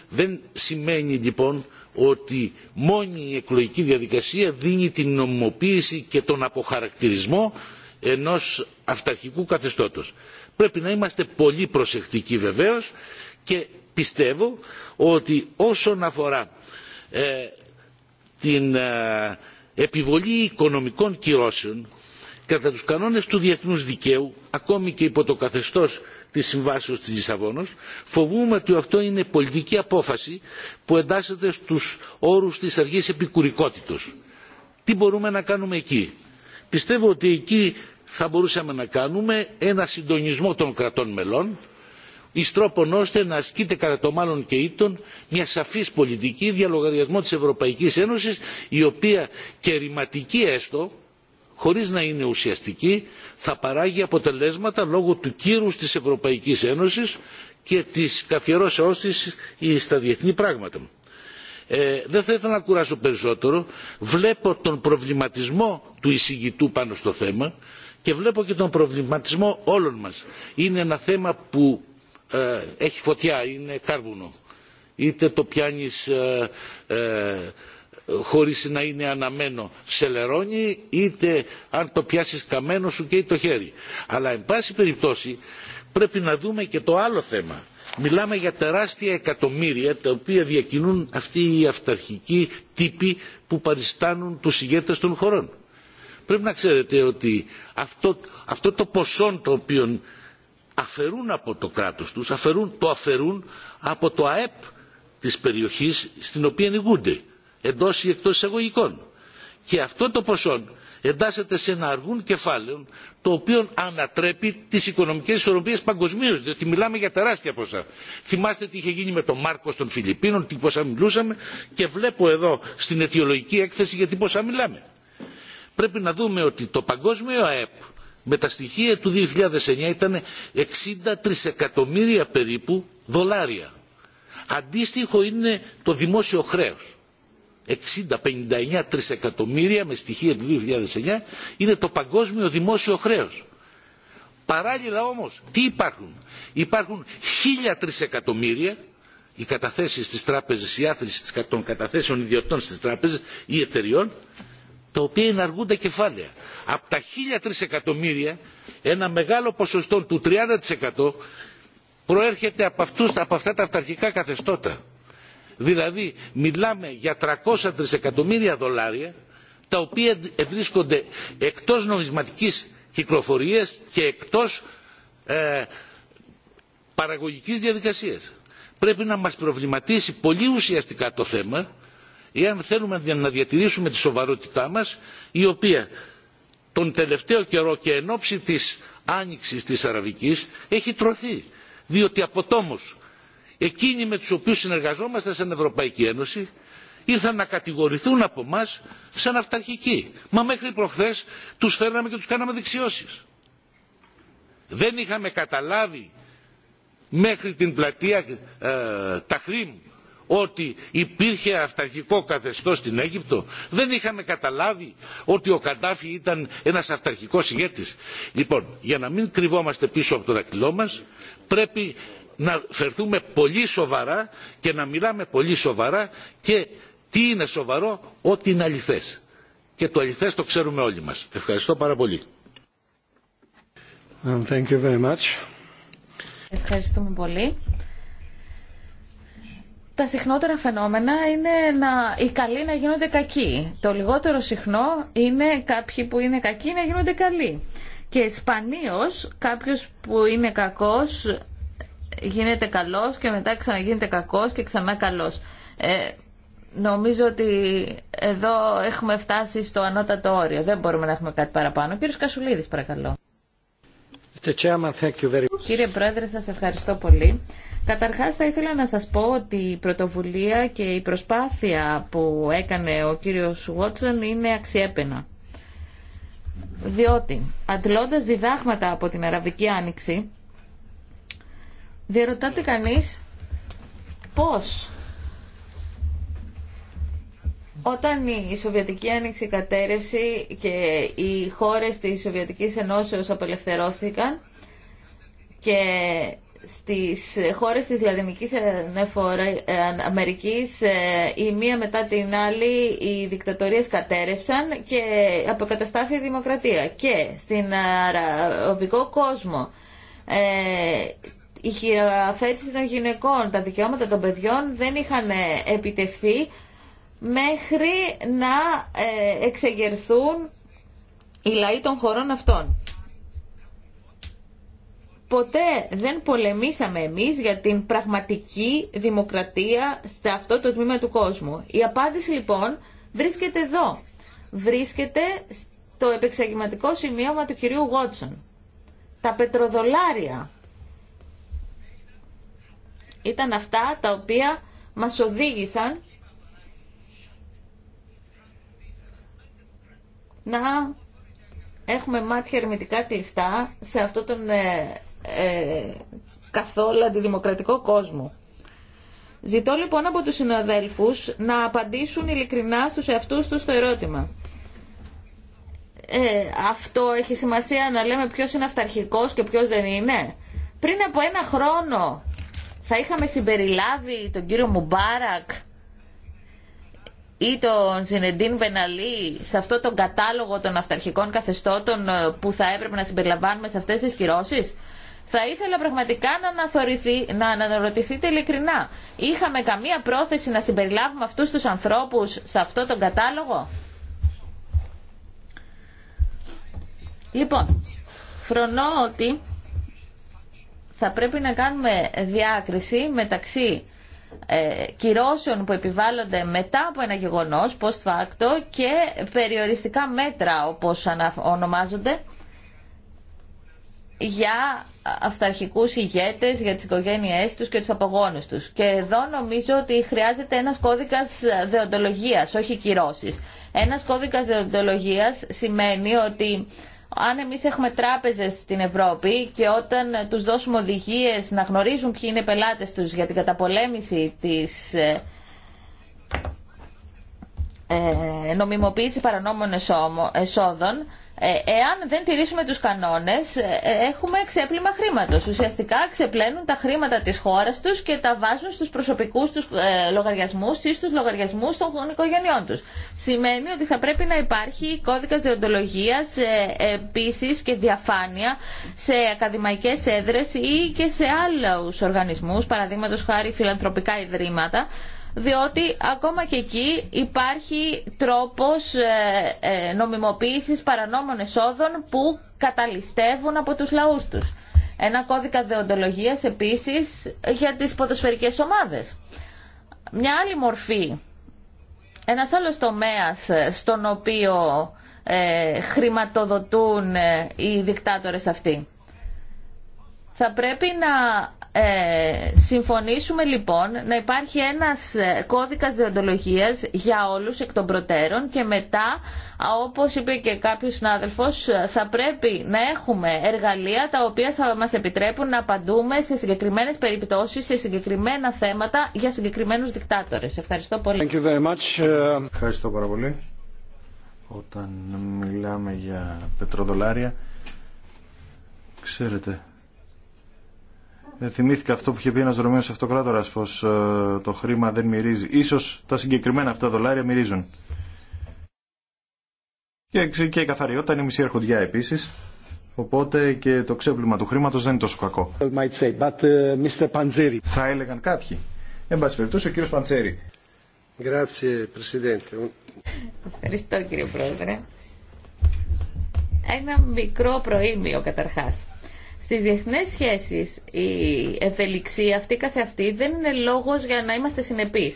Δεν σημαίνει λοιπόν ότι μόνη η εκλογική διαδικασία δίνει την νομιμοποίηση και τον αποχαρακτηρισμό ενός αυταρχικού καθεστώτος. Πρέπει να είμαστε πολύ προσεκτικοί βεβαίως και πιστεύω ότι όσον αφορά ε, την ε, επιβολή οικονομικών κυρώσεων κατά τους κανόνες του διεθνούς δικαίου ακόμη και υπό το καθεστώς της συμβάσεως της Λισαβόνος φοβούμαι ότι αυτό είναι πολιτική απόφαση που εντάσσεται στους όρους της αρχής επικουρικότητος. Τι μπορούμε να κάνουμε εκεί. Πιστεύω ότι εκεί θα μπορούσαμε να κάνουμε ένα συντονισμό των κρατών μελών ει τρόπον ώστε να ασκείται κατά το μάλλον και ήτον μια σαφής πολιτική διαλογαριασμό της Ευρωπαϊκής Ένωσης η οποία και έστω χωρίς να είναι ουσιαστική θα παράγει αποτελέσματα λόγω του κύρους της Ευρωπαϊκής Ένωσης και της καθιερώσεώς της στα διεθνή πράγματα. Ε, δεν θα ήθελα να κουράσω περισσότερο. Βλέπω τον προβληματισμό του εισηγητού πάνω στο θέμα και βλέπω και τον προβληματισμό όλων μας. Είναι ένα θέμα που ε, έχει φωτιά, είναι κάρβουνο. Είτε το πιάνεις ε, ε, χωρίς να είναι αναμένο σε λερώνει, είτε αν το πιάσεις καμένο σου καίει το χέρι. Αλλά εν πάση περιπτώσει πρέπει να δούμε και το άλλο θέμα. Μιλάμε για τεράστια εκατομμύρια τα οποία διακινούν αυτοί οι αυταρχικοί τύποι που παριστάνουν τους ηγέτες των χωρών. Πρέπει να ξέρετε ότι αυτό, αυτό το ποσό το οποίο αφαιρούν από το κράτος τους, το αφαιρούν από το ΑΕΠ της περιοχής στην οποία νηγούνται, εντός ή εκτός εισαγωγικών. Και αυτό το ποσό εντάσσεται σε ένα αργούν κεφάλαιο το οποίο ανατρέπει τις οικονομικές ισορροπίες παγκοσμίω, διότι μιλάμε για τεράστια ποσά. Θυμάστε τι είχε γίνει με τον Μάρκο των Φιλιππίνων, τι ποσά μιλούσαμε και βλέπω εδώ στην αιτιολογική έκθεση για τι πόσα μιλάμε. Πρέπει να δούμε ότι το παγκόσμιο ΑΕΠ με τα στοιχεία του 2009 ήταν 60 τρισεκατομμύρια περίπου δολάρια. Αντίστοιχο είναι το δημόσιο χρέος. 60-59 τρισεκατομμύρια με στοιχεία του 2009 είναι το παγκόσμιο δημόσιο χρέος. Παράλληλα όμως τι υπάρχουν. Υπάρχουν χίλια τρισεκατομμύρια οι καταθέσεις της τράπεζας, η άθληση των καταθέσεων ιδιωτών στις τράπεζες ή εταιριών τα οποία αργούντα κεφάλαια. Από τα 1.003 εκατομμύρια ένα μεγάλο ποσοστό του 30% προέρχεται από, αυτούς, από αυτά τα αυταρχικά καθεστώτα. Δηλαδή μιλάμε για 300 τρισεκατομμύρια δολάρια τα οποία βρίσκονται εκτός νομισματικής κυκλοφορίας και εκτός ε, παραγωγικής διαδικασίας. Πρέπει να μας προβληματίσει πολύ ουσιαστικά το θέμα εάν θέλουμε να διατηρήσουμε τη σοβαρότητά μας η οποία τον τελευταίο καιρό και εν ώψη της άνοιξης της αραβικής έχει τρωθεί διότι από τόμους εκείνοι με τους οποίους συνεργαζόμαστε σαν Ευρωπαϊκή Ένωση ήρθαν να κατηγορηθούν από εμά σαν αυταρχικοί. Μα μέχρι προχθές τους φέρναμε και τους κάναμε δεξιώσει. Δεν είχαμε καταλάβει μέχρι την πλατεία ε, Ταχρήμ ότι υπήρχε αυταρχικό καθεστώς στην Αίγυπτο. Δεν είχαμε καταλάβει ότι ο Καντάφη ήταν ένας αυταρχικός ηγέτης. Λοιπόν, για να μην κρυβόμαστε πίσω από το δακτυλό μας, πρέπει να φερθούμε πολύ σοβαρά και να μιλάμε πολύ σοβαρά και τι είναι σοβαρό, ό,τι είναι αληθές. Και το αληθές το ξέρουμε όλοι μας. Ευχαριστώ πάρα πολύ. Thank you very much. Ευχαριστούμε πολύ τα συχνότερα φαινόμενα είναι να, οι καλοί να γίνονται κακοί. Το λιγότερο συχνό είναι κάποιοι που είναι κακοί να γίνονται καλοί. Και σπανίως κάποιος που είναι κακός γίνεται καλός και μετά ξαναγίνεται κακός και ξανά καλός. Ε, νομίζω ότι εδώ έχουμε φτάσει στο ανώτατο όριο. Δεν μπορούμε να έχουμε κάτι παραπάνω. Κύριος Κασουλίδης παρακαλώ. Κύριε Πρόεδρε, σας ευχαριστώ πολύ. Καταρχάς θα ήθελα να σας πω ότι η πρωτοβουλία και η προσπάθεια που έκανε ο κύριος Βότσον είναι αξιέπαινα. Διότι, αντλώντας διδάγματα από την Αραβική Άνοιξη, διερωτάται κανείς πώς όταν η Σοβιετική Άνοιξη κατέρευσε και οι χώρες της Σοβιετικής Ενώσεως απελευθερώθηκαν και στις χώρες της Λατινικής ε, Αμερικής ε, η μία μετά την άλλη οι δικτατορίες κατέρευσαν και αποκαταστάθηκε η δημοκρατία και στην αραβικό κόσμο ε, η χειραφέτηση των γυναικών, τα δικαιώματα των παιδιών δεν είχαν επιτευθεί μέχρι να ε, εξεγερθούν οι λαοί των χωρών αυτών. Ποτέ δεν πολεμήσαμε εμείς για την πραγματική δημοκρατία σε αυτό το τμήμα του κόσμου. Η απάντηση λοιπόν βρίσκεται εδώ. Βρίσκεται στο επεξεγηματικό σημείωμα του κυρίου Γότσον. Τα πετροδολάρια ήταν αυτά τα οποία μας οδήγησαν να έχουμε μάτια ερμητικά κλειστά σε αυτό τον ε, ε, καθόλου αντιδημοκρατικό κόσμο. Ζητώ λοιπόν από τους συναδέλφους να απαντήσουν ειλικρινά στους εαυτούς τους το ερώτημα. Ε, αυτό έχει σημασία να λέμε ποιος είναι αυταρχικός και ποιος δεν είναι. Πριν από ένα χρόνο θα είχαμε συμπεριλάβει τον κύριο Μουμπάρακ ή τον Ζινεντίν Βεναλή σε αυτό τον κατάλογο των αυταρχικών καθεστώτων ε, που θα έπρεπε να συμπεριλαμβάνουμε σε αυτές τις κυρώσεις. Θα ήθελα πραγματικά να, να αναρωτηθείτε ειλικρινά. Είχαμε καμία πρόθεση να συμπεριλάβουμε αυτούς τους ανθρώπους σε αυτό τον κατάλογο. Λοιπόν, φρονώ ότι θα πρέπει να κάνουμε διάκριση μεταξύ ε, κυρώσεων που επιβάλλονται μετά από ένα γεγονός, post facto, και περιοριστικά μέτρα, όπως ονομάζονται, για αυταρχικούς ηγέτες, για τις οικογένειές τους και τους απογόνους τους. Και εδώ νομίζω ότι χρειάζεται ένας κώδικας δεοντολογίας, όχι κυρώσεις. Ένας κώδικας δεοντολογίας σημαίνει ότι αν εμεί έχουμε τράπεζες στην Ευρώπη και όταν τους δώσουμε οδηγίε να γνωρίζουν ποιοι είναι οι πελάτες τους για την καταπολέμηση της ε, ε, νομιμοποίησης παρανόμων εσόδων, ε, εάν δεν τηρήσουμε τους κανόνες, ε, ε, έχουμε ξέπλυμα χρήματος. Ουσιαστικά ξεπλένουν τα χρήματα της χώρας τους και τα βάζουν στους προσωπικούς τους λογαριασμούς ή στους λογαριασμούς των οικογενειών τους. Σημαίνει ότι θα πρέπει να υπάρχει κώδικας διοντολογίας, επίσης και διαφάνεια σε ακαδημαϊκές έδρες ή και σε άλλους οργανισμούς, παραδείγματος χάρη φιλανθρωπικά ιδρύματα, διότι ακόμα και εκεί υπάρχει τρόπος ε, ε, νομιμοποίησης παρανόμων εσόδων που καταλυστεύουν από τους λαούς τους. Ένα κώδικα δεοντολογίας επίσης για τις ποδοσφαιρικές ομάδες. Μια άλλη μορφή, ένας άλλος τομέας ε, στον οποίο ε, χρηματοδοτούν οι δικτάτορες αυτοί. Θα πρέπει να ε, συμφωνήσουμε λοιπόν να υπάρχει ένας ε, κώδικας διοντολογίας για όλους εκ των προτέρων και μετά, όπως είπε και κάποιος συνάδελφος, ε, θα πρέπει να έχουμε εργαλεία τα οποία θα μας επιτρέπουν να απαντούμε σε συγκεκριμένες περιπτώσεις, σε συγκεκριμένα θέματα για συγκεκριμένους δικτάτορες. Ευχαριστώ πολύ. Thank you very much. Ευχαριστώ πάρα πολύ. Όταν μιλάμε για πετροδολάρια, ξέρετε θυμήθηκα αυτό που είχε πει ένας αυτοκράτορα, αυτοκράτορας πως ε, το χρήμα δεν μυρίζει. Ίσως τα συγκεκριμένα αυτά δολάρια μυρίζουν. Και, και η καθαριότητα είναι μισή αρχοντιά επίση. Οπότε και το ξέπλυμα του χρήματο δεν είναι τόσο κακό. Say, but, uh, Θα έλεγαν κάποιοι. Εν ο κύριο Παντσέρη. Ευχαριστώ κύριε Πρόεδρε. Ένα μικρό προήμιο καταρχάς. Στι διεθνέ σχέσει η ευελιξία αυτή καθεαυτή δεν είναι λόγος για να είμαστε συνεπεί.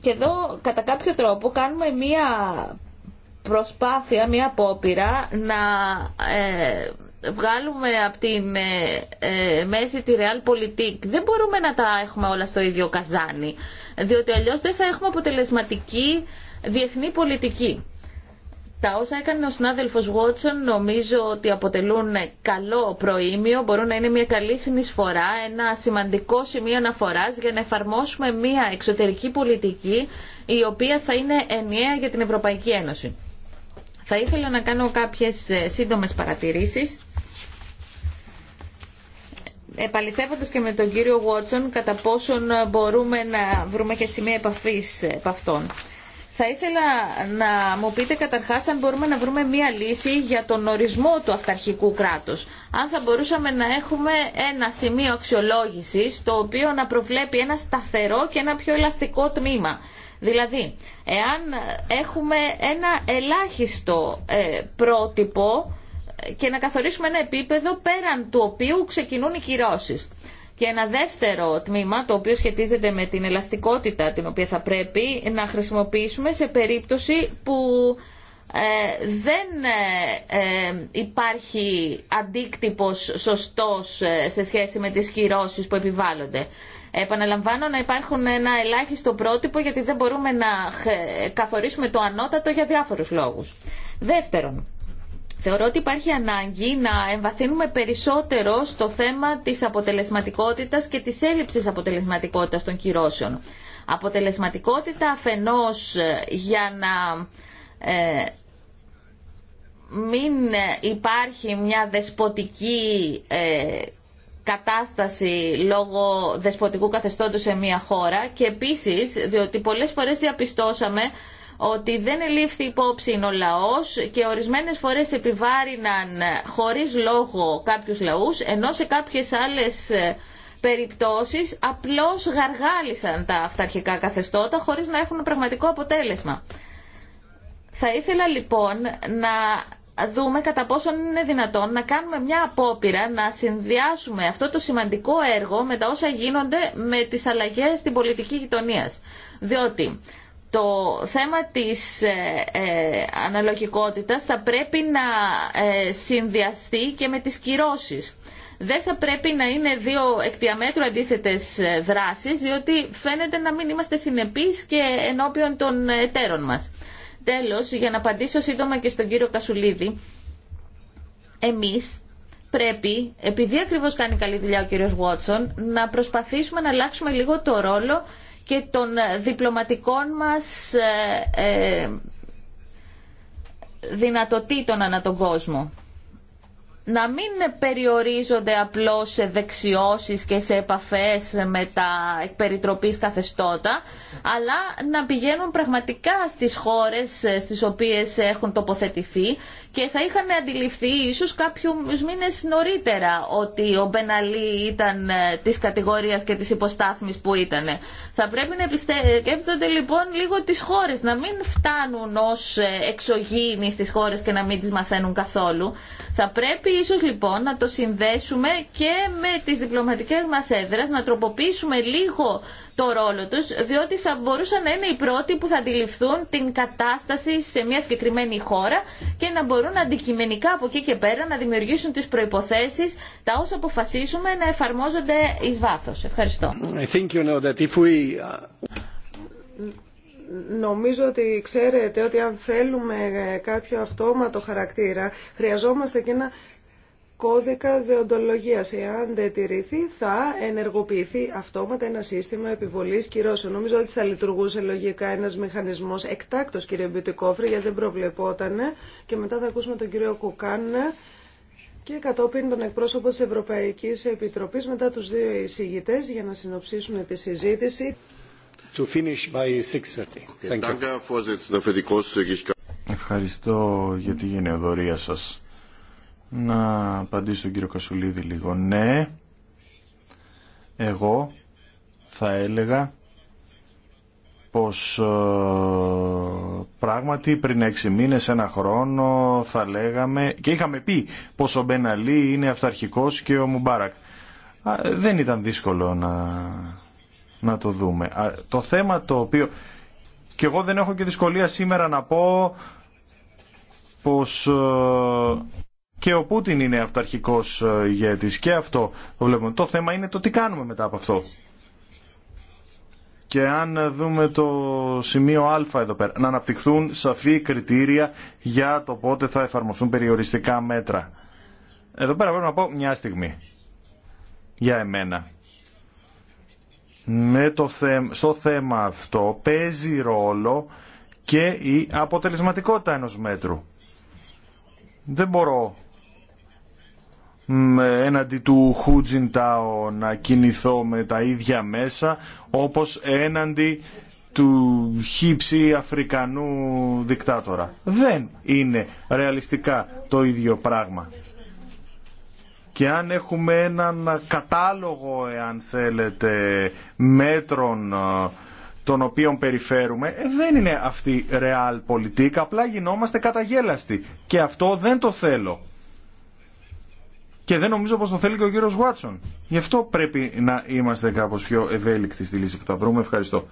Και εδώ κατά κάποιο τρόπο κάνουμε μία προσπάθεια, μία απόπειρα να ε, βγάλουμε από τη ε, ε, μέση τη Realpolitik. Δεν μπορούμε να τα έχουμε όλα στο ίδιο καζάνι, διότι αλλιώς δεν θα έχουμε αποτελεσματική διεθνή πολιτική. Τα όσα έκανε ο συνάδελφος Βότσον νομίζω ότι αποτελούν καλό προήμιο, μπορούν να είναι μια καλή συνεισφορά, ένα σημαντικό σημείο αναφορά για να εφαρμόσουμε μια εξωτερική πολιτική η οποία θα είναι ενιαία για την Ευρωπαϊκή Ένωση. Θα ήθελα να κάνω κάποιες ε, σύντομες παρατηρήσεις. Επαληθεύοντας και με τον κύριο Βότσον κατά πόσον μπορούμε να βρούμε και σημεία επαφή από ε, αυτόν. Θα ήθελα να μου πείτε καταρχάς αν μπορούμε να βρούμε μία λύση για τον ορισμό του αυταρχικού κράτους. Αν θα μπορούσαμε να έχουμε ένα σημείο αξιολόγησης το οποίο να προβλέπει ένα σταθερό και ένα πιο ελαστικό τμήμα. Δηλαδή, εάν έχουμε ένα ελάχιστο ε, πρότυπο και να καθορίσουμε ένα επίπεδο πέραν του οποίου ξεκινούν οι κυρώσεις και ένα δεύτερο τμήμα το οποίο σχετίζεται με την ελαστικότητα την οποία θα πρέπει να χρησιμοποιήσουμε σε περίπτωση που ε, δεν ε, ε, υπάρχει αντίκτυπος σωστός σε σχέση με τις κυρώσεις που επιβάλλονται. Επαναλαμβάνω να υπάρχουν ένα ελάχιστο πρότυπο γιατί δεν μπορούμε να καθορίσουμε το ανώτατο για διάφορους λόγους. Δεύτερον, Θεωρώ ότι υπάρχει ανάγκη να εμβαθύνουμε περισσότερο στο θέμα της αποτελεσματικότητας και της έλλειψης αποτελεσματικότητας των κυρώσεων. Αποτελεσματικότητα αφενός ε, για να ε, μην υπάρχει μια δεσποτική ε, κατάσταση λόγω δεσποτικού καθεστώτος σε μια χώρα και επίσης διότι πολλές φορές διαπιστώσαμε ότι δεν ελήφθη υπόψη ο λαός και ορισμένες φορές επιβάρυναν χωρίς λόγο κάποιους λαούς, ενώ σε κάποιες άλλες ε, περιπτώσεις απλώς γαργάλισαν τα αυταρχικά καθεστώτα χωρίς να έχουν πραγματικό αποτέλεσμα. Θα ήθελα λοιπόν να δούμε κατά πόσον είναι δυνατόν να κάνουμε μια απόπειρα να συνδυάσουμε αυτό το σημαντικό έργο με τα όσα γίνονται με τις αλλαγές στην πολιτική γειτονία. Διότι το θέμα της ε, ε, αναλογικότητας θα πρέπει να ε, συνδυαστεί και με τις κυρώσεις. Δεν θα πρέπει να είναι δύο εκδιαμέτρου αντίθετες ε, δράσεις, διότι φαίνεται να μην είμαστε συνεπείς και ενώπιον των εταίρων μας. Τέλος, για να απαντήσω σύντομα και στον κύριο Κασουλίδη, εμείς πρέπει, επειδή ακριβώς κάνει καλή δουλειά ο κύριος Βότσον, να προσπαθήσουμε να αλλάξουμε λίγο το ρόλο και των διπλωματικών μας ε, ε, δυνατοτήτων ανά τον κόσμο να μην περιορίζονται απλώς σε δεξιώσεις και σε επαφές με τα περιτροπής καθεστώτα, αλλά να πηγαίνουν πραγματικά στις χώρες στις οποίες έχουν τοποθετηθεί και θα είχαν αντιληφθεί ίσως κάποιους μήνες νωρίτερα ότι ο Μπεναλή ήταν ε, της κατηγορίας και της υποστάθμης που ήταν. Θα πρέπει να επισκέπτονται ε, λοιπόν λίγο τις χώρες, να μην φτάνουν ως ε, εξωγήινοι στις χώρες και να μην τις μαθαίνουν καθόλου. Θα πρέπει ίσως λοιπόν να το συνδέσουμε και με τις διπλωματικές μας έδρας, να τροποποιήσουμε λίγο το ρόλο τους, διότι θα μπορούσαν να είναι οι πρώτοι που θα αντιληφθούν την κατάσταση σε μια συγκεκριμένη χώρα και να μπορούν αντικειμενικά από εκεί και πέρα να δημιουργήσουν τις προϋποθέσεις τα όσα αποφασίσουμε να εφαρμόζονται εις βάθος. Ευχαριστώ. Uh, Νομίζω ότι ξέρετε ότι αν θέλουμε κάποιο αυτόματο χαρακτήρα, χρειαζόμαστε και ένα κώδικα δεοντολογίας. Εάν δεν τηρηθεί, θα ενεργοποιηθεί αυτόματα ένα σύστημα επιβολής κυρώσεων. Νομίζω ότι θα λειτουργούσε λογικά ένας μηχανισμός εκτάκτος, κύριε Μπιουτικόφρη, γιατί δεν προβλεπόταν Και μετά θα ακούσουμε τον κύριο Κουκάν και κατόπιν τον εκπρόσωπο της Ευρωπαϊκής Επιτροπής μετά τους δύο εισηγητές για να συνοψίσουν τη συζήτηση. Ευχαριστώ για τη γενεοδορία σας. Να απαντήσω τον κύριο Κασουλίδη λίγο. Ναι, εγώ θα έλεγα πως ε, πράγματι πριν έξι μήνες, ένα χρόνο θα λέγαμε και είχαμε πει πως ο Μπεναλή είναι αυταρχικός και ο Μουμπάρακ. Α, δεν ήταν δύσκολο να να το δούμε. Το θέμα το οποίο... Και εγώ δεν έχω και δυσκολία σήμερα να πω πως ε, και ο Πούτιν είναι αυταρχικός ε, ηγέτης και αυτό το βλέπουμε. Το θέμα είναι το τι κάνουμε μετά από αυτό. Και αν δούμε το σημείο α εδώ πέρα, να αναπτυχθούν σαφή κριτήρια για το πότε θα εφαρμοστούν περιοριστικά μέτρα. Εδώ πέρα πρέπει να πω μια στιγμή για εμένα με το στο θέμα αυτό παίζει ρόλο και η αποτελεσματικότητα ενός μέτρου. Δεν μπορώ έναντι του Χουτζιντάο να κινηθώ με τα ίδια μέσα όπως έναντι του χύψη Αφρικανού δικτάτορα. Δεν είναι ρεαλιστικά το ίδιο πράγμα και αν έχουμε έναν κατάλογο, εάν θέλετε, μέτρων ε, των οποίων περιφέρουμε, ε, δεν είναι αυτή ρεάλ πολιτική, απλά γινόμαστε καταγέλαστοι. Και αυτό δεν το θέλω. Και δεν νομίζω πως το θέλει και ο κύριος Βάτσον. Γι' αυτό πρέπει να είμαστε κάπως πιο ευέλικτοι στη λύση που θα βρούμε. Ευχαριστώ.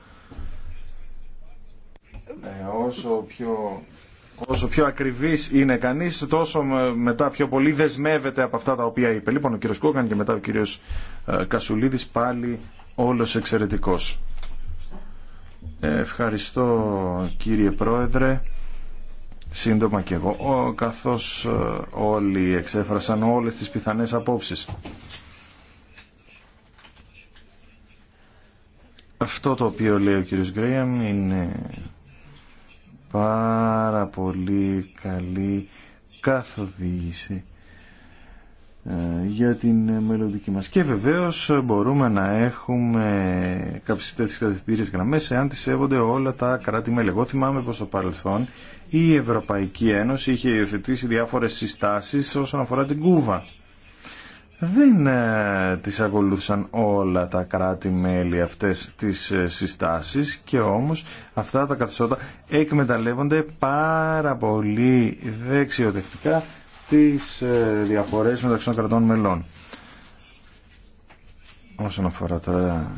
Ε, όσο πιο Όσο πιο ακριβή είναι κανείς, τόσο μετά πιο πολύ δεσμεύεται από αυτά τα οποία είπε. Λοιπόν, ο κύριος Κόκαν και μετά ο κύριος ε, Κασουλίδη, πάλι όλος εξαιρετικός. Ε, ευχαριστώ κύριε Πρόεδρε. Σύντομα και εγώ, Καθώ καθώς ε, όλοι εξέφρασαν όλες τις πιθανές απόψεις. Αυτό το οποίο λέει ο κύριος Γκρέιμ είναι πάρα πολύ καλή καθοδήγηση ε, για την μελλοντική μας. Και βεβαίως μπορούμε να έχουμε κάποιες τέτοιες κατευθυντήριες γραμμές εάν τις σέβονται όλα τα κράτη-μέλη. Εγώ θυμάμαι πως στο παρελθόν η Ευρωπαϊκή Ένωση είχε υιοθετήσει διάφορες συστάσεις όσον αφορά την Κούβα δεν ε, τις ακολούθησαν όλα τα κράτη-μέλη αυτές τις ε, συστάσεις και όμως αυτά τα καθεστώτα εκμεταλλεύονται πάρα πολύ δεξιοτεχνικά τις ε, διαφορές μεταξύ των κρατών μελών. Όσον αφορά τώρα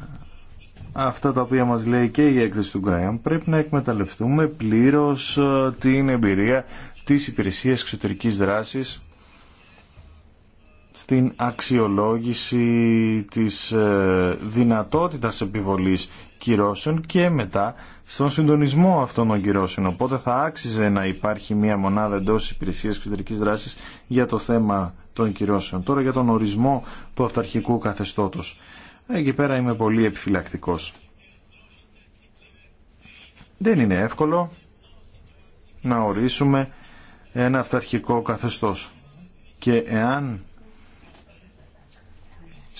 αυτά τα οποία μας λέει και η έκθεση του Γκάιαμ, πρέπει να εκμεταλλευτούμε πλήρως την εμπειρία της υπηρεσίας εξωτερικής δράσης στην αξιολόγηση της ε, δυνατότητας επιβολής κυρώσεων και μετά στον συντονισμό αυτών των κυρώσεων. Οπότε θα άξιζε να υπάρχει μια μονάδα εντό υπηρεσία εξωτερική δράση για το θέμα των κυρώσεων. Τώρα για τον ορισμό του αυταρχικού καθεστώτος. Εκεί πέρα είμαι πολύ επιφυλακτικό. Δεν είναι εύκολο να ορίσουμε ένα αυταρχικό καθεστώς. Και εάν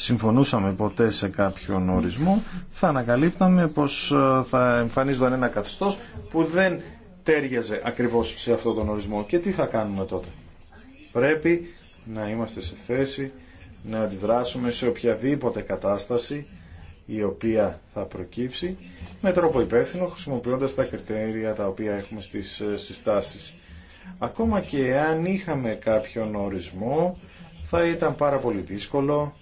συμφωνούσαμε ποτέ σε κάποιον ορισμό, θα ανακαλύπταμε πως ε, θα εμφανίζονταν ένα καθεστώς που δεν τέριαζε ακριβώς σε αυτόν τον ορισμό. Και τι θα κάνουμε τότε. Πρέπει να είμαστε σε θέση να αντιδράσουμε σε οποιαδήποτε κατάσταση η οποία θα προκύψει με τρόπο υπεύθυνο χρησιμοποιώντας τα κριτήρια τα οποία έχουμε στις ε, συστάσεις. Ακόμα και αν είχαμε κάποιον ορισμό θα ήταν πάρα πολύ δύσκολο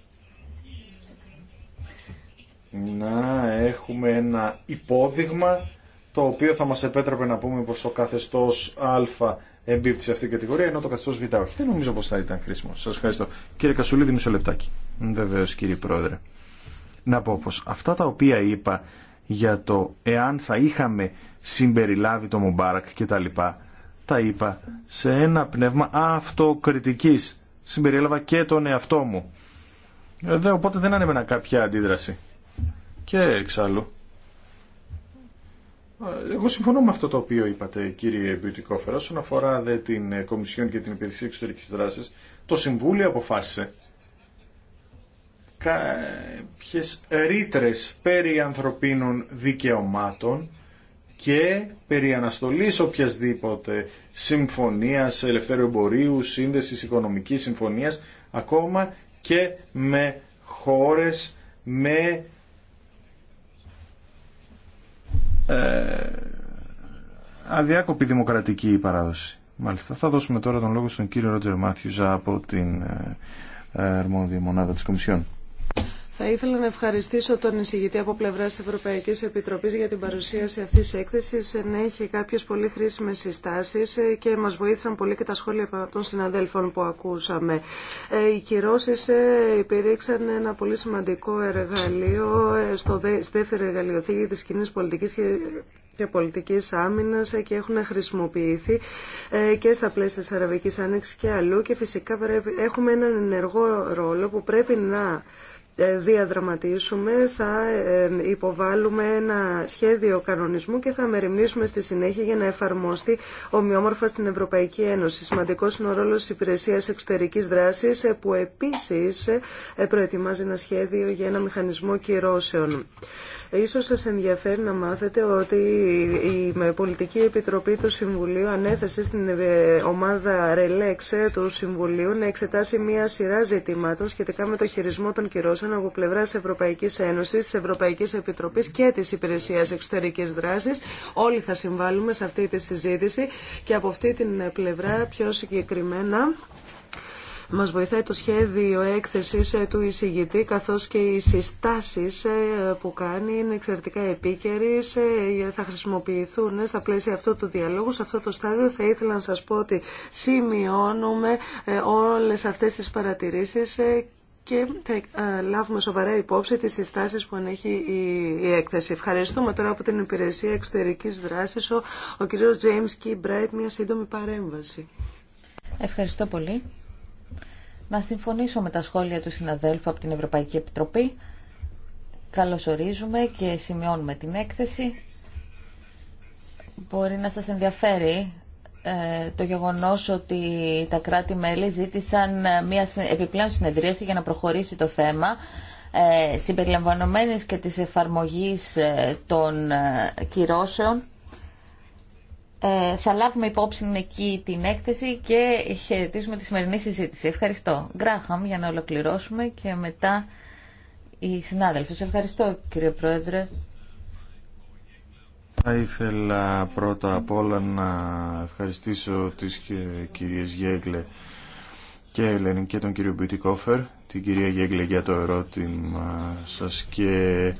να έχουμε ένα υπόδειγμα το οποίο θα μας επέτρεπε να πούμε πως το καθεστώς Α εμπίπτει σε αυτήν την κατηγορία, ενώ το καθεστώς Β όχι. Δεν νομίζω πως θα ήταν χρήσιμο. Σας ευχαριστώ. Κύριε Κασουλίδη, μισό λεπτάκι. Βεβαίω, κύριε Πρόεδρε. Να πω πως αυτά τα οποία είπα για το εάν θα είχαμε συμπεριλάβει το Μουμπάρακ και τα λοιπά, τα είπα σε ένα πνεύμα αυτοκριτικής. Συμπεριέλαβα και τον εαυτό μου. Ε, οπότε δεν ανέμενα κάποια αντίδραση. Και εξάλλου, εγώ συμφωνώ με αυτό το οποίο είπατε κύριε Μπιουτικόφερα όσον αφορά δε την ε, Κομισιόν και την Υπηρεσία εξωτερική Δράσης το Συμβούλιο αποφάσισε κάποιε ρήτρε περί ανθρωπίνων δικαιωμάτων και περί αναστολής οποιασδήποτε συμφωνίας ελευθέρου εμπορίου, σύνδεσης οικονομικής συμφωνίας ακόμα και με χώρες με Ε, αδιάκοπη δημοκρατική παράδοση. Μάλιστα. Θα δώσουμε τώρα τον λόγο στον κύριο Ρότζερ Μάθιουζα από την ε, ε, αρμόδια μονάδα της Κομισιόν. Θα ήθελα να ευχαριστήσω τον εισηγητή από πλευρά τη Ευρωπαϊκή Επιτροπή για την παρουσίαση αυτή τη έκθεση. Ναι, Ενέχει κάποιε πολύ χρήσιμε συστάσει και μα βοήθησαν πολύ και τα σχόλια των συναδέλφων που ακούσαμε. Ε, οι κυρώσει ε, υπήρξαν ένα πολύ σημαντικό εργαλείο ε, στο δεύτερο εργαλειοθήκη τη κοινή πολιτική και πολιτική Άμυνα και έχουν χρησιμοποιηθεί και στα πλαίσια τη Αραβική Άνοιξη και αλλού και φυσικά έχουμε έναν ενεργό ρόλο που πρέπει να διαδραματίσουμε, θα ε, υποβάλουμε ένα σχέδιο κανονισμού και θα μεριμνήσουμε στη συνέχεια για να εφαρμοστεί ομοιόμορφα στην Ευρωπαϊκή Ένωση. Σημαντικό είναι ο ρόλο τη Υπηρεσία Εξωτερική Δράση, ε, που επίση ε, προετοιμάζει ένα σχέδιο για ένα μηχανισμό κυρώσεων. Ίσως σας ενδιαφέρει να μάθετε ότι η Πολιτική Επιτροπή του Συμβουλίου ανέθεσε στην ε, ομάδα Ρελέξε του Συμβουλίου να εξετάσει μία σειρά ζητημάτων σχετικά με το χειρισμό των κυρώσεων από πλευρά Ευρωπαϊκή Ένωση, τη Ευρωπαϊκή Επιτροπή και τη Υπηρεσία Εξωτερική Δράση. Όλοι θα συμβάλλουμε σε αυτή τη συζήτηση και από αυτή την πλευρά πιο συγκεκριμένα μας βοηθάει το σχέδιο έκθεση ε, του εισηγητή καθώς και οι συστάσεις ε, που κάνει είναι εξαιρετικά επίκαιρες. Ε, θα χρησιμοποιηθούν στα πλαίσια αυτού του διαλόγου. Σε αυτό το στάδιο θα ήθελα να σας πω ότι σημειώνουμε όλες αυτές τις παρατηρήσεις και θα λάβουμε σοβαρά υπόψη τις συστάσεις που ανέχει η, έκθεση. Ευχαριστούμε τώρα από την Υπηρεσία Εξωτερικής Δράσης ο, κ. James Key Bright μια σύντομη παρέμβαση. Ευχαριστώ πολύ να συμφωνήσω με τα σχόλια του συναδέλφου από την Ευρωπαϊκή Επιτροπή. Καλωσορίζουμε και σημειώνουμε την έκθεση. Μπορεί να σας ενδιαφέρει ε, το γεγονός ότι τα κράτη-μέλη ζήτησαν ε, μια επιπλέον συνεδρίαση για να προχωρήσει το θέμα ε, συμπεριλαμβανομένης και της εφαρμογής των κυρώσεων ε, θα λάβουμε υπόψη εκεί την έκθεση και χαιρετίζουμε τη σημερινή συζήτηση. Ευχαριστώ. Γκράχαμ για να ολοκληρώσουμε και μετά οι συνάδελφοι. Ευχαριστώ κύριε Πρόεδρε. Θα ήθελα πρώτα απ' όλα να ευχαριστήσω τις κυρίες Γέγλε και Ελένη και τον κύριο Μπιουτικόφερ, την κυρία Γέγλε για το ερώτημα σας και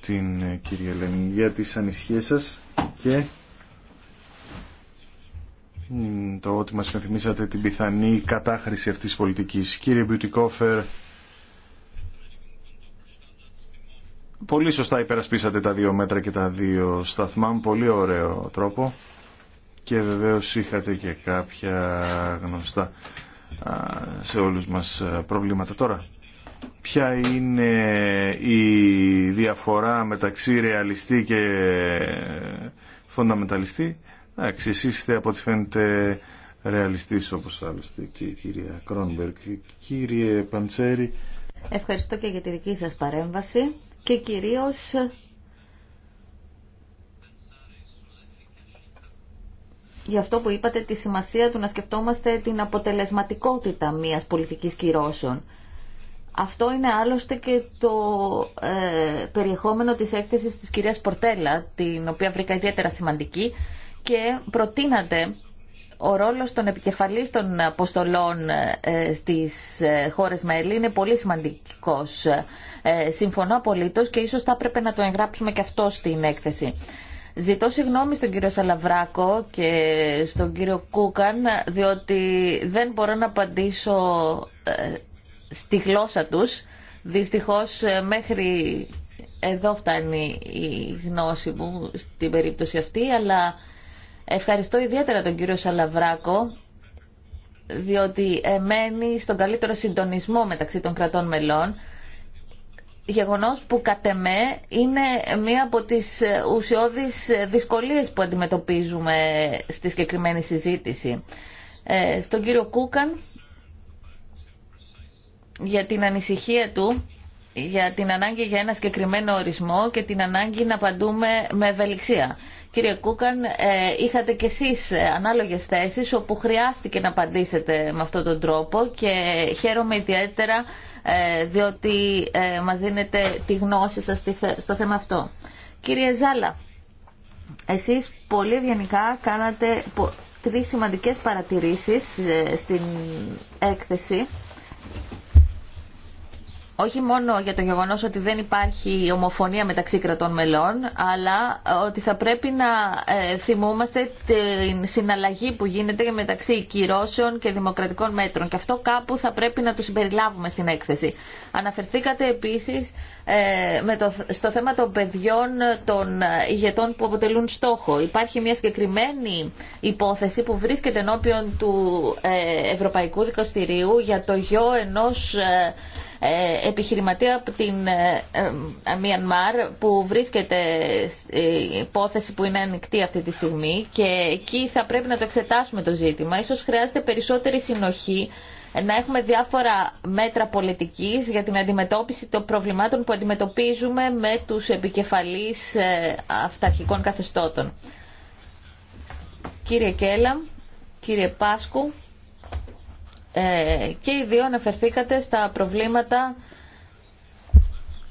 την ε, κυρία Ελένη για τις ανησυχίες σας και το ότι μας συνθυμίσατε την πιθανή κατάχρηση αυτής της πολιτικής. Κύριε Μπιουτικόφερ, πολύ σωστά υπερασπίσατε τα δύο μέτρα και τα δύο σταθμά πολύ ωραίο τρόπο και βεβαίως είχατε και κάποια γνωστά σε όλους μας προβλήματα τώρα. Ποια είναι η διαφορά μεταξύ ρεαλιστή και φονταμεταλιστή Εντάξει, εσείς είστε από ό,τι φαίνεται ρεαλιστής όπως άλλωστε και η κυρία Κρόνμπερκ. Κύριε Παντσέρη. Ευχαριστώ και για τη δική σας παρέμβαση και κυρίως για αυτό που είπατε τη σημασία του να σκεφτόμαστε την αποτελεσματικότητα μιας πολιτικής κυρώσεων. Αυτό είναι άλλωστε και το ε, περιεχόμενο της έκθεσης της κυρίας Πορτέλα, την οποία βρήκα ιδιαίτερα σημαντική, και προτείνατε ο ρόλος των επικεφαλής των αποστολών ε, στις ε, χώρες μέλη είναι πολύ σημαντικός. Ε, συμφωνώ απολύτως και ίσως θα έπρεπε να το εγγράψουμε και αυτό στην έκθεση. Ζητώ συγγνώμη στον κύριο Σαλαβράκο και στον κύριο Κούκαν, διότι δεν μπορώ να απαντήσω στη γλώσσα τους. Δυστυχώς μέχρι εδώ φτάνει η γνώση μου στην περίπτωση αυτή, αλλά Ευχαριστώ ιδιαίτερα τον κύριο Σαλαβράκο, διότι μένει στον καλύτερο συντονισμό μεταξύ των κρατών μελών, γεγονός που κατ' εμέ είναι μία από τις ουσιώδεις δυσκολίες που αντιμετωπίζουμε στη συγκεκριμένη συζήτηση. Ε, στον κύριο Κούκαν, για την ανησυχία του για την ανάγκη για ένα συγκεκριμένο ορισμό και την ανάγκη να απαντούμε με ευελιξία. Κύριε Κούκαν, ε, είχατε κι εσείς ε, ανάλογες θέσεις όπου χρειάστηκε να απαντήσετε με αυτόν τον τρόπο και χαίρομαι ιδιαίτερα ε, διότι μας δίνετε τη γνώση σας στο θέμα αυτό. Κύριε Ζάλα, εσείς πολύ ευγενικά κάνατε τρεις σημαντικές παρατηρήσεις στην έκθεση όχι μόνο για το γεγονό ότι δεν υπάρχει ομοφωνία μεταξύ κρατών μελών, αλλά ε, ότι θα πρέπει να ε, θυμούμαστε την συναλλαγή που γίνεται μεταξύ κυρώσεων και δημοκρατικών μέτρων. Και αυτό κάπου θα πρέπει να το συμπεριλάβουμε στην έκθεση. Αναφερθήκατε επίσης ε, το, στο θέμα των παιδιών των ε, ηγετών που αποτελούν στόχο. Υπάρχει μια συγκεκριμένη υπόθεση που βρίσκεται ενώπιον του ε, Ευρωπαϊκού Δικαστηρίου για το γιο ενός επιχειρηματία από την Μιανμάρ που βρίσκεται υπόθεση που είναι ανοιχτή αυτή τη στιγμή και εκεί θα πρέπει να το εξετάσουμε το ζήτημα. Ίσως χρειάζεται περισσότερη συνοχή να έχουμε διάφορα μέτρα πολιτικής για την αντιμετώπιση των προβλημάτων που αντιμετωπίζουμε με τους επικεφαλείς ε, αυταρχικών καθεστώτων. Κύριε Κέλα, κύριε Πάσκου, ε, και οι δύο αναφερθήκατε στα προβλήματα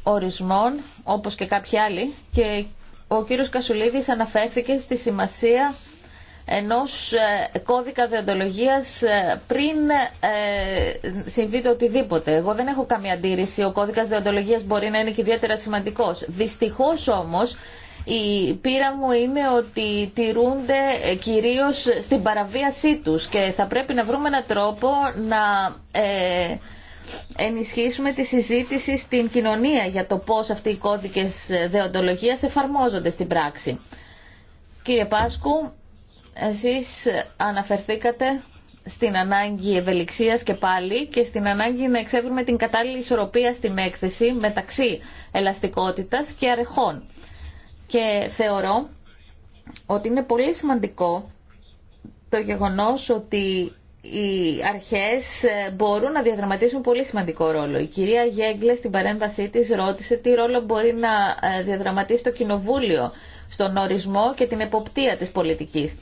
ορισμών, όπως και κάποιοι άλλοι, και ο κύριος Κασουλίδης αναφέρθηκε στη σημασία ενός ε, κώδικα διοντολογίας ε, πριν ε, συμβεί το οτιδήποτε. Εγώ δεν έχω καμία αντίρρηση, ο κώδικας διοντολογίας μπορεί να είναι και ιδιαίτερα σημαντικός. Δυστυχώς όμως η πείρα μου είναι ότι τηρούνται κυρίως στην παραβίασή τους και θα πρέπει να βρούμε έναν τρόπο να ενισχύσουμε τη συζήτηση στην κοινωνία για το πώς αυτοί οι κώδικες δεοντολογίας εφαρμόζονται στην πράξη. Κύριε Πάσκου, εσείς αναφερθήκατε στην ανάγκη ευελιξίας και πάλι και στην ανάγκη να εξεύρουμε την κατάλληλη ισορροπία στην έκθεση μεταξύ ελαστικότητας και αρεχών. Και θεωρώ ότι είναι πολύ σημαντικό το γεγονός ότι οι αρχές μπορούν να διαδραματίσουν πολύ σημαντικό ρόλο. Η κυρία Γέγκλε στην παρέμβασή της ρώτησε τι ρόλο μπορεί να ε, διαδραματίσει το Κοινοβούλιο στον ορισμό και την εποπτεία της πολιτικής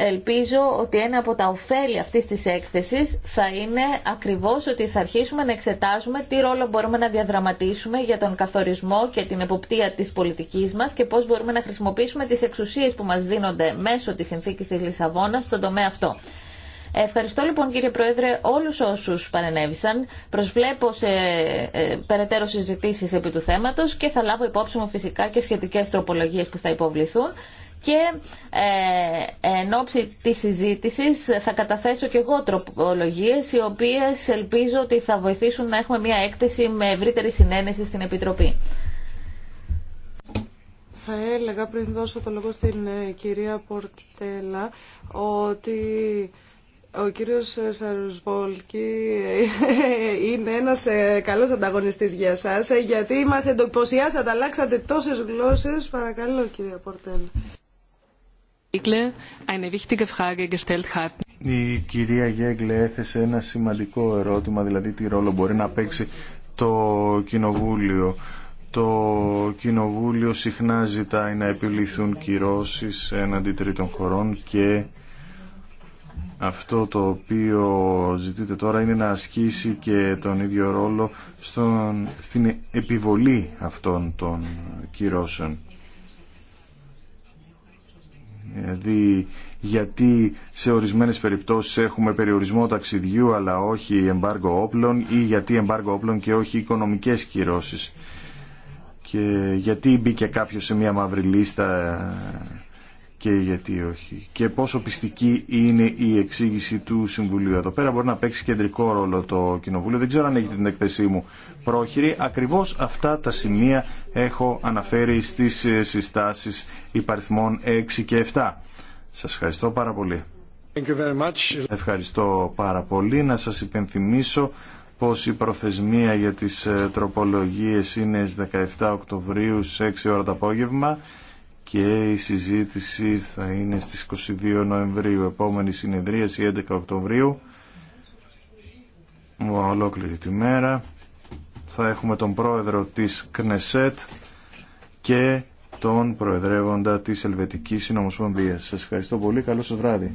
ελπίζω ότι ένα από τα ωφέλη αυτής της έκθεσης θα είναι ακριβώς ότι θα αρχίσουμε να εξετάζουμε τι ρόλο μπορούμε να διαδραματίσουμε για τον καθορισμό και την εποπτεία της πολιτικής μας και πώς μπορούμε να χρησιμοποιήσουμε τις εξουσίες που μας δίνονται μέσω της συνθήκης της Λισαβόνας στον τομέα αυτό. Ευχαριστώ λοιπόν κύριε Πρόεδρε όλους όσους παρενέβησαν. Προσβλέπω σε ε, περαιτέρω συζητήσεις επί του θέματος και θα λάβω υπόψη μου φυσικά και σχετικές τροπολογίες που θα υποβληθούν και ε, εν ώψη της συζήτησης θα καταθέσω και εγώ τροπολογίες οι οποίες ελπίζω ότι θα βοηθήσουν να έχουμε μια έκθεση με ευρύτερη συνένεση στην Επιτροπή. Θα έλεγα πριν δώσω το λόγο στην ε, κυρία Πορτέλα ότι ο κύριος ε, Σαρουσβόλκη ε, είναι ένας καλός ανταγωνιστής για σας γιατί μας εντοπωσιάσατε, αλλάξατε τόσες γλώσσες. Παρακαλώ κυρία Πορτέλα. Η κυρία Γέγλε έθεσε ένα σημαντικό ερώτημα, δηλαδή τι ρόλο μπορεί να παίξει το Κοινοβούλιο. Το Κοινοβούλιο συχνά ζητάει να επιληθούν κυρώσεις έναντι τρίτων χωρών και αυτό το οποίο ζητείτε τώρα είναι να ασκήσει και τον ίδιο ρόλο στον, στην επιβολή αυτών των κυρώσεων. Δηλαδή γιατί σε ορισμένες περιπτώσεις έχουμε περιορισμό ταξιδιού αλλά όχι εμπάργο όπλων ή γιατί εμπάργο όπλων και όχι οικονομικές κυρώσεις. Και γιατί μπήκε κάποιος σε μια μαύρη λίστα ε, και γιατί όχι. Και πόσο πιστική είναι η εξήγηση του Συμβουλίου. Εδώ πέρα μπορεί να παίξει κεντρικό ρόλο το Κοινοβούλιο. Δεν ξέρω αν έχετε την εκθεσή μου πρόχειρη. Ακριβώ αυτά τα σημεία έχω αναφέρει στι συστάσεις υπαριθμών 6 και 7. Σα ευχαριστώ πάρα πολύ. Thank you very much. Ευχαριστώ πάρα πολύ. Να σας υπενθυμίσω πως η προθεσμία για τις ε, τροπολογίες είναι στις 17 Οκτωβρίου σε 6 ώρα το απόγευμα και η συζήτηση θα είναι στις 22 Νοεμβρίου. Επόμενη συνεδρίαση 11 Οκτωβρίου. Ολόκληρη τη μέρα θα έχουμε τον πρόεδρο της ΚΝΕΣΕΤ και τον προεδρεύοντα της Ελβετικής Συνομοσπονδίας. Σας ευχαριστώ πολύ. Καλό σας βράδυ.